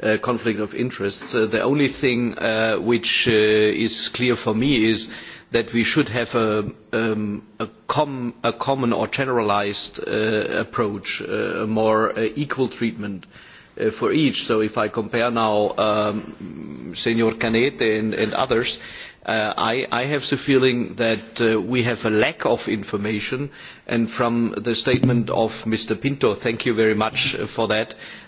Uh, conflict of interests. Uh, the only thing uh, which uh, is clear for me is that we should have a, um, a, com a common or generalised uh, approach, uh, a more equal treatment for each. So if I compare now um, Senor Canete and, and others, Uh, I, i have the feeling that uh, we have a lack of information and from the statement of mr pinto thank you very much for that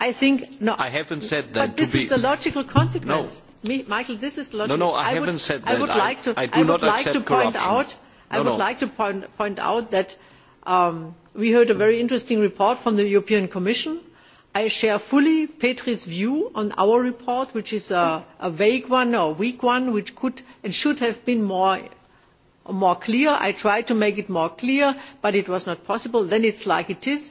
i think no. I haven't said that. But this is the logical no. consequence. Michael, this is the logical. No, no, I, haven't said that. I would like to. I, do not accept point corruption. out. I no, would no. like to point, out that um, we heard a very interesting report from the European Commission. I share fully Petri's view on our report, which is a, vague one or a weak one, which could and should have been more more clear. I tried to make it more clear, but it was not possible. Then it's like it is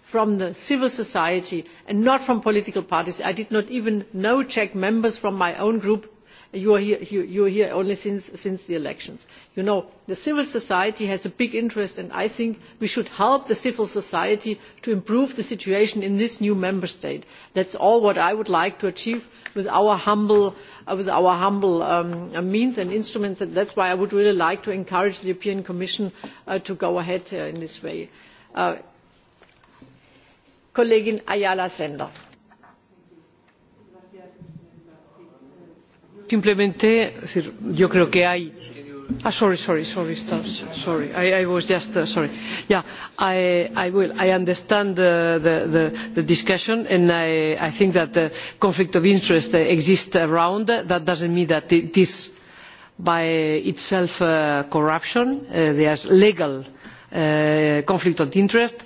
from civil society and not from political parties. i did not even know czech members from my own group you are here, only since, the elections. You know, the civil society has a big interest and i think we should help the civil society to improve the situation in this new member state. that is all what i would like to achieve with our humble, uh, um, uh, means and instruments and that is why i would really like to encourage the european commission uh, to go ahead in this way kollegin ayala sender. simplemente yo creo que hay ah, sorry sorry sorry sorry i, was just uh, sorry yeah i will i understand the the, discussion and i i think that the conflict of interest exists around that doesn't mean that it is by itself uh, corruption uh, There is legal conflict of interest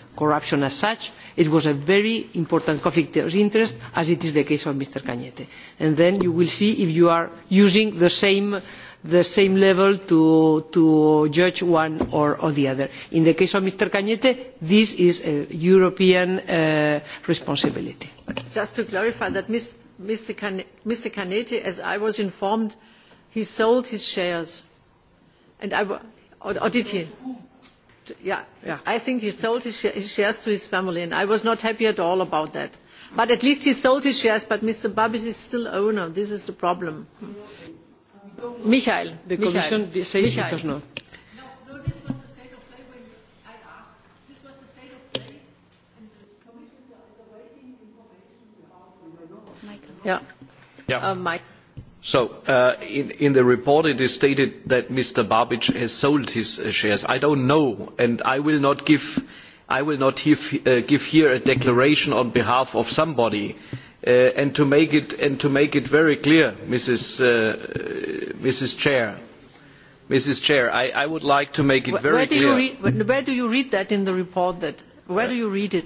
corruption as such it was a very important conflict of interest as is the case of mr caete and then you will see if you are using the same level to, judge one or, or the other. in the case of mr caete this is a european uh, responsibility. just to clarify that mr caete as i was informed he sold his shares and I, or did he? yeah, yeah. I think he sold his, his shares to his family, and I was not happy at all about that. But at least he sold his shares, but Mr. Babis is still owner. This is the problem. Michael. The Commission says does not. No, no, this was the state of play when I asked. This was the state of play, and the Commission is awaiting information about Michael. Yeah. Uh, Mike. So uh, in, the report it is stated that Mr. babi has sold his uh, shares. I don't know, and I will not give, I will not uh, give here a declaration on behalf of somebody. and, to make it, and to make it very clear, Mrs. Mrs. Chair, I, I would like to make it very clear. where do you read that in the report? where do you read it?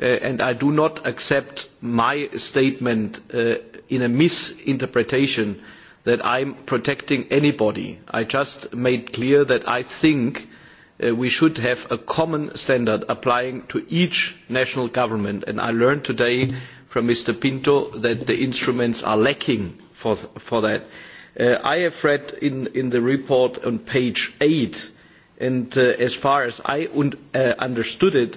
Uh, and I do not accept my statement uh, in a misinterpretation that I am protecting anybody. I just made clear that I think uh, we should have a common standard applying to each national government. And I learned today from Mr. Pinto that the instruments are lacking for, that. I have read in, the report on page eight, and as far as I understood it,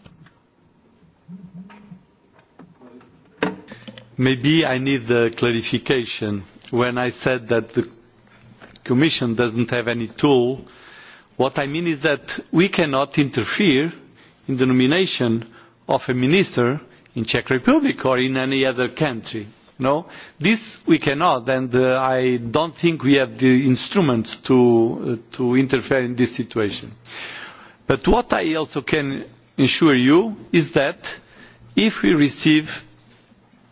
maybe I need clarification. When I said that the Commission does not have any tool, what I mean is that we cannot interfere in the nomination of a minister in the Czech Republic or in any other country. No, this we cannot, and i uh, I don't think we have the instruments uh, to, interfere in this situation. But what I also can assure you is that if we receive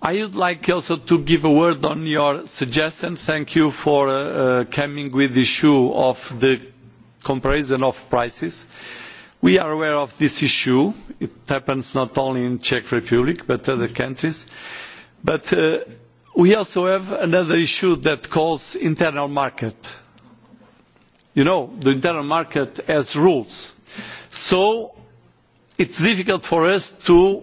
i would like also to give a word on your suggestion. thank you for uh, uh, coming with the issue of the comparison of prices. we are aware of this issue. it happens not only in the czech republic but other countries. but uh, we also have another issue that calls internal market. you know, the internal market has rules. so it's difficult for us to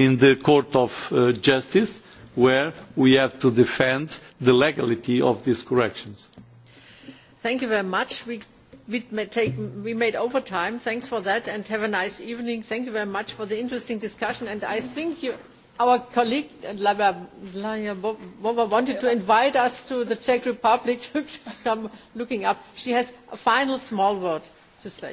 in the court of uh, justice where we have to defend the legality of these corrections. thank you very much. we, we, take, we made overtime. thanks for that and have a nice evening. thank you very much for the interesting discussion and i think you, our colleague uh, Lababova wanted to invite us to the czech republic to come looking up. she has a final small word to say